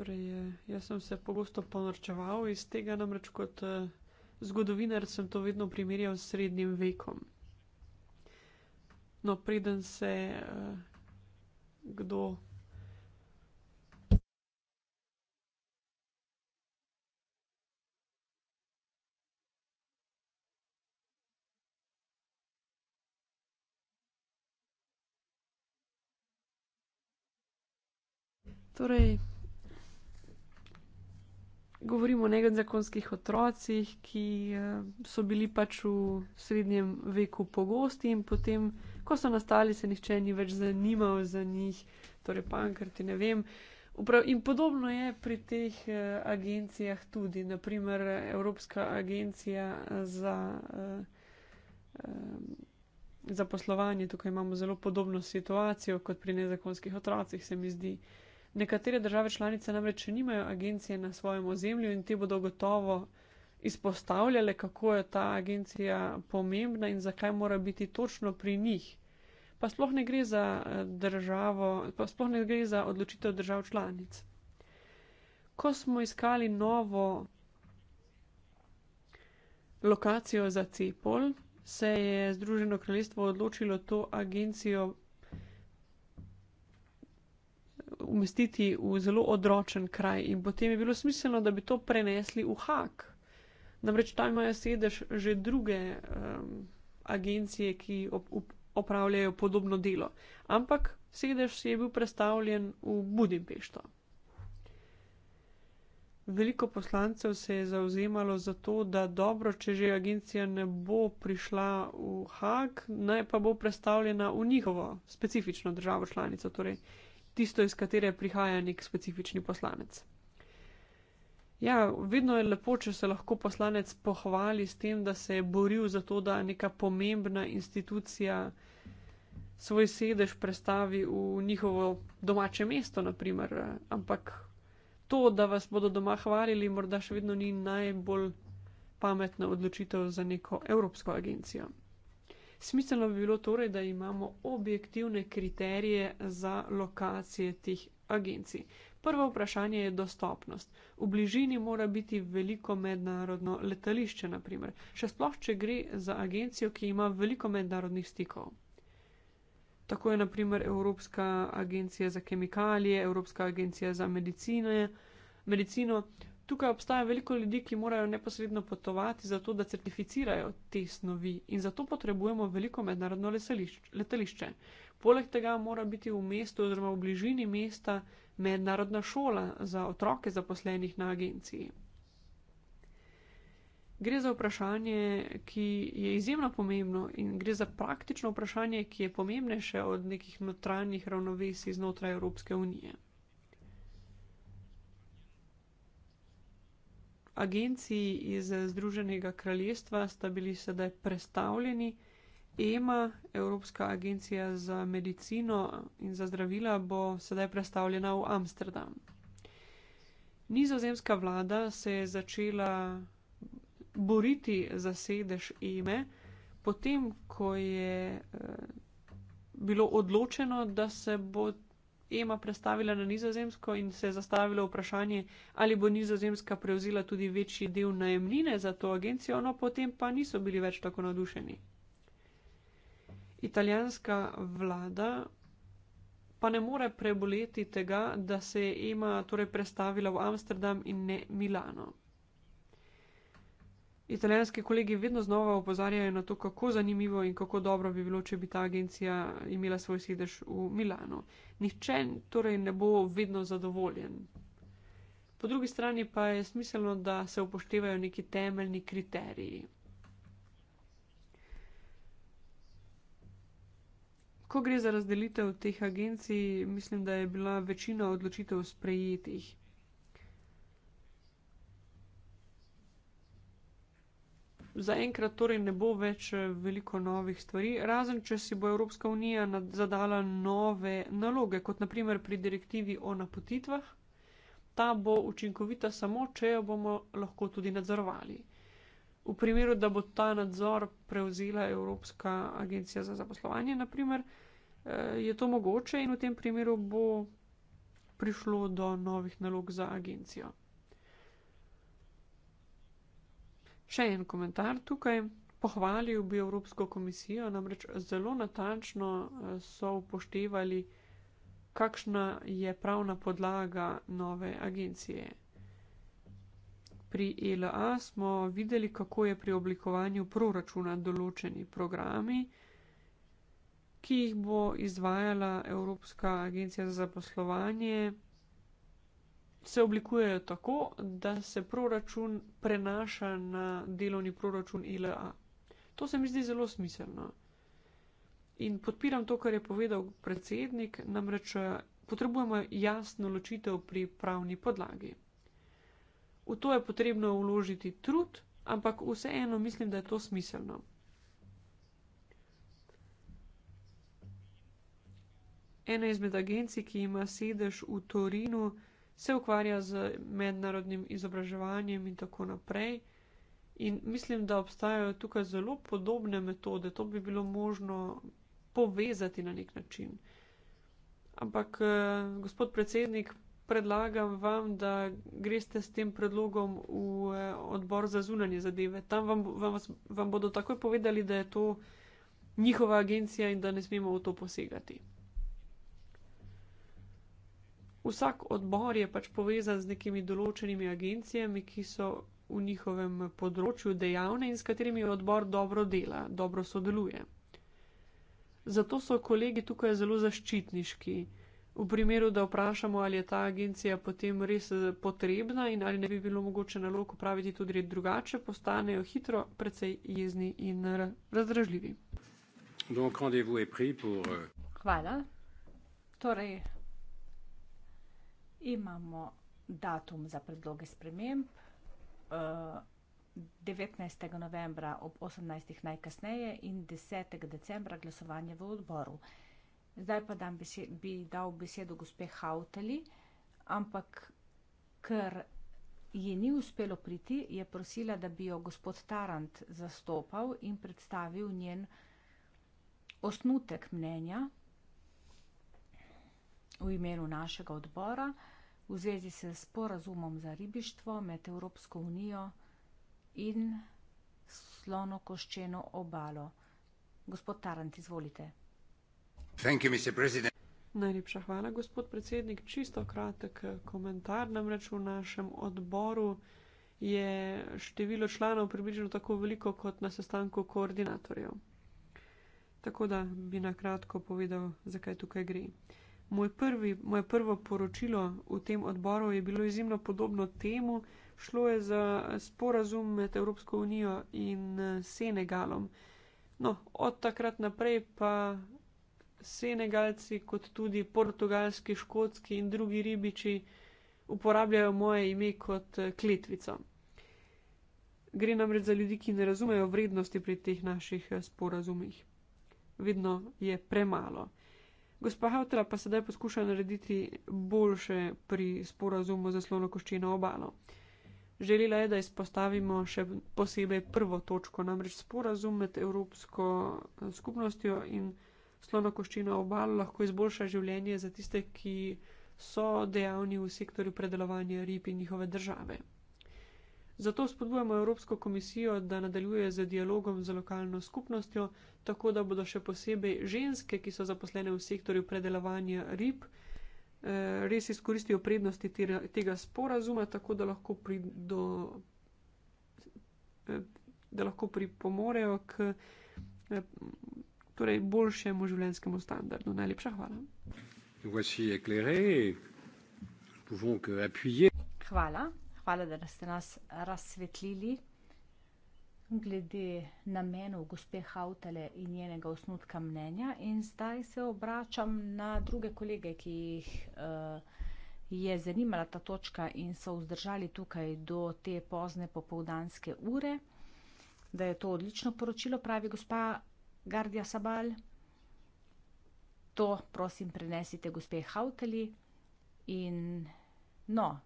Torej, eh, jaz sem se pogosto ponorčeval iz tega, namreč kot eh, zgodovinar sem to vedno primerjal s srednjim vekom. No, preden se eh, kdo... Torej... Govorimo o nezakonskih otrocih, ki eh, so bili pač v srednjem veku pogosti in potem, ko so nastali, se nihče ni več zanimal za njih, torej pankrti, ne vem. In podobno je pri teh eh, agencijah tudi, naprimer Evropska agencija eh, za, za poslovanje, tukaj imamo zelo podobno situacijo kot pri nezakonskih otrocih, se mi zdi. Nekatere države članice namreč nimajo agencije na svojem ozemlju in te bodo gotovo izpostavljale, kako je ta agencija pomembna in zakaj mora biti točno pri njih. Pa sploh ne gre za, eh, državo, pa sploh ne gre za odločitev držav članic. Ko smo iskali novo lokacijo za Cepol, se je Združeno kraljestvo odločilo to agencijo umestiti v zelo odročen kraj in potem je bilo smiselno, da bi to prenesli v Hak. Namreč tam imajo sedež že druge um, agencije, ki op op opravljajo podobno delo, ampak sedež je bil predstavljen v Budimpešto. Veliko poslancev se je zauzemalo za to, da dobro, če že agencija ne bo prišla v Hak, naj pa bo predstavljena v njihovo specifično državo članico, torej tisto, iz katere prihaja nek specifični poslanec. Ja, vedno je lepo, če se lahko poslanec pohvali s tem, da se je boril za to, da neka pomembna institucija svoj sedež prestavi v njihovo domače mesto, naprimer. Ampak to, da vas bodo doma hvalili, morda še vedno ni najbolj pametna odločitev za neko evropsko agencijo. Smiselno bi bilo torej, da imamo objektivne kriterije za lokacije teh agencij. Prvo vprašanje je dostopnost. V bližini mora biti veliko mednarodno letališče, naprimer. še sploh, če gre za agencijo, ki ima veliko mednarodnih stikov. Tako je naprimer Evropska agencija za kemikalije, Evropska agencija za medicino, tukaj obstaja veliko ljudi, ki morajo neposredno potovati za to, da certificirajo te snovi in zato potrebujemo veliko mednarodno letališče. Poleg tega mora biti v mestu oziroma v bližini mesta mednarodna šola za otroke zaposlenih na agenciji. Gre za vprašanje, ki je izjemno pomembno in gre za praktično vprašanje, ki je pomembnejše od nekih notranjih ravnovesij znotraj Evropske unije. agenciji iz Združenega kraljestva sta bili sedaj predstavljeni. EMA, Evropska agencija za medicino in za zdravila, bo sedaj predstavljena v Amsterdam. Nizozemska vlada se je začela boriti za sedež EME, potem ko je eh, bilo odločeno, da se bo EMA predstavila na nizozemsko in se je zastavilo vprašanje, ali bo nizozemska prevzela tudi večji del najemnine za to agencijo, no potem pa niso bili več tako nadušeni. Italijanska vlada pa ne more preboleti tega, da se je EMA torej predstavila v Amsterdam in ne Milano italijanski kolegi vedno znova opozarjajo na to, kako zanimivo in kako dobro bi bilo, če bi ta agencija imela svoj sedež v Milano. Nihče torej ne bo vedno zadovoljen. Po drugi strani pa je smiselno, da se upoštevajo neki temeljni kriteriji. Ko gre za razdelitev teh agencij, mislim, da je bila večina odločitev sprejetih. zaenkrat torej ne bo več eh, veliko novih stvari, razen če si bo Evropska unija zadala nove naloge, kot naprimer pri direktivi o napotitvah. Ta bo učinkovita samo, če jo bomo lahko tudi nadzorovali. V primeru, da bo ta nadzor prevzela Evropska agencija za zaposlovanje, naprimer, eh, je to mogoče in v tem primeru bo prišlo do novih nalog za agencijo. še en komentar tukaj. Pohvalil bi Evropsko komisijo, namreč zelo natančno eh, so upoštevali, kakšna je pravna podlaga nove agencije. Pri ELA smo videli, kako je pri oblikovanju proračuna določeni programi, ki jih bo izvajala Evropska agencija za zaposlovanje, se oblikujejo tako, da se proračun prenaša na delovni proračun ILA. To se mi zdi zelo smiselno. In podpiram to, kar je povedal predsednik, namreč eh, potrebujemo jasno ločitev pri pravni podlagi. V to je potrebno vložiti trud, ampak vseeno mislim, da je to smiselno. Ena izmed agencij, ki ima sedež v Torinu, se ukvarja z mednarodnim izobraževanjem in tako naprej. In mislim, da obstajajo tukaj zelo podobne metode, to bi bilo možno povezati na nek način. Ampak, eh, gospod predsednik, predlagam vam, da greste s tem predlogom v eh, odbor za zunanje zadeve. Tam vam, vam, vam bodo takoj povedali, da je to njihova agencija in da ne smemo v to posegati vsak odbor je pač povezan z nekimi določenimi agencijami, ki so v njihovem področju dejavne in s katerimi odbor dobro dela, dobro sodeluje. Zato so kolegi tukaj zelo zaščitniški. V primeru, da vprašamo, ali je ta agencija potem res eh, potrebna in ali ne bi bilo mogoče nalog upraviti tudi drugače, postanejo hitro precej jezni in razdražljivi. Donc, pour... Euh, Hvala. Torej, imamo datum za predloge sprememb. 19. Eh, novembra ob 18. najkasneje in 10. decembra glasovanje v odboru. Zdaj pa besed, bi dal besedo gospe Hauteli, ampak ker ji ni uspelo priti, je prosila, da bi jo gospod Tarant zastopal in predstavil njen osnutek mnenja v imenu našega odbora v zvezi s sporazumom za ribištvo med Evropsko unijo in slonokoščeno obalo. Gospod Tarant, izvolite. Thank you, Mr. President. Najlepša hvala, gospod predsednik. Čisto kratek eh, komentar. Namreč v našem odboru je število članov približno tako veliko kot na sestanku koordinatorjev. Tako da bi na kratko povedal, zakaj tukaj gre. Uh, Moj prvi, moje prvo poročilo v tem odboru je bilo izjemno podobno temu. Šlo je za eh, sporazum med Evropsko unijo in eh, Senegalom. No, od takrat naprej pa Senegalci, kot tudi portugalski, škotski in drugi ribiči uporabljajo moje ime kot eh, kletvico. Gre namreč za ljudi, ki ne razumejo vrednosti pri teh naših sporazumih. Vedno je premalo. Gospa Hautela pa sedaj poskuša narediti boljše pri sporazumu za slono koščeno obalo. Želela je, da izpostavimo še posebej prvo točko, namreč sporazum med Evropsko eh, skupnostjo in slono koščeno obalo lahko izboljša življenje za tiste, ki so dejavni v sektorju predelovanja rib in njihove države. Zato spodbujamo Evropsko komisijo, da nadaljuje z dialogom z lokalno skupnostjo, tako da bodo še posebej ženske, ki so zaposlene v sektorju predelovanja rib, eh, res izkoristijo prednosti tega sporazuma, tako da lahko, do, eh, da lahko pripomorejo k eh, torej boljšemu življenjskemu standardu. Najlepša hvala. Hvala hvala, da ste nas razsvetlili glede namenov gospe Hautele in njenega osnutka mnenja. In zdaj se obračam na druge kolege, ki jih uh, je zanimala ta točka in so vzdržali tukaj do te pozne popovdanske ure. Da je to odlično poročilo, pravi gospa Gardija Sabal. To prosim prenesite gospe Hauteli in no,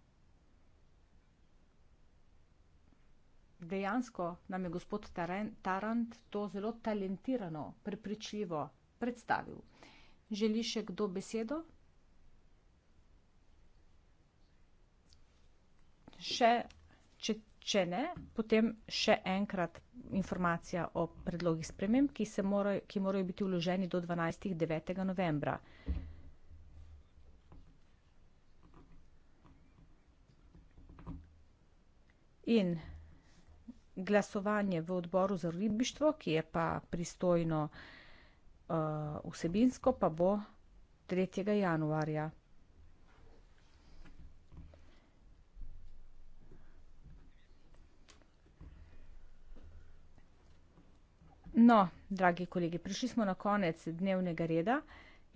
dejansko nam je gospod Tarant to zelo talentirano, prepričljivo predstavil. Želi še kdo besedo? Še, če, če ne, potem še enkrat informacija o predlogih sprememb, ki, mora, ki morajo biti vloženi do 12.9. novembra. In glasovanje v odboru za ribištvo, ki je pa pristojno uh, vsebinsko, pa bo 3. januarja. No, dragi kolegi, prišli smo na konec dnevnega reda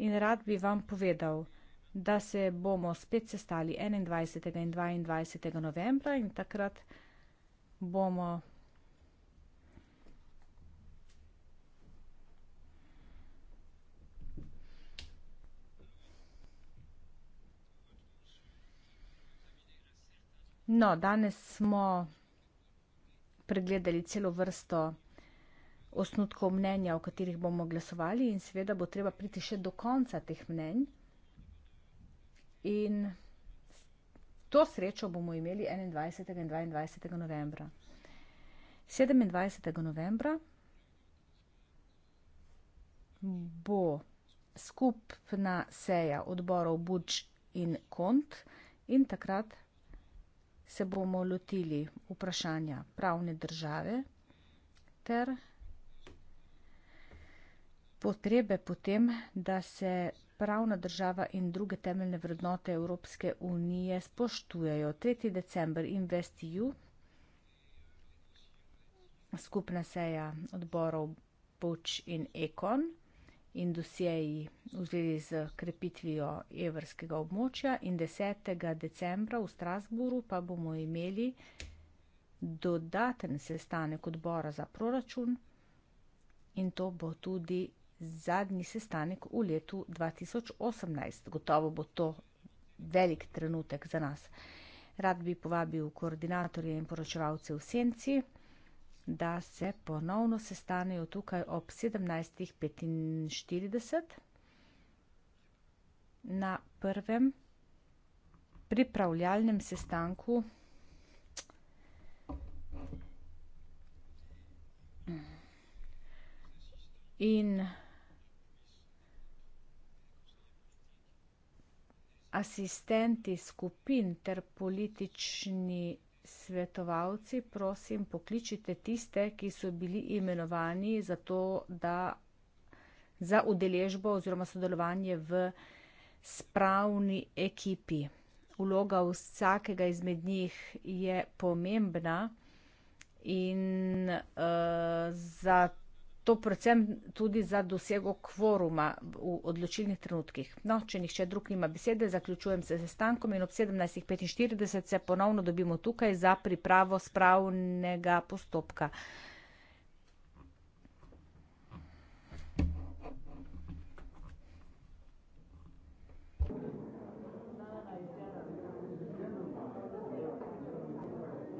in rad bi vam povedal, da se bomo spet sestali 21. in 22. novembra in takrat bomo No, danes smo pregledali celo vrsto osnutkov mnenja, o katerih bomo glasovali in seveda bo treba priti še do konca teh mnenj. In to srečo bomo imeli 21. in 22. novembra. 27. novembra bo skupna seja odborov Buč in Kont in takrat bomo se bomo lotili vprašanja pravne države ter potrebe potem, da se pravna država in druge temeljne vrednote Evropske unije spoštujejo. 3. december InvestEU, skupna seja odborov Poč in Ekon, in dosjeji v zvezi z krepitvijo evrskega območja in 10. decembra v Strasburu pa bomo imeli dodaten sestanek odbora za proračun in to bo tudi zadnji sestanek v letu 2018. Gotovo bo to velik trenutek za nas. Rad bi povabil koordinatorje in poročevalce v Senci da se ponovno sestanejo tukaj ob 17.45 na prvem pripravljalnem sestanku. In asistenti skupin ter politični svetovalci, prosim, pokličite tiste, ki so bili imenovani za to, da za udeležbo oziroma sodelovanje v spravni ekipi. Uloga vsakega izmed njih je pomembna in uh, eh, zato To predvsem tudi za dosego kvoruma v odločilnih trenutkih. No, če nihče drug nima besede, zaključujem se sestankom in ob 17.45 se ponovno dobimo tukaj za pripravo spravnega postopka.